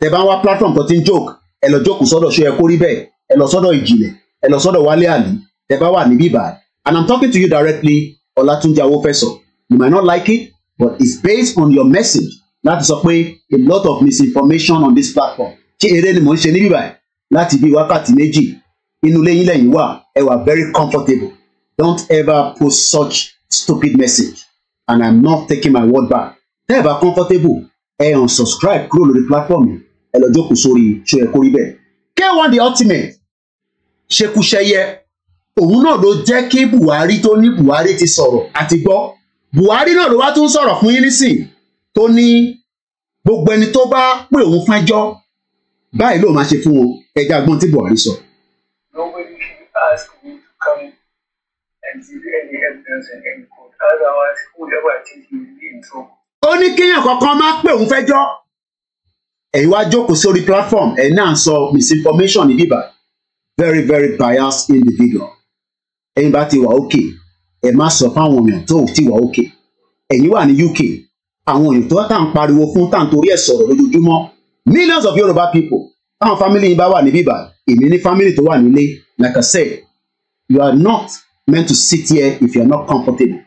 tẹ bá ń wá platform tó ti ń joke ẹ lọ jókòó sọ́dọ̀ ṣó yẹ kó rí bẹ́ẹ̀ ẹ lọ sọ́dọ̀ ìjìnlẹ̀ ẹ lọ sọ́dọ̀ wálé àlì tẹ bá wà níbí báyìí and i'm talking to you directly ọlátúnjì awófẹsọ you might not like it but it's based on your message láti sọ pé a lot of misinformation on this platform ṣé eré ni mò ń ṣe níbí báyìí láti bí wákàtí méjì inú ilé lẹ́yìn wà ẹ wà very comfortable don't ever post such stupid message and i'm not taking my word back Never comfortable ẹ unsubscribe kúrò the platform yìí ẹ lọ jókòó sórí ṣó ẹ kó K1 the ultimate ṣekúṣẹyẹ òun náà ló jẹ́ kí Buhari tó ní Buhari ti sọ̀rọ̀ àti gbọ́ Buhari náà ló wá tún sọ̀rọ̀ fún yín tó ní gbogbo ẹni tó bá pè òun fẹ́jọ́ báyìí ló máa ṣe fún wọn ẹja gbọ́n tí Buhari sọ. So ask me to come and give any evidence and any court. Otherwise, whoever thinks he will be in trouble. Ó ní kéèyàn kankan máa pè òun fẹ́jọ́. Ẹ̀yin wá jókòó sórí platform ẹ̀ náà ń sọ misinformation ní bíbá very very biased individual. Ẹ̀yin bá ti wà òkè ẹ̀ má sọ fáwọn èèyàn tó ti wà òkè. Ẹ̀yin wà ní UK àwọn èèyàn tó tà ń pariwo fún tà ń torí ẹ̀ sọ̀rọ̀ lójoojúmọ́ millions of Yorùbá people táwọn family yín bá wà níbí bá èmi ní family tó wà nílé like I said you are not meant to sit here if you are not comfortable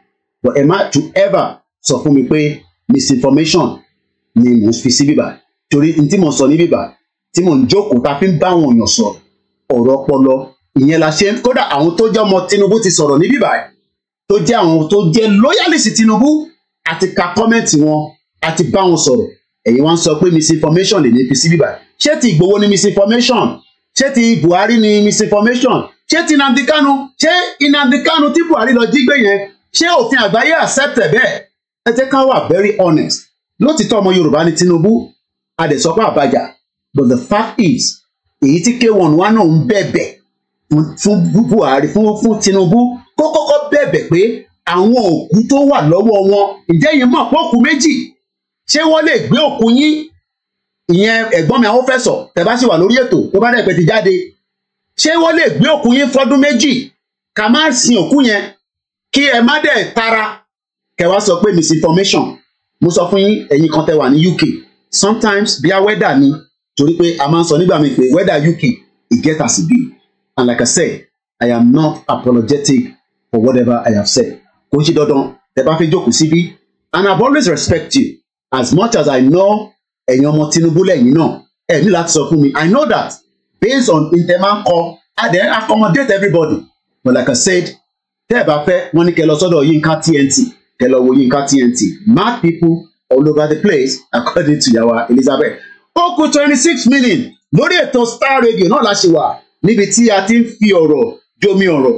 but ẹ má to ever sọ fún mi pé misinformation ni mò ń fi sí bíbá torí n tí mo sọ ní bíbá tí mò ń jókòó tá a fi ń bá àwọn èèyàn sọ ọ̀rọ̀ ọpọlọ ìyẹn la ṣe kódà àwọn tó jẹ́ ọmọ Tinubu ti sọ̀rọ̀ ní bíbá tó jẹ́ àwọn tó jẹ́ lóyálìsì Tinubu àti ka kọ́mẹ̀ntì wọn àti bá wọn sọ̀rọ̀ ẹ̀yin wá ń sọ pé misinformation lè ní fi sí bíbá yìí ṣé ti Ìgbòho ni misinformation ṣé ti Buhari ni misinformation ṣé ti Nnamdi Kanu ṣé Nnamdi Kanu tí Buhari lọ jí gbé yẹn ṣé òfin àgbáyé accept ẹ ẹ jẹ́ ká wà very honest lótìtọ́ ọmọ Yorùbá ni Tinubu adẹ̀sọ́pá àbájá but the fact is èyí tí k1 wa náà ń bẹ̀bẹ̀ fún Buhari fún fún Tinubu kó kọ́kọ́ bẹ̀bẹ̀ pé àwọn òkú tó wà lọ́wọ́ wọn ǹjẹ́ yẹn pé òkú méjì ṣé wọ́n lè gbé òkú yín ìyẹn ẹ̀gbọ́n mi àwọn fẹ́ sọ tẹ sì wà lórí ètò tó bá dẹ̀ pé ti jáde ṣé wọ́n lè gbé òkú yín fọ́dún méjì ká má sin òkú yẹn kí ẹ má dẹ̀ tara kẹ sọ pé misinformation mo sọ fún yín ẹ̀yin kan tẹ wà ní UK sometimes bí a wẹ́dà ni torí pé a máa ń sọ nígbà mi pé wẹ́dà UK e get as e be and like I said I am not apologetic for whatever I have said kò ń ṣe dandan tẹ bá fẹ́ jókòó síbí and I have always respect you as much as I know ẹ̀yin ọmọ Tinubu lẹ́yìn náà ẹ ní láti sọ fún mi I know that based on ntẹ máa I then accommodate everybody but like I said tẹ́ ẹ̀ bá fẹ́ wọ́n ní kẹ́ lọ sọ́dọ̀ Yinka TNT kẹ́ lọ wo Yinka TNT mad people all over the place <laughs> according to yawa Elizabeth ó kù twenty six million lórí ètò Star Radio náà la ṣe wà níbi tí a ti ń fi ọ̀rọ̀ jomi ọ̀rọ̀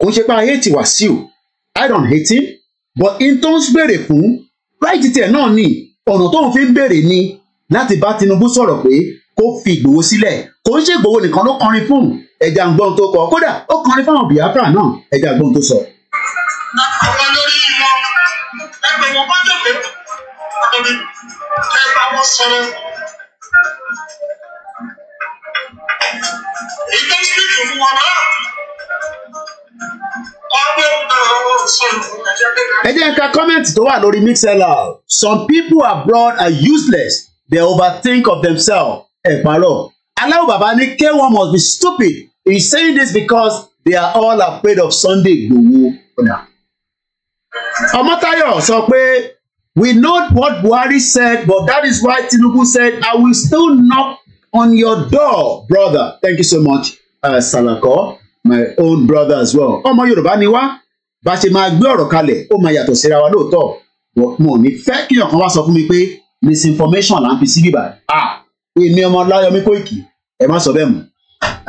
kò ń ṣe pé ayé ti wà sí o I don't hate him but in tó ń bèrè fún right tiẹ̀ náà nìyí ọ̀nà tóun fi ń béèrè ni láti bá Tinubu sọ̀rọ̀ pé kó fi Ìgbòho sílẹ̀ kò ń ṣe Ìgbòho nìkan ló kọrin fún ẹ̀já ń gbọ́n tó kọ kódà ó kọrin fáwọn Biafra náà ẹ̀já gbọ́n tó sọ. àwọn lórí wọn ẹgbẹ́ wọn bá dẹ̀gbẹ́ àtọ́ni ẹ bá wọn sọ̀rọ̀. èyí tó ń bí ìdùnnú wọn náà ẹ jẹ́ ká kọ́mẹ̀ntì tó wà lórí mixlr some people abroad are useless they overthink of themselves ẹ̀ parọ́ aláwọ̀ bàbá ní k1 must be stupid he is saying this because they are all afraid of Sunday Igboho ọ̀nà. ọmọtayọ sọ pé we know what Buhari said but that is why Tinubu said I will still knock on your door brother thank you so much uh, Salako my own brother as well ọmọ yorùbá ni wá bá ṣe máa gbé ọ̀rọ̀ kalẹ̀ ó máa yàtọ̀ síra wa lóòótọ́ mo ní fẹ́ kí ọ̀kan wá sọ fún mi pé misinformation là ń fi sí bíbà ah èmi ọmọ láyọmí kóìkì ẹ má sọ bẹ́ẹ̀ mọ́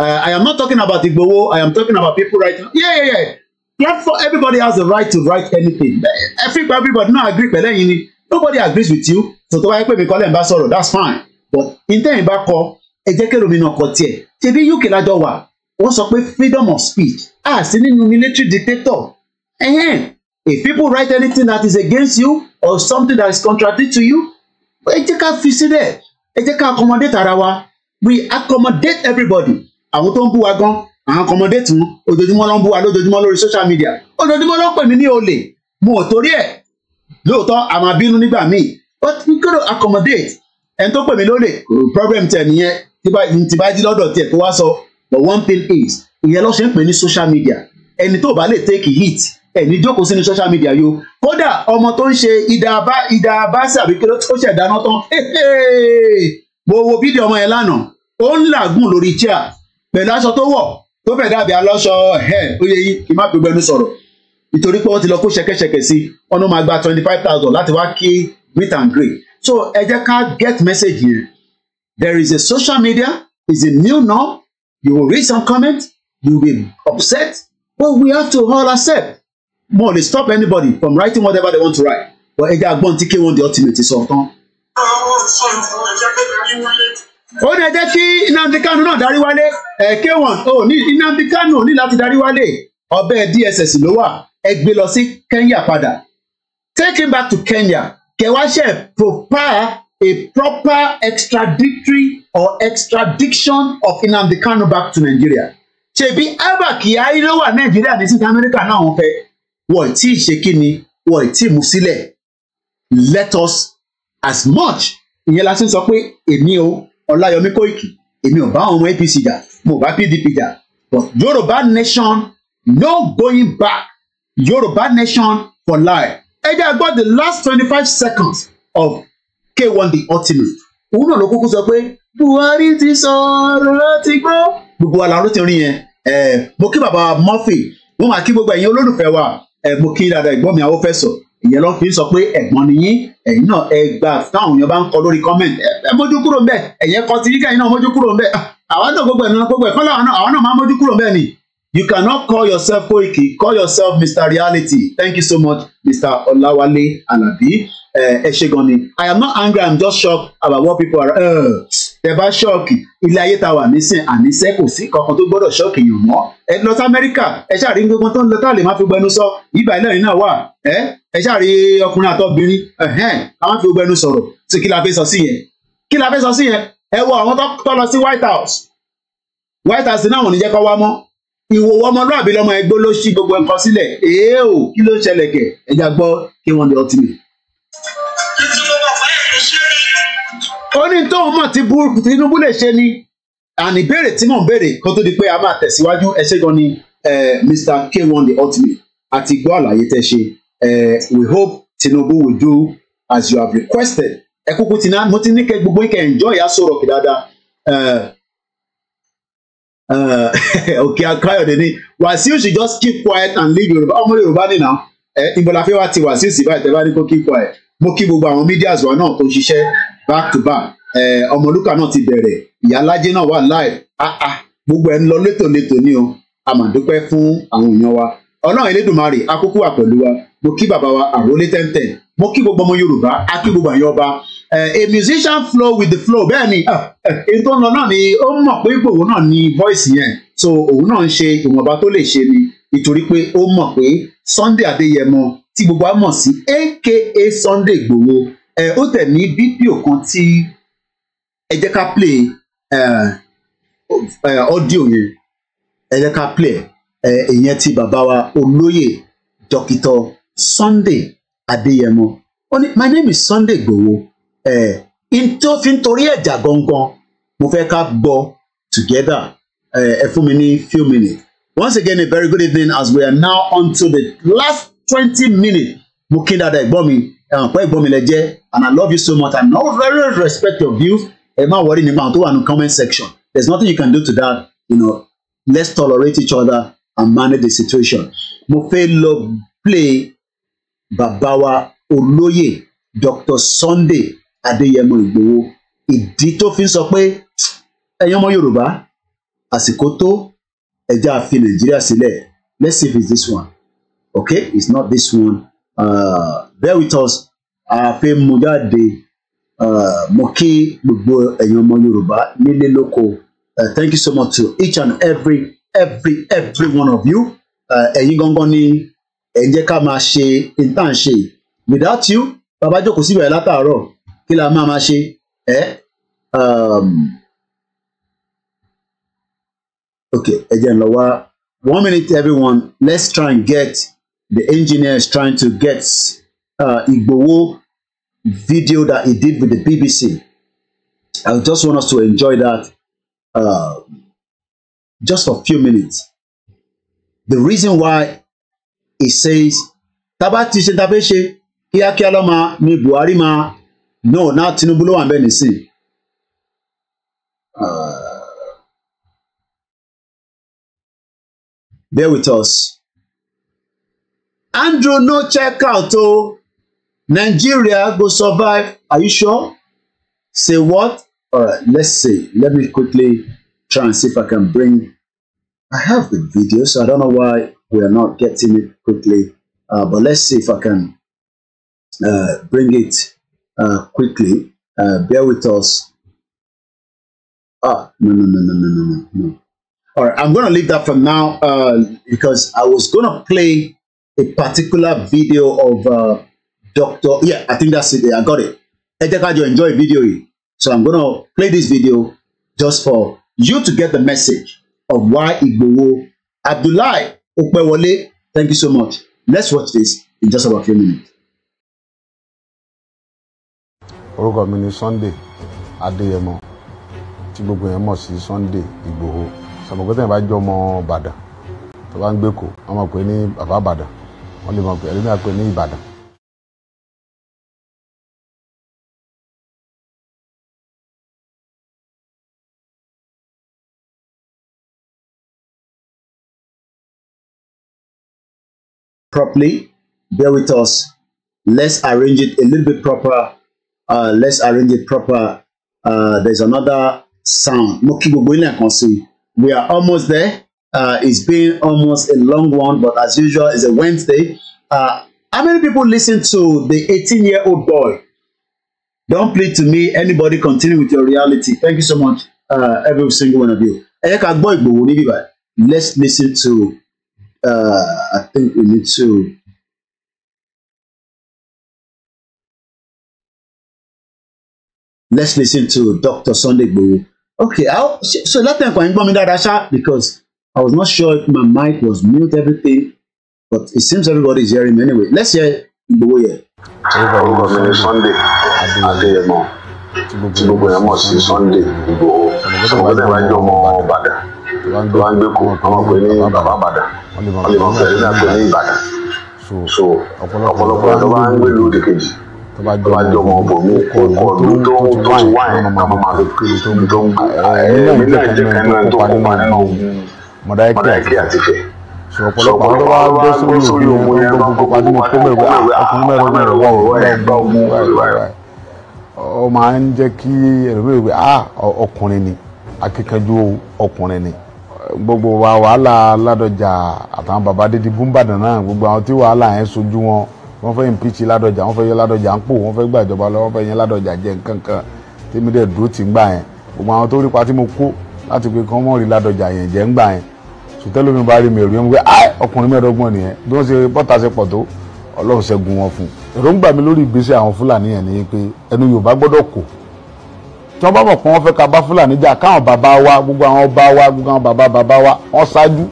eh, I am not talking about Igboho I am talking about people right now yeah yeah yeah platform everybody has the right to write anything ẹ fi gba everybody no agree pẹ̀lẹ́ yín ni nobody agrees with you so tó wáyé pé mi kọ́ lẹ́yìn bá sọ̀rọ̀ that's fine but ntẹ́yìn bá kọ ẹ jẹ́ kéròmínà kọ tiẹ̀ ṣebí UK lájọ wà wọ́n sọ pé freedom of speech à sí nínú military dictator ẹ̀hẹ́n if people write anything that is against you or something that is contrary to you ẹ jẹ́ ká fi sílẹ̀ ẹ jẹ́ ká accommodate ara wa we accommodate everybody àwọn tó ń bú wa gan àwọn accommodate wọn ojoojúmọ́ ló ń bú wa lójoojúmọ́ lórí social media ojoojúmọ́ ló ń pè mí ní olè mo ò torí ẹ̀ lóòótọ́ a máa bínú nígbà míì but we gotta accommodate ẹni tó pè mí lólè problem tẹ̀ nìyẹn tí bá jí lọ́dọ̀ tiẹ̀ tó wá sọ but one thing is ìyẹn ló ṣe ń pè ní social media ẹni tó bá lè take hit ẹni jókòó sínú social media yó kódà ọmọ tó ń ṣe ìdàbá ìdàbá sàbí kí ló tó ṣẹ̀dáná tán mo wo fídíò ọmọ yẹn lánàá ó ń làágùn lórí chair pẹ̀lú aṣọ tó wọ̀ tó fẹ̀ dàbí alọ́ṣọ ẹ̀ ó yẹ yí kí n má pe gbẹnu sọ̀rọ̀ ìtorí pé wọ́n ti lọ kó ṣẹ̀kẹ̀ṣẹ̀kẹ̀ sí ọ̀nà máa gba twenty five thousand láti wá kí meet and greet so ẹ jẹ́ ká get message yẹn there is a social media is a new norm You will read some comments, you will be upset, but we have to all accept. More, they stop anybody from writing whatever they want to write. But if are going to K1 the ultimate sọ tán. Oh, ní ẹjẹ́ kí Nnamdi Kanu náà darí wálé. Ẹ K1 ò ní Nnamdi Kanu ní láti darí wálé. Ọbẹ̀ DSS ló wà. Ẹ gbé lọ sí Kenya Pada Take him back to Kenya. Kẹ̀wá ṣe prepare a proper extraditory or extradition of Nnamdi Kanu back to Nigeria. ṣebí Abba Kyari ló wà Nàìjíríà ní South America náà wọ́n fẹ́ wọ́n tí ì ṣe kí ni wọ́n tí ì mú sílẹ̀ let us as much ìyẹn la ṣe ń sọ pé èmi o Ọláyọmí Kóìkì èmi ò bá àwọn ọmọ APC jà mo bá PDP jà but Yorùbá nation no going back Yorùbá nation for life. ẹ jẹ́ àgbọ́ the last twenty-five seconds of K1 the ultimate òun náà ló kúkú sọ pé Buhari ti sọ̀rọ̀ ti gbọ́ gbogbo wa làwọn ti rìn yẹn mo kí bàbá Murphy mo máa kí gbogbo ẹ̀yin olólùfẹ́ wa mo kí dáadáa ìgbọ́n mi àwọn fẹ́ sọ ìyẹn ló fi sọ pé ẹ̀gbọ́n nìyí ẹ̀yin náà ẹ gbà táwọn èèyàn bá ń kọ lórí comment ẹ mójú kúrò ńbẹ̀ ẹ̀yẹ kọ ti yíká ẹ̀yin náà mójú kúrò ńbẹ̀ àwọn náà gbogbo ẹ̀ gbogbo ẹ̀ kọ́lá náà máa mójú kúrò ńbẹ̀ ni You cannot call yourself Koiki, call yourself Mr. Reality. Thank you so much, Mr. Olawale Alabi. Eh, ẹ ṣe i am not angry i am just shocked about what people are eh, ẹ bá ṣọ́ọ̀kì ilé ayé ta wà nísìn àníṣe kò sí kankan tó gbọ́dọ̀ ṣọ́ọ̀kì yàn mọ́ ẹ lọ sí amẹ́ríkà ẹ ṣàrí gbogbo tó ń lọ tá a lè má fi gbẹnu sọ ìgbà ìlẹ́rìí náà wà ẹ ẹ ṣàrí ọkùnrin àtọ́bìnrin ẹ̀hẹ́n a má fi gbẹnu sọ̀rọ̀ sí kí la fẹ́ sọ sí yẹn kí la fẹ́ sọ sí yẹn ẹ wo àwọn tó lọ sí white house white house náà wọn ní jẹ́ kó wá mọ́ ìwò ọmọlúàbí lọmọ ẹgbó ló ṣí gbogbo ẹ̀kọ́ sílẹ̀ èé kí ló ṣẹlẹ̀ kẹ̀ ẹ̀já gbọ́ kí wọ́n di ultimate ó ní tóun mọ̀ tí Tinubu lè ṣe ni àní béèrè tí mò ń béèrè kó tó di pé a máa tẹ̀síwájú ẹ gan ni Mr. k one the ultimate àti gbọ́ àlàyé se ṣe we hope Tinubu will do as you have requested ẹ kúkú ti ná mo ti ní kẹ gbogbo ìkẹ enjoy Aso Rock dáadáa òkè <laughs> akáyọ̀dé ni Wàsíù should just keep quiet and leave Yorùbá ọmọ Yorùbá nìyà. ẹ ìbọ̀lá fẹ́ wá ti wà sí ìsìnbá ìtẹ́bá ní kó kíkọ ẹ̀ mo kí gbogbo àwọn medias wa náà tó ṣiṣẹ́ back to back ẹ ọmọlúkà náà ti bẹ̀rẹ̀ ìyálájẹ́ náà wà live ah ah gbogbo ẹ̀ ń lọ létòlétò ní o a mà dúpẹ́ fún àwọn èèyàn wa ọlọ́run elédùnmarè akókó wà pẹ̀lú wa mo kí bàbá wa àrólé tẹ́ntẹ́n mo kí gbogbo ọmọ yorùbá a kí gbogbo àyàn ọba a musician flow with the flow bẹ́ẹ̀ ni ah, èyí tó ń lọ náà ni ó mọ̀ pé gbòòwò náà ni voice yẹn so òun náà ń ṣe ìwọ̀nba tó lè ṣe ni nítorí pé ó mọ̀ pé Sunday Adéyẹmọ tí gbogbo wa mọ̀ sí aka Sunday Gbowo, ẹ ó tẹ̀ ní fídíò kan tí ẹ jẹ́ ká play ọ́díò yẹn ẹ jẹ́ ká play ẹ ìyẹn ti bàbá wa olóyè dókítà Sunday Adéyẹmọ ó ní my name is Sunday Gbowo. ẹ tó fi ń torí ẹ̀jà gangan mo fẹ́ ká gbọ́ together ẹ fún mi ní few minutes. Once again, a very good evening as we are now on to the last 20 minutes. Mukinda, kí dáadáa ẹ̀gbọ́n mi, ẹ̀hàn and I love you so much. I know very respect your views. Ẹ má worry nípa àwọn tó wà ní comment section. There's nothing you can do to that. You know, let's tolerate each other and manage the situation. Mo fẹ́ play Babawa Oloye olóyè Dr. Sunday Adéyẹmọ Ìgbòho. Ìdí tó fi ń sọ pé ẹ̀yin ọmọ Yorùbá ẹ já fi nàìjíríà sílẹ̀ let's see if it's this one okay it's not this one uh, bear with us àfẹ́ mu jáde uh, mo kí gbogbo ẹ̀yin ọmọ yorùbá nílé lóko uh, thank you so much to each and every every every one of you uh, ẹ̀yin gangan ni ẹ jẹ́ ká máa ṣe intern ṣe without you bàbá jókòó síbẹ̀ látàárọ̀ kí la máa máa ṣe ẹ́ eh? um, okay again lọ́wọ́ one minute everyone let's try and get the engineers trying to get uh, Igboho video that he did with the BBC I just want us to enjoy that uh, just for a few minutes the reason why he says tábà ti ṣe tàbí ṣe kíákíá ni Buhari no now Tinubu ló wà Uh, Bear with us. Andrew, no check out. Oh, Nigeria go survive. Are you sure? Say what? All right, let's see. Let me quickly try and see if I can bring. I have the video, so I don't know why we are not getting it quickly. Uh, but let's see if I can uh, bring it uh, quickly. Uh, bear with us. Ah, no, no, no, no, no, no, no. All right, I'm gonna leave that for now uh, because I was gonna play a particular video of uh, Doctor. Yeah, I think that's it. I got it. Edekajo, enjoy video. So I'm gonna play this video just for you to get the message of why Igboho Abdullah Okpewole. Thank you so much. Let's watch this in just about a few minutes. orúkọ mi ni Sunday Adéyẹmọ tí gbogbo yẹn mọ̀ sí Sunday Igboho sọmọgbẹ́ tẹ̀yìn bá jọ ọmọ Ìbàdàn tó bá ń gbé kó wọ́n máa pè ní bàbá Ìbàdàn wọ́n lè máa pè ẹlẹ́mìí àpè ní Ìbàdàn. properly. Bear with us. Let's arrange it a little bit proper. Uh, let's arrange it proper. Uh, there's another sound. Mo kí gbogbo yín lẹ́ẹ̀kan sí i. We are almost there. Uh, it's been almost a long one, but as usual, it's a Wednesday. Uh, how many people listen to the 18-year-old boy? Don't plead to me. Anybody continue with your reality. Thank you so much, uh, every single one of you. Let's listen to, uh, I think we need to Let's listen to Dr. Sunday Igboho. Okay, I'll, so let them go me that because I was not sure if my mic was mute everything, but it seems everybody is hearing me anyway. Let's hear the way here. Orúkọ mi ni Sunday Adéyẹmọ tí gbogbo yẹn mọ̀ sí Sunday Ìgbòho ọmọ tẹ́ ẹ bá jẹ́ ọmọ Ìbàdàn tó bá ń gbé kó ọmọ pé ní bàbá Ìbàdàn wọ́n lè mọ̀ pé ní Ìbàdàn so ọ̀pọ̀lọpọ̀ ló bá ń gbé lóde kejì tó bá jọ ọmọ ọbọ mi kọ ọdún tó tó ti wá yẹn ọmọ máa fi kiri tó ń dùn ẹ̀mí náà jẹ́ kẹ́ńtà tó kópa nínú mọ̀dáìkì àtìfẹ́ ọ̀pọ̀lọpọ̀ àwọn tó bá gbé sórí ohun yẹn ló gbogbo pàdúmọ̀ kó mẹ́rẹ̀ ọkùnrin mẹ́rẹ̀ mẹ́rẹ̀ wọ́n rẹ̀ gbá ogun ó máa ń jẹ́ kí ẹlòmíràn pé ah ọkùnrin ni akíkanjú ọkùnrin ni gbogbo wa wàhálà ládọjà àtàwọn bàbá dídí búmbàdàn náà gbogbo àwọn tí wàhálà yẹn sojú wọn wọ́n fẹ́ impeach Ládọjà wọ́n fẹ́ yẹ Ládọjà ń pò wọ́n fẹ́ gbàjọba lọ wọ́n fẹ́ yẹ Ládọjà jẹ nkankan tèmi dẹ̀ dúró ti gbà yẹn gbogbo àwọn tó rí pa tí mo kó láti pé kán mọ́ rí Ládọjà yẹn jẹ́ ń gbà yẹn sùtẹ́lómi bá rí mi rí wọn pé ọkùnrin mẹ́ẹ̀ẹ́dọ́gbọ̀n nìyẹn bí wọ́n ṣe bọ́ta ṣe pọ̀ tó ọlọ́run ṣẹ́gun wọn fún èròǹgbà mi lórí ìgbésẹ̀ àwọn fúlàní yẹn ni pé ẹnu yorùbá gbọ́dọ̀ kò tí wọ́n bá mọ̀ pé wọ́n fẹ́ ka bá fúlàní jà káwọn bàbá wa gbogbo àwọn bá wa gbogbo àwọn bàbá bàbá wa wọ́n ṣáájú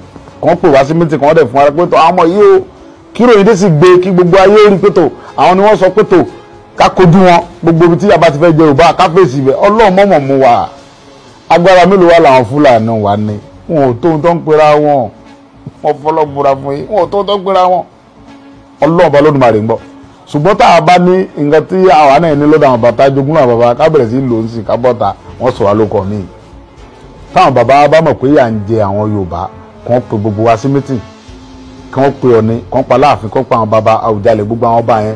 kàn pè wá sí mítì kan dẹ̀ fún wa pé tó àwọn ọmọ yìí o kíro yìí dé sì gbé kí gbogbo ayé rí pé tó àwọn ni wọ́n sọ pé tó ká kojú wọn gbogbo ibi tí yàrá ti fẹ́ jẹ yorùbá ká fèsì ibẹ̀ ọlọ́run mọ̀mọ̀ mu wà agbára mélòó wà làwọn fúlàní wà ní wọn ò tó ń tán pera wọn wọn fọlọ́ búra fún yín wọn ò tó ń tán pera wọn ọlọ́run bá lódùmarè rè ń bọ̀ ṣùgbọ́n tá a bá ní nǹkan tí àwa náà ní lọ́dọ̀ àwọn bàtà jogún náà bàbá ká bẹ̀rẹ̀ sí lò ń sìn ká bọ́ta wọ́n sọ̀rọ̀ lóko míì táwọn bàbá bá mọ̀ pé yà ń jẹ àwọn yorùbá kàn pé gbogbo wa sí mítìn kí wọ́n pe ọ̀ni kí wọ́n pa láàfin kí wọ́n pa àwọn baba Àwùjalẹ̀ gbogbo àwọn ọba yẹn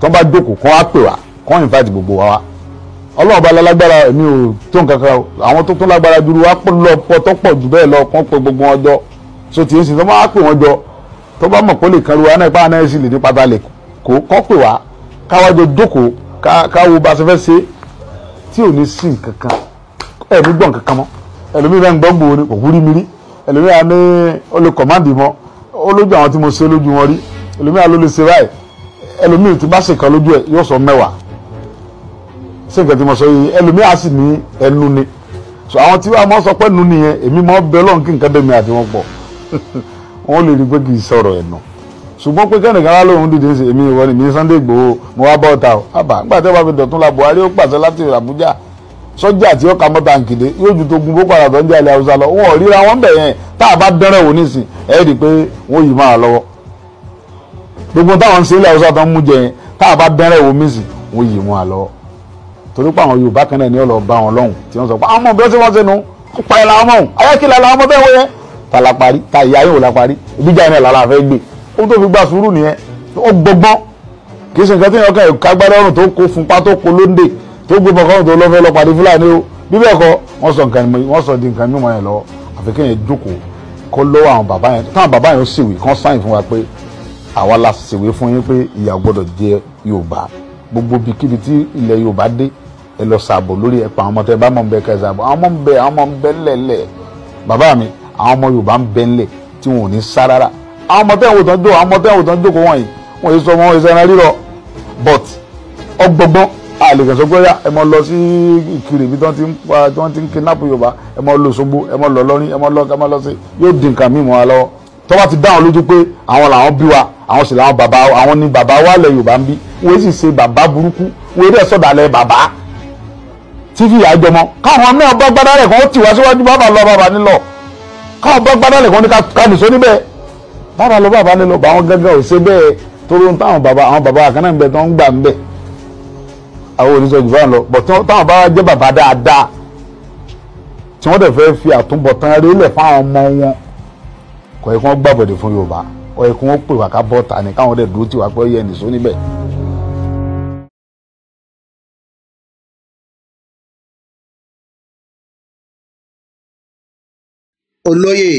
tí wọ́n bá jókòó kí wọ́n á pè wá kí wọ́n invite gbogbo wa wá ọlọ́run bá lálágbára èmi ò tó nǹkan kan àwọn tó tún lágbára dúró wá pọ̀ lọ pọ̀ tó pọ̀ jù bẹ́ẹ̀ lọ kí wọ́n pe gbogbo wọn jọ so tí ń sìn tó máa pè wọ́n jọ tó bá mọ̀ pé lè kan ruwa náà ipá náà sì lè ní pátá lè kó kọ́ pè wá káwájọ jókòó káwo bá ṣe fẹ́ ṣe tí ò ní sí nǹkan kan ẹ̀mí gbọ̀n kankan mọ́ ẹlòmíràn gbọ́ngbò ni kò wúrí mi rí ẹlòmíràn ní olùkọ́mọ́dì mọ́ olójú àwọn tí mo ṣe lójú wọn rí ẹlòmíà ló lè ṣe báyìí ẹlòmíì tí bá ṣe kan lójú ẹ yóò sọ mẹ́wàá ṣé nǹkan tí mo sọ yìí ẹlòmíà sì ní ẹnu ni so àwọn tí wàá mọ sọ pé ẹnu nìyẹn èmi mọ bẹ lọ́n kí nǹkan dẹ̀mí àti wọn pọ̀ <laughs> wọn lè rí pé kì í sọ̀rọ̀ ẹ̀nà ṣùgbọ́n pé kẹ́nìkan wá lóhun dìde ṣe èmi ìwọ ni mi Sunday Igboho mo wá bọ́ ọ̀tá o àbá nígbà tí wọ́n bá fi dọ̀tún la Buhari ó pàṣẹ láti Àbújá sọ́jà tí ó ka mọ́ tàǹkì dé yóò ju togun boko haram tó ń jẹ́ ilẹ̀ haúsá lọ wọn ò ríra wọn bẹ̀ yẹn tá a bá dẹ́rẹ̀ wò nísìn ẹ rí i pé wọ́n yìí máa lọ́wọ́ gbogbo táwọn ń ṣe ilẹ̀ haúsá tó ń mú jẹ yẹn tá a bá dẹ́rẹ̀ wò nísìn wọ́n yìí máa lọ́wọ́ torí pé àwọn yorùbá kan náà ní ọ̀lọ́ bá wọn lọ́hùn tí wọ́n sọ pé àwọn ọmọ bí wọ́n ṣe wọ́n ṣe nu pa ẹ̀ làwọn mọ̀hún ayákìlá làwọn ọmọ bẹ́ẹ̀ wọ́n yẹn ta la parí ta ìyá yóò la parí ìdíjà yẹn làlá fẹ́ gbé ó tó fi gba sùúrù nìyẹn ó gbọgbọ́n kì í tó gbé bọ̀ kọ́ńtò ló fẹ́ lọ fúlàní o bí bẹ́ẹ̀ kọ́ wọ́n sọ nǹkan wọ́n sọ di nǹkan mímọ́ yẹn lọ́wọ́ àfi kéèyàn jókòó kó lọ́wọ́ àwọn bàbá yẹn táwọn bàbá yẹn ṣèwé kán sáyìn fún wa pé àwa la ṣèwé fún yín pé ìyà gbọ́dọ̀ jẹ Yorùbá gbogbo ibikíbi tí ilẹ̀ Yorùbá dé ẹ lọ ṣàbò lórí ẹ pa àwọn ọmọ tẹ bá mọ̀ ń bẹ ká ṣàbò àwọn ọmọ ń bẹ àwọn ọmọ ń bẹ lẹ̀lẹ̀ bàbá mi àwọn ọmọ Yorùbá ń bẹ ńlẹ̀ tí wọn ò ní sá àlèkàn ah, sọ pé ẹ mọ lọ sí ìkirè ibi tí wọ́n ti ń kidnap yorùbá ẹ mọ lọ Òṣogbo ẹ mọ lọ lọ́rin ẹ mọ lọ ká má lọ sí yóò di nǹkan mímọ́ wa lọ́wọ́ tó bá ti dá àwọn lójú pé àwọn làwọn bí wa àwọn sì làwọn bàbá àwọn ni bàbá wa lẹ yorùbá ń bí wọ́n sì ṣe bàbá burúkú wọ́n dẹ̀ sọ̀dàlẹ̀ bàbá tí fi ìyá jọmọ káwọn mẹ́ọ̀ bá gbádá rẹ̀ kan ó tì wá síwájú bàbá lọ bàbá nílọ káwọn bá gbádá rẹ̀ kan ní ká nìṣó níbẹ̀ bàbá lọ bàbá nílọ bàwọn gángan ò ṣe bẹ́ẹ̀ torí àwọn oníṣẹ́ jù lọ bọ̀ táwọn bá jẹ́ bàbá dáadáa tí wọ́n dẹ̀ fẹ́ fi àtúbọ̀tán rélẹ̀ fáwọn ọmọ wọn kò kí wọ́n gbàbọ̀dẹ̀ fún Yorùbá kò kí wọ́n pè wá bọ́ta ni káwọn dẹ̀ dúró tiwa pé ó yẹ nìṣó níbẹ̀. olóyè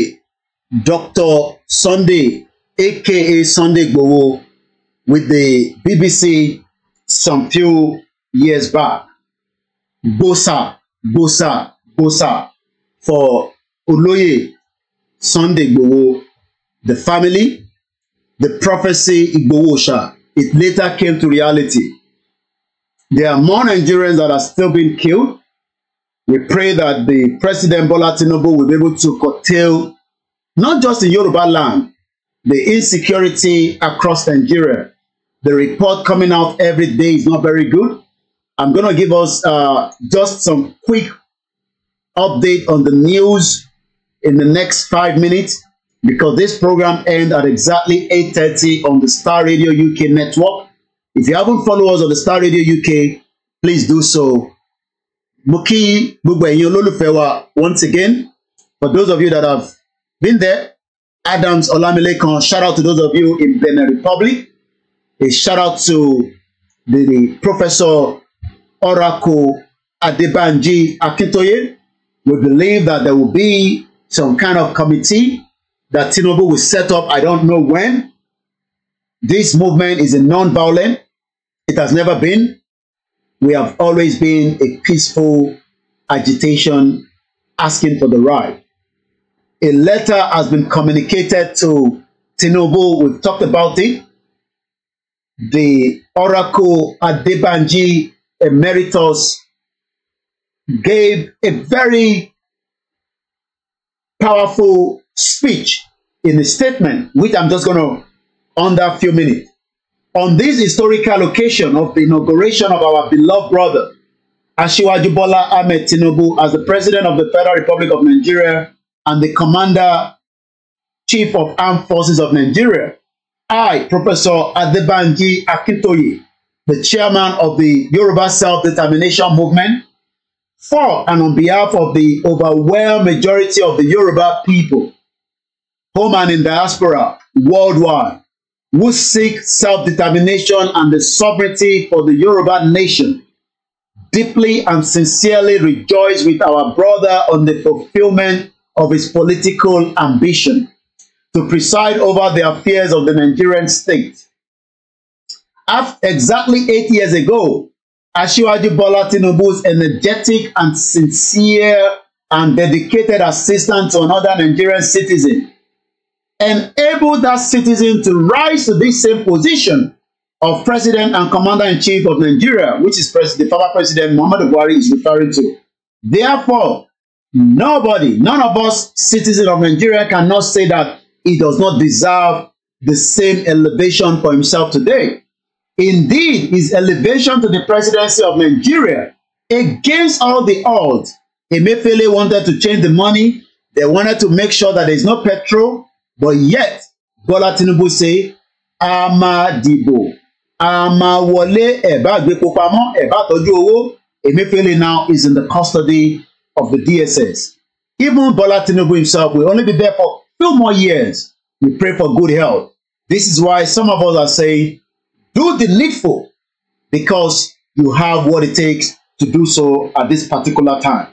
dr sunday aka sunday igboho with the bbc some few years back, Gbosa, Gbosa, Gbosa for Oloye Sunday Igboho, the family, the prophecy Igbowosha. It later came to reality. There are more Nigerians that are still being killed. We pray that the President Bola Tinubu will be able to curtail, not just in Yoruba land, the insecurity across Nigeria. The report coming out every day is not very good. I'm going to give us uh, just some quick update on the news in the next five minutes because this program ends at exactly 8.30 on the Star Radio UK network. If you haven't followed us on the Star Radio UK, please do so. Muki Bugwenyo Lolufewa once again. For those of you that have been there, Adams Olamilekon, shout out to those of you in Benin Republic. A shout out to the, the Professor Oracle Adebanji Akintoye, we believe that there will be some kind of committee that Tinubu will set up. I don't know when. This movement is a non-violent. It has never been. We have always been a peaceful agitation asking for the right. A letter has been communicated to Tinubu. We've talked about it. The Oracle Adebanji Emeritus gave a very powerful speech in a statement, which I'm just going to under a few minutes. On this historical occasion of the inauguration of our beloved brother, Ashiwa Bola Ahmed Tinubu as the President of the Federal Republic of Nigeria and the Commander Chief of Armed Forces of Nigeria, I, Professor Adebanji Akintoye, the chairman of the Yoruba Self-Determination Movement. For and on behalf of the overwhelming majority of the Yoruba people, home and in diaspora, worldwide, who seek self-determination and the sovereignty for the Yoruba nation, deeply and sincerely rejoice with our brother on the fulfillment of his political ambition to preside over the affairs of the Nigerian state exactly eight years ago, Ashiwaju Bola Tinubu's energetic and sincere and dedicated assistant to another Nigerian citizen enabled that citizen to rise to this same position of president and commander-in-chief of Nigeria, which is the former president Muhammadu Buhari is referring to. Therefore, nobody, none of us citizens of Nigeria cannot say that he does not deserve the same elevation for himself today. Indeed, his elevation to the presidency of Nigeria against all the odds. Emefiele wanted to change the money. They wanted to make sure that there's no petrol. But yet, Bola Tinubu say, Amadibo. Amawole Eba Gbepopamo Eba Toju Owo. Emefiele now is in the custody of the DSS. Even Bola Tinubu himself will only be there for a few more years. We pray for good health. This is why some of us are saying Do the needful because you have what it takes to do so at this particular time.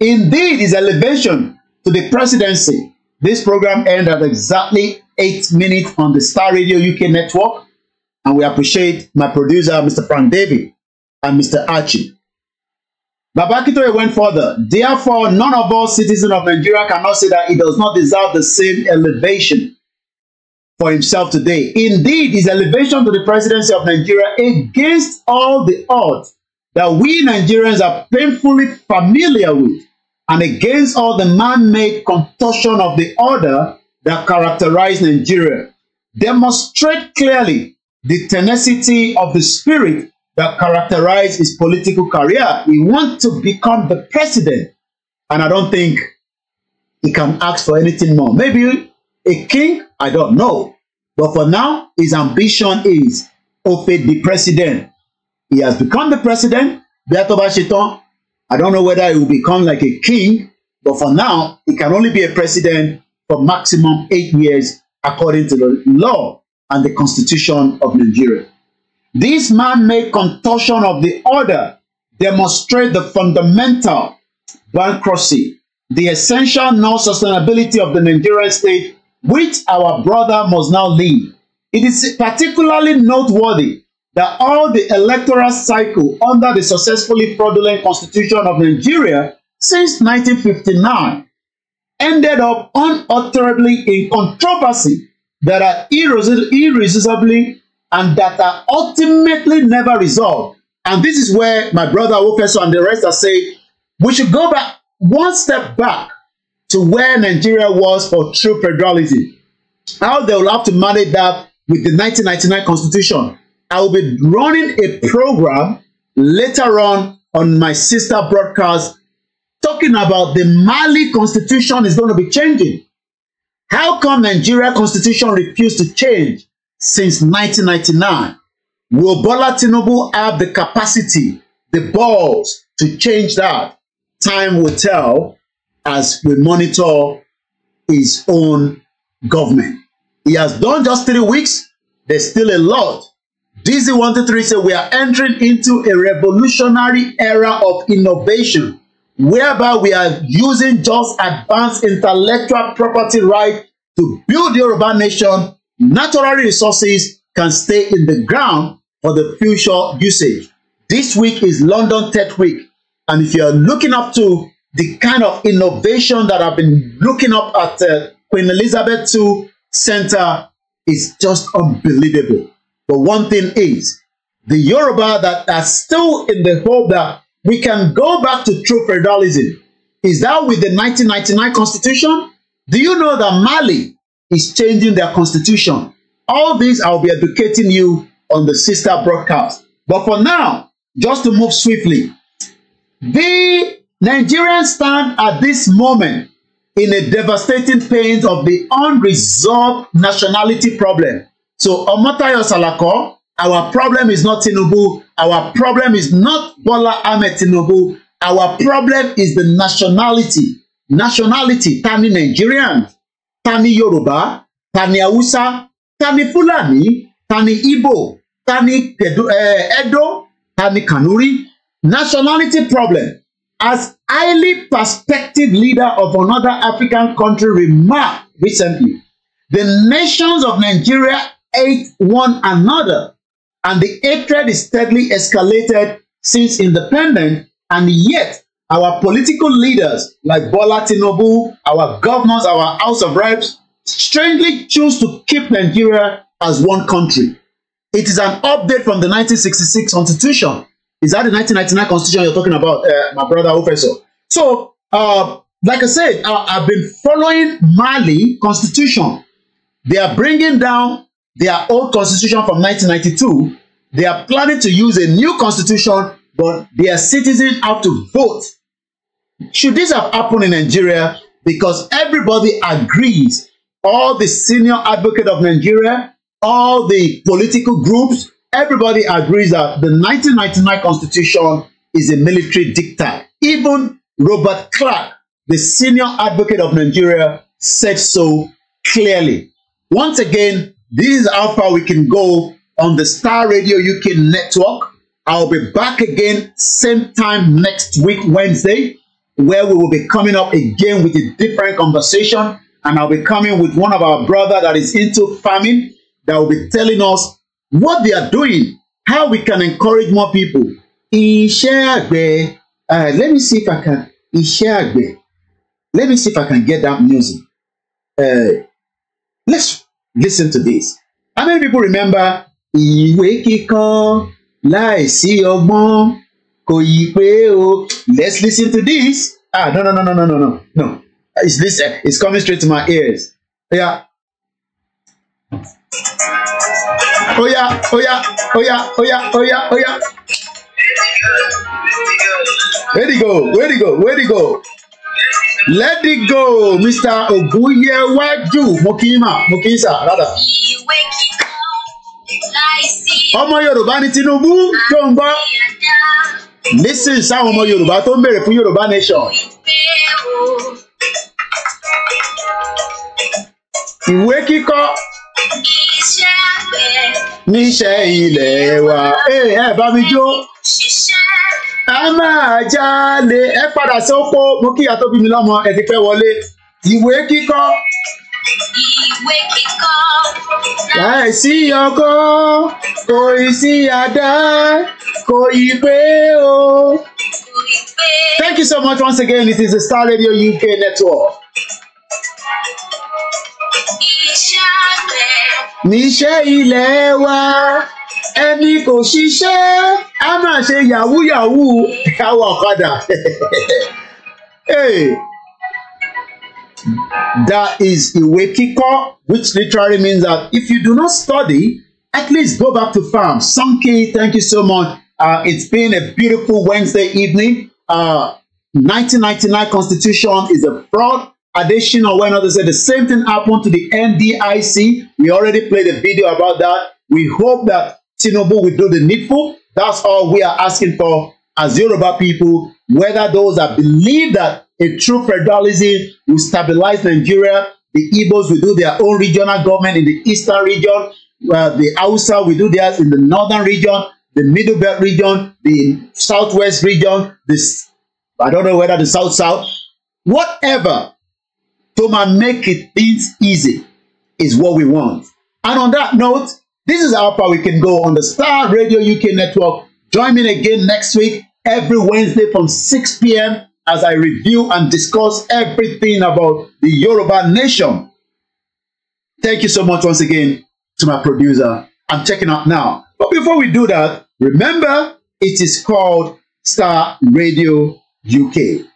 Indeed, his elevation to the presidency. This program ended at exactly eight minutes on the Star Radio UK network. And we appreciate my producer, Mr. Frank David and Mr. Archie. Babakitoye went further. Therefore, none of us citizens of Nigeria cannot say that he does not deserve the same elevation for himself today. Indeed, his elevation to the presidency of Nigeria against all the odds that we Nigerians are painfully familiar with and against all the man-made contortion of the order that characterize Nigeria demonstrate clearly the tenacity of the spirit that characterized his political career. He wants to become the president, and I don't think he can ask for anything more. Maybe A king? I don't know. But for now, his ambition is Ope the president. He has become the president. Beatoba Shetan, I don't know whether he will become like a king, but for now, he can only be a president for maximum eight years according to the law and the constitution of Nigeria. This man-made contortion of the order demonstrates the fundamental bankruptcy, the essential non-sustainability of the Nigerian state which our brother must now lead. It is particularly noteworthy that all the electoral cycle under the successfully fraudulent constitution of Nigeria since 1959 ended up unutterably in controversy that are irresistibly and that are ultimately never resolved. And this is where my brother Wofeso and the rest are saying we should go back one step back to where Nigeria was for true federalism. How they will have to manage that with the 1999 constitution. I will be running a program later on on my sister broadcast talking about the Mali constitution is going to be changing. How come Nigeria constitution refused to change since 1999? Will Bola Tinubu have the capacity, the balls to change that? Time will tell as we monitor his own government. He has done just three weeks. There's still a lot. DZ123 says we are entering into a revolutionary era of innovation whereby we are using just advanced intellectual property right to build the urban nation. Natural resources can stay in the ground for the future usage. This week is London Tech Week. And if you are looking up to the kind of innovation that I've been looking up at uh, Queen Elizabeth II Center is just unbelievable. But one thing is, the Yoruba that are still in the hope that we can go back to true federalism, is that with the 1999 constitution? Do you know that Mali is changing their constitution? All these I'll be educating you on the sister broadcast. But for now, just to move swiftly, the Nigerians stand at this moment in a devastating pain of the unresolved nationality problem. So Omotayo Salako, our problem is not Tinubu, our problem is not Bola Ahmed Tinubu, our problem is the nationality. Nationality, Tani ni Nigerian, ta Yoruba, Tani ni Hausa, ta Fulani, Tani ni Igbo, ta eh, Edo, Tani Kanuri. Nationality problem as highly perspective leader of another African country remarked recently, the nations of Nigeria hate one another, and the hatred is steadily escalated since independence, and yet our political leaders like Bola Tinubu, our governors, our House of Reps, strangely choose to keep Nigeria as one country. It is an update from the 1966 Constitution Is that the 1999 constitution you're talking about, uh, my brother Officer? So, uh, like I said, I, have been following Mali constitution. They are bringing down their old constitution from 1992. They are planning to use a new constitution, but their citizens have to vote. Should this have happened in Nigeria? Because everybody agrees, all the senior advocate of Nigeria, all the political groups, everybody agrees that the 1999 Constitution is a military dicta. Even Robert Clark, the senior advocate of Nigeria, said so clearly. Once again, this is how far we can go on the Star Radio UK network. I'll be back again same time next week, Wednesday, where we will be coming up again with a different conversation. And I'll be coming with one of our brother that is into farming that will be telling us what they are doing, how we can encourage more people. Iṣẹ́ àgbẹ̀, uh, let me see if I can, iṣẹ́ àgbẹ̀, let me see if I can get that music. Uh, let's listen to this. How many people remember ìwé kíkọ láìsí ọgbọ́n kò yí pé o let's listen to this ah no no no no no no no no it's this uh, it's coming straight to my ears yeah. Oya, oya, oya, oya, oya, oya. Where he go? Where he go? Where he go? Let it go, Mr. Ogunyewaju. Mo kì í mà, mo kì í sà, rárá. Ìwé kíkọ́ láìsí. Ọmọ Yorùbá ni Tinubu tó ń gbọ́. Nísìnyí sáwọn ọmọ Yorùbá tó ń béèrè fún Yorùbá nation. Ìwé kíkọ́. Iṣẹ́ àgbẹ̀. Níṣẹ́ ilẹ̀ wa. Ẹ bá mi jó. Ṣiṣẹ́. A máa jalè. Ẹ padà sóko. Mo kí ìyá tó bí mi lọ́mọ. Ẹ ti pẹ́ wọlé. Ìwé kíkọ́. Ìwé kíkọ́. Láìsí ọkọ́, kò ì sí àdá, kò ì pé o. Thank you so much once again. This is the Star Radio UK network iṣẹ́ àgbẹ̀. níṣẹ́ ilẹ̀ wa ẹni kò ṣiṣẹ́ á máa ṣe yàwúyàwú káwọ ọ̀kadà. <laughs> That is ìwé kíkọ́ which literally means that if you do not study at least go back to farm. Sonke thank you so much uh, it's been a beautiful Wednesday evening. Uh, 1999 Constitution is a fraud Additional went out and said the same thing happened to the NDIC. We already played a video about that. We hope that Tinubu will do the needful. That's all we are asking for as Yoruba people, whether those that believe that a true federalism will stabilize Nigeria, the Igbos will do their own regional government in the eastern region, uh, the Hausa will do theirs in the northern region, the middle belt region, the southwest region, this I don't know whether the south south, whatever to man make it things easy is what we want. And on that note, this is how far we can go on the Star Radio UK network. Join me again next week, every Wednesday from 6 p.m. as I review and discuss everything about the Yoruba nation. Thank you so much once again to my producer. I'm checking out now. But before we do that, remember it is called Star Radio UK.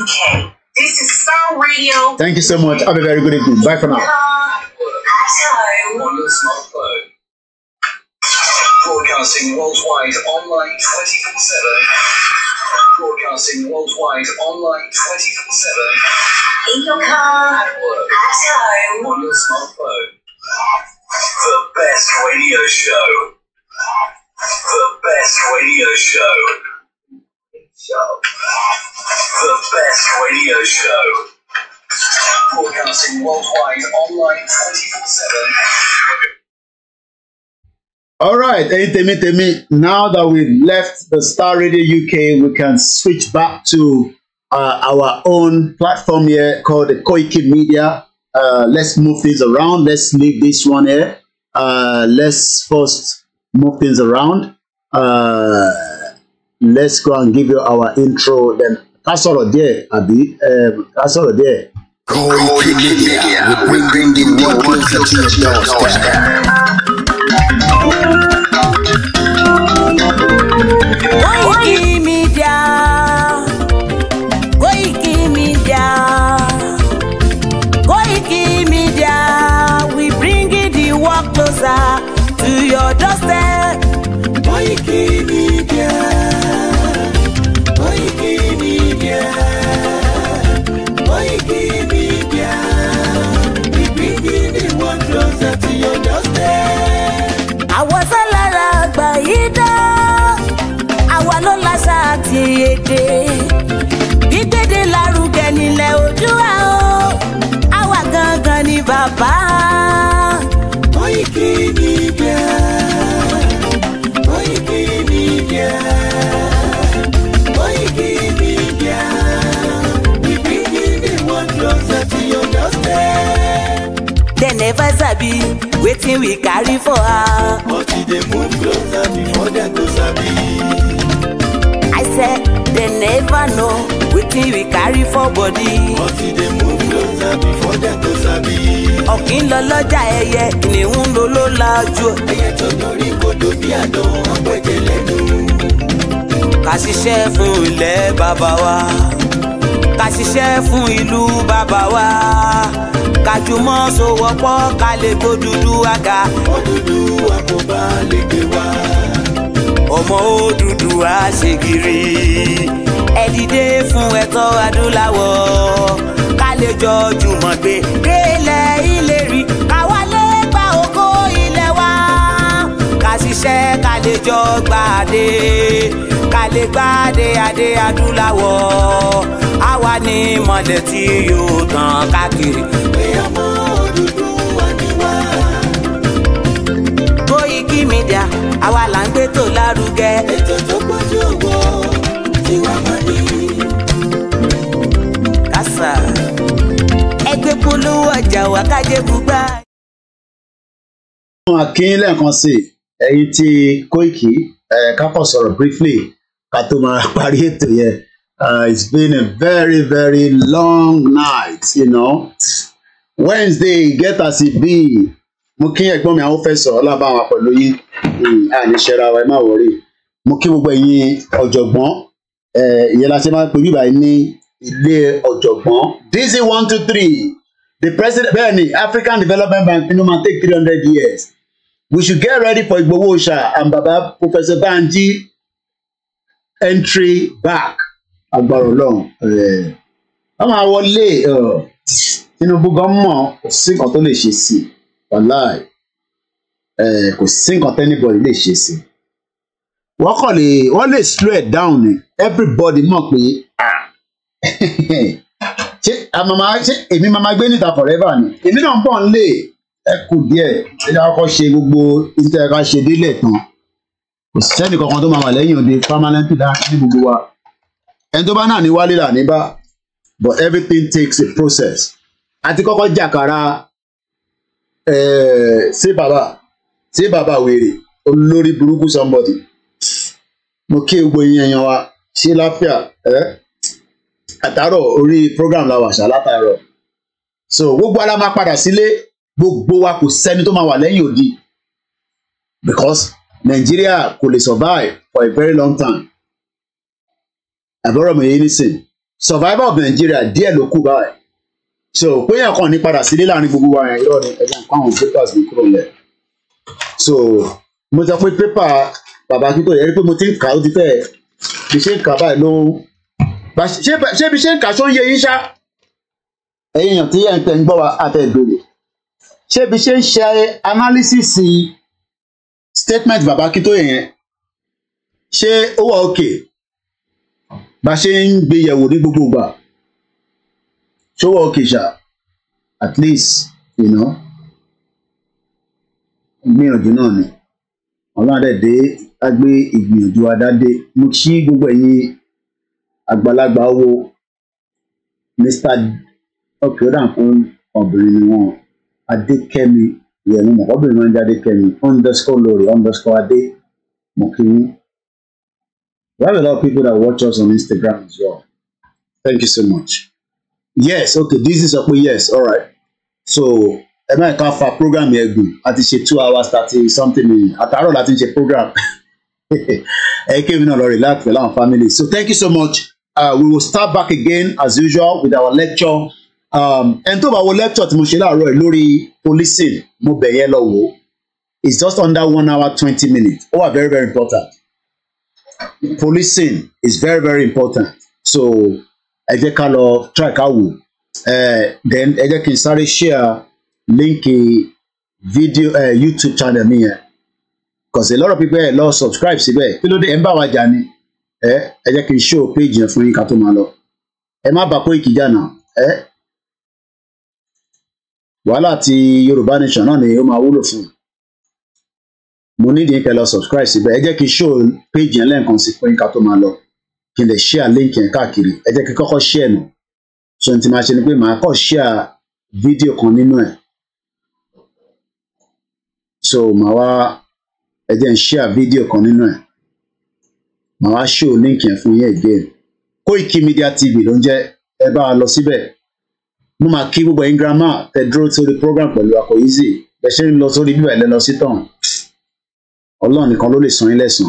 UK. This is Soul Radio. Thank you so much. Have a very good evening. Bye for now. Broadcasting worldwide online 24 7. Broadcasting worldwide online 24 7. In your car, at home, on your smartphone. The best radio show. The best radio show show. The best radio show. Broadcasting worldwide online 24 7. All right, Temi Temi, now that we left the Star Radio UK, we can switch back to uh, our own platform here called the Koiki Media. Uh, let's move things around. Let's leave this one here. Uh, let's first move things around. Uh, let's go and give you our intro then ká sọ̀rọ̀ díẹ̀ àbí eh, ká sọ̀rọ̀ díẹ̀. Koiki Media, we bring the world to your doorstep. ni bàbá. Koiki Media. Koiki Media. Koiki Media. We bring you one closer to your doorstep. Dem never sabi wetin we carry for her. But e dey move closer before dem go sabi. I said dem never know wetin we carry for body. But e dey move closer before dem go sabi ọ̀kín lọ lọ́jà ẹyẹ ìníhùn ló ló la ojú. ẹyẹ tó dorí kodò bí àdó ọgbẹ́jẹ lẹ́nu. ká ṣiṣẹ́ fún ilẹ̀ bàbá wa ká ṣiṣẹ́ fún ìlú bàbá wa kájùmọ̀ sowọ́pọ̀ ká lè kó dúdú àga. òdúdú àkóbá lè gbé wá. ọmọ òdúdú á ṣe gírí ẹ dìde fún ẹ̀tọ́ adúláwọ̀ ká lè jọ jùmọ̀ gbé délẹ̀ ilé rí káwa lè gba oko ilé wa ká ṣiṣẹ́ ká lè jọ gbàdé ká lè gbàdé adé adúláwọ̀ àwa ní ìmọ̀lẹ̀ tí yóò tàn káàkiri. Koiki Media àwa là ń gbé tó lárugẹ. ètò tó pọ̀jù òwò. àgbàkájé gbùgbà. àwọn akínyìn lẹ́ẹ̀kan sí ẹ̀yin tí Koiki kápọ̀ sọ̀rọ̀ briefly ká tó máa <laughs> parí ètò yẹn uh, it's been a very very long night you know Wednesday get as it be mo kí ẹ̀gbọ́n mi àwọn fẹ́ sọ̀rọ̀ lábàwọn pẹ̀lú yín àní hmm, ṣẹra wa ẹ má wọrí mo kí gbogbo ẹ̀yin ọ̀jọ̀gbọ́n ìyẹn la ṣe máa ń pè bíbáyìí ní ilé ọ̀jọ̀gbọ́n dizzy one two three the president bẹ́ẹ̀ African Development Bank ni ó máa take three hundred years we should get ready for Igboho Oòṣà and baba Professor Banji entry back agbára Ọlọ́run wọ́n eh, máa wọlé eh, Tinubu gan mọ̀ kò sí nǹkan tó lè ṣe sí i wàláì eh, kò sí nǹkan tẹ́nibọ̀dì lè ṣe sí i wọ́n kàn lè wọ́n lè slow it down everybody mọ̀ pé ah <laughs> ṣé àmàmà ṣé èmi máa ma gbé níta forever ni èmi náà ń bọ̀ ń lè ẹ kù díẹ̀ ẹ dáa kọ́ ṣe gbogbo níta ká ṣe délẹ̀ tán kò sẹ́ni kankan tó máa wà lẹ́yìn òde permanent dá ní gbogbo wa ẹni tó bá náà ní wálé là ní bá but everything takes a process àti kọ́kọ́ jàkàrà ṣé bàbá ṣé bàbá wèrè olórí burúkú somebody mo kí gbogbo yín ẹ̀yàn wa ṣé láfíà ẹ̀. Eh? àtàárọ̀ orí program la wà ṣá látàárọ̀ so gbogbo ara máa padà sílé gbogbo wa kò sẹ́ni tó máa wà lẹ́yìn òdi because Nigeria kò lè survive for a very long time àbúrò mi yìí nísìn survival of Nigeria díẹ̀ ló kù báyìí so péyàn kan ní padà sílé láàrin gbogbo wa yẹn irọ́ ni ẹ̀dá nǹkan àwọn papers mi kúrò lẹ̀ so mo sọ pé pépà bàbá akíntóyè rí pé mo ti ń kà ó ti fẹ́ bí ṣe ń kà báyìí ló ń ṣé ibi ṣé ń kà só ń yé yín ṣá ẹ̀yin èèyàn tí ẹ̀ ń tẹ̀ ń gbọ́ wa àtẹ̀ ṣé ibi ṣe ń ṣe analysis statement bàbá Akíntóyè yẹn ṣé ó wà òkè bá ṣe ń gbé yẹ̀wò ní gbogbo ìgbà ṣó wà òkè ṣá at least you know gbìyànjú náà ni ọlọ́run àdẹ̀dẹ́ á gbé ìgbìyànjú adá dé mo ṣí gbogbo ẹ̀yin àgbàlagbà wo mr ọkẹọdàkùn obìnrin ni wọn adékẹ́mi yẹnu mọ obìnrin máa ń jẹ adékẹ́mi underscore lórí underscore adé mọkìnrin we have a lot of people that watch us on instagram as well thank you so much yes okay this is ọpẹ yes all right so ẹ máa ká fa program yẹn gùn a ṣe two hours thirty something minutes àtàárọ̀ la ti ń ṣe program <laughs> ẹ kí èmi náà lọ relax pẹ̀lú àwọn family so thank you so much. Uh, we will start back again as usual with our lecture. Um, ẹni tó bá wo lecture tí mo ṣe láàárọ̀ ẹ̀ lórí policing mo bẹ̀ yẹn lọ wò ó. It's just under one hour twenty minutes. Ó wà very very important. Policing is very very important. So ẹ jẹ́ ká lọ try ká wò. Then ẹ jẹ́ kí n sáré share líǹkì video uh, YouTube channel mi yẹn. Because a lot of people ẹ̀ lọ subscribe síbẹ̀. Kí ló dé ẹ̀ ń bá wa jà ni? ẹ ẹ jẹ́ kí n ṣó péjì yẹn fún yín ká tó máa lọ ẹ má bà Koiki jà náà ẹ wàhálà ti Yorùbá Nation náà ni ó máa wúlò fún mo nídìí yín kẹ́ lọ subscribe síbẹ̀ ẹ jẹ́ kí n ṣó péjì yẹn lẹ́ẹ̀kan sí fún yín ká tó máa lọ kí n lè share link yẹn káàkiri ẹ jẹ́ kí share nù so n ti máa ni pé màá kọ́ share fídíò kan nínú ẹ̀ so màá wá ẹ jẹ́ n share fídíò kan nínú ẹ̀. màá wá ṣó link yẹn fún yín again Koiki Media TV ló ń jẹ́ ẹ bá a lọ síbẹ̀ mo máa kí gbogbo yín grandma tẹ dúró sórí program pẹ̀lú akọ̀yíṣe bẹ́ẹ̀ ṣe ń lọ sórí bíbẹ̀ lẹ́lọ sí tàn ọlọ́run nìkan ló lè san yín lẹ́sàn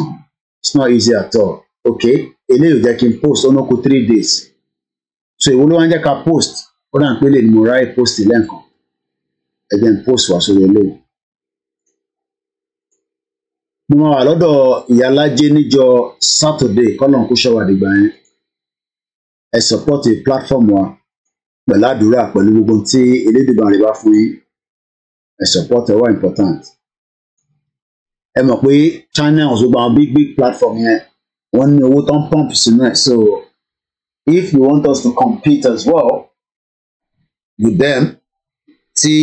it's not easy at all okay eléyìí ò jẹ́ kí n post ọ̀nàkù three days so èwo ló wá ń jẹ́ ká post ó dà ń pélé ni mo ráyè post lẹ́ǹkan ẹ jẹ́ n post wá sórí eléyìí mo máa wà lọ́dọ̀ ìyálájé níjọ́ sátọ̀dé kọ́lọ́n kó ṣẹ́wà dìgbà yẹn ẹ sọ́pọ́tì platform wa pẹ̀lú àdúrà pẹ̀lú gbogbo tí elédùnmọ̀ rẹ̀ bá fún yín ẹ sọ́pọ́tì ẹ wà important ẹ mọ̀ pé channels gbogbo àwọn big big platform yẹn wọ́n ní owó tó pump sínú ẹ̀ so if you want us to compete as well with them ti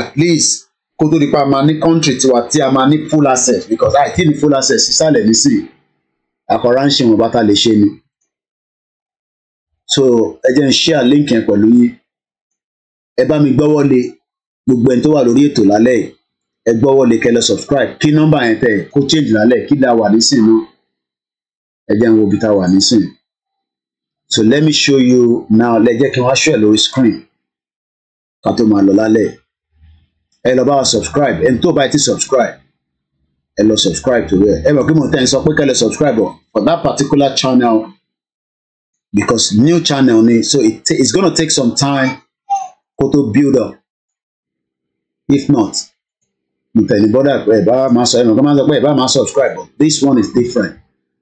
at least kó tó di pa máa ní country tiwa tí a máa ní full access because àìtí ní full access sísàlẹ̀ nísìnyí àkọ́rá ń ṣe wọn bá ta lè ṣe ni so ẹ jẹ́ n share link yẹn pẹ̀lú yín ẹ bá mi gbọ́wọ́ lé gbogbo ẹni tó wà lórí ètò lálẹ́ ẹ gbọ́wọ́ lé kẹ́ subscribe kí nọ́mbà yẹn tẹ̀ kó change lálẹ́ kí la wà nísìnyí náà ẹ jẹ́ n wo ibi tá wà nísìnyí so let me show you now lẹ jẹ́ kí n wá show ẹ lórí screen ká tó máa lọ lálẹ́ yìí ẹ lọ bá wa subscribe ẹni tó bá ti subscribe ẹ lọ subscribe to ẹ ẹ mọ̀ pé mo tẹ́ ń sọ pé kẹ́lẹ́ subscribe o for that particular channel because new channel ni so it it's gonna take some time kó tó build up if not mo tẹ̀ ní bọ́dà pé ẹ bá máa sọ ẹ mọ̀ pé máa sọ pé ẹ bá máa subscribe but this one is different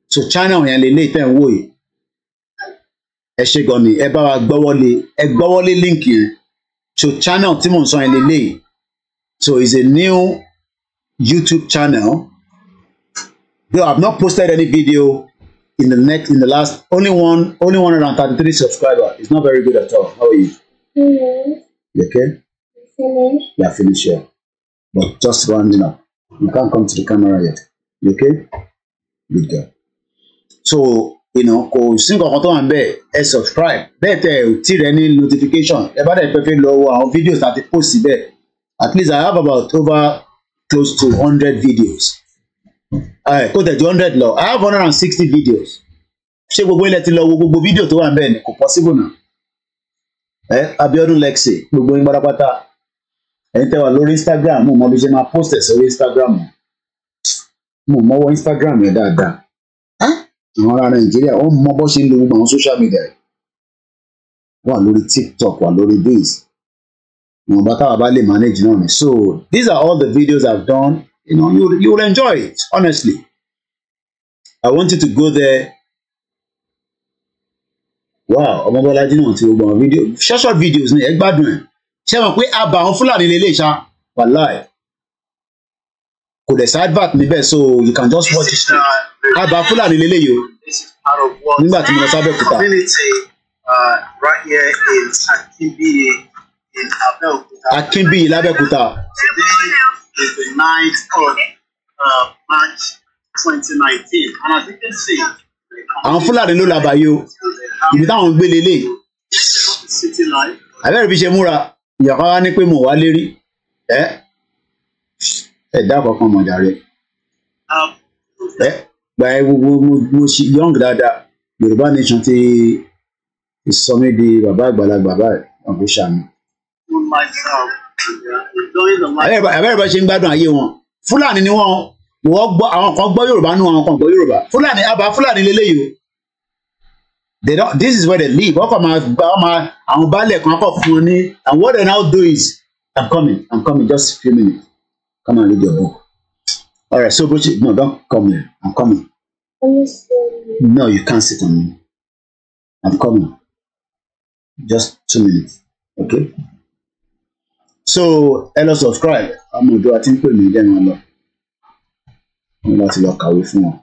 so channel yẹn lè lé ìtẹ̀ ń wò yìí ẹ ṣe gan ni ẹ bá wa gbọ́wọ́lé ẹ gbọ́wọ́lé líǹkì yẹn so channel tí mò ń sọ yẹn lè lé yìí So it's a new YouTube channel. Though I've not posted any video in the net in the last only one only 133 subscriber. It's not very good at all. How are you? Hello. Mm-hmm. You okay? Finished. Yeah, finished here. But just rounding up. You can't come to the camera yet. You okay? Good girl. So you know, sí single kan tó wà ń subscribe bẹ́ẹ̀ tẹ́ ẹ ò notification ẹ bá dẹ̀ pẹ́ fẹ́ videos that they post bẹ́ẹ̀ at least I have about over close to hundred videos kó tẹ̀jú hundred law, I have hundred and sixty videos ṣé gbogbo ilẹ̀ ti lọ wo gbogbo fídíò tó wà ń bẹ̀ ni kò possible náà ẹ Abiodun Lexi gbogbo yín pátápátá ẹ̀yin tẹ́ wà lórí Instagram mo mọ bí ṣe máa post ẹ̀ sórí Instagram mo mọwọ́ Instagram yẹn dáadáa àwọn ará Nàìjíríà wọ́n mọ bó ṣe ń lo gbogbo àwọn social media wà lórí TikTok wà lórí this manage náà ni so these are all the videos i've done you know you you will enjoy it honestly i want you to go there wow ọmọbọlájí náà ti gbogbo àwọn video short short videos ni ẹ gbádùn ẹ ṣé wọn pé àbá àwọn fúlàní lè lè ṣá wàláì kò dẹ̀ sideback níbẹ̀ so you can just watch it àbá fúlàní lè lè yìí o nígbà tí mo lọ sábẹ́ òkúta. Uh, right here in Akimbiye Akínbíyì lábẹ́òkúta. is the ninth uh, of March twenty nineteen and as you can see. àwọn Fúlàní ló làbàyè o ibi táwọn ń gbé lélẹ̀ abẹ́rẹ́ bí ṣe múra ìyàkọ́ wa ní pé mo wá lérí ẹ ẹ dákọ̀ kan mọ̀ jàre um, ẹ gba ẹ gbogbo mo ṣe young dáadáa Yorùbá nation ti sọ mí di bàbá àgbàlagbà báyìí wọn kò ṣàmì put myself enjoying the life. abẹ́rẹ́ bá ṣe ń gbádùn ayé wọn fúlàní ni wọn wọ́n gbọ́ àwọn kan gbọ́ yorùbá nù àwọn kan gbọ́ yorùbá fúlàní àbá fúlàní lélẹ́yìí o they don't this is where they live ọkọ máa gba ọmọ àwọn baálẹ̀ kan kọ fún wọn ní and what they now do is i'm coming i'm coming just a few minutes come and read your book all right so buchi no don't come here i'm coming no you can't sit on me i'm coming just two minutes okay so ẹ lọ subscribe àwọn ọ̀dọ́ àti ń pè mí lẹ́nu lọ wọn láti lọ kàwé fún wọn.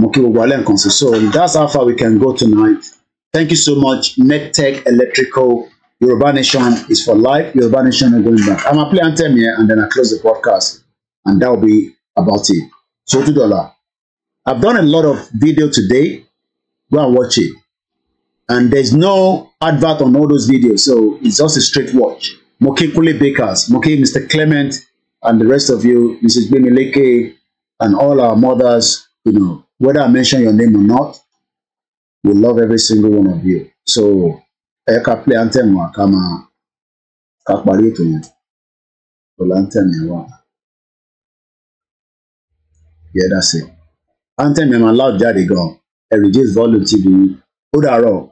mo kí gbogbo alẹ́ nǹkan sí so that's how far we can go tonight thank you so much medtech electrical Yoruba Nation is for life Yoruba Nation no going back i'm a play anthem here and then i close the podcast and that will be about it so two dollar i've done a lot of video today go and watch it and there's no advert on all those videos, so it's just a straight watch. Moke Kule Bakers, Moke Mr. Clement, and the rest of you, Mrs. Bimileke, and all our mothers, you know, whether I mention your name or not, we love every single one of you. So, ẹ ká play anthem wa ká máa ká parí ètò anthem yẹn wà. Yeah, that's it. Anthem yẹn máa loud jáde gan-an. reduce volume TV. Ó dàárọ̀.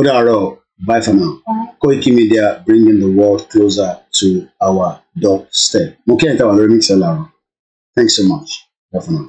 ó dàárọ̀ bye for now Koiki Media bringing the world closer to our doorstep mo kí ẹ̀yin táwọn lórí thanks so much bye for now.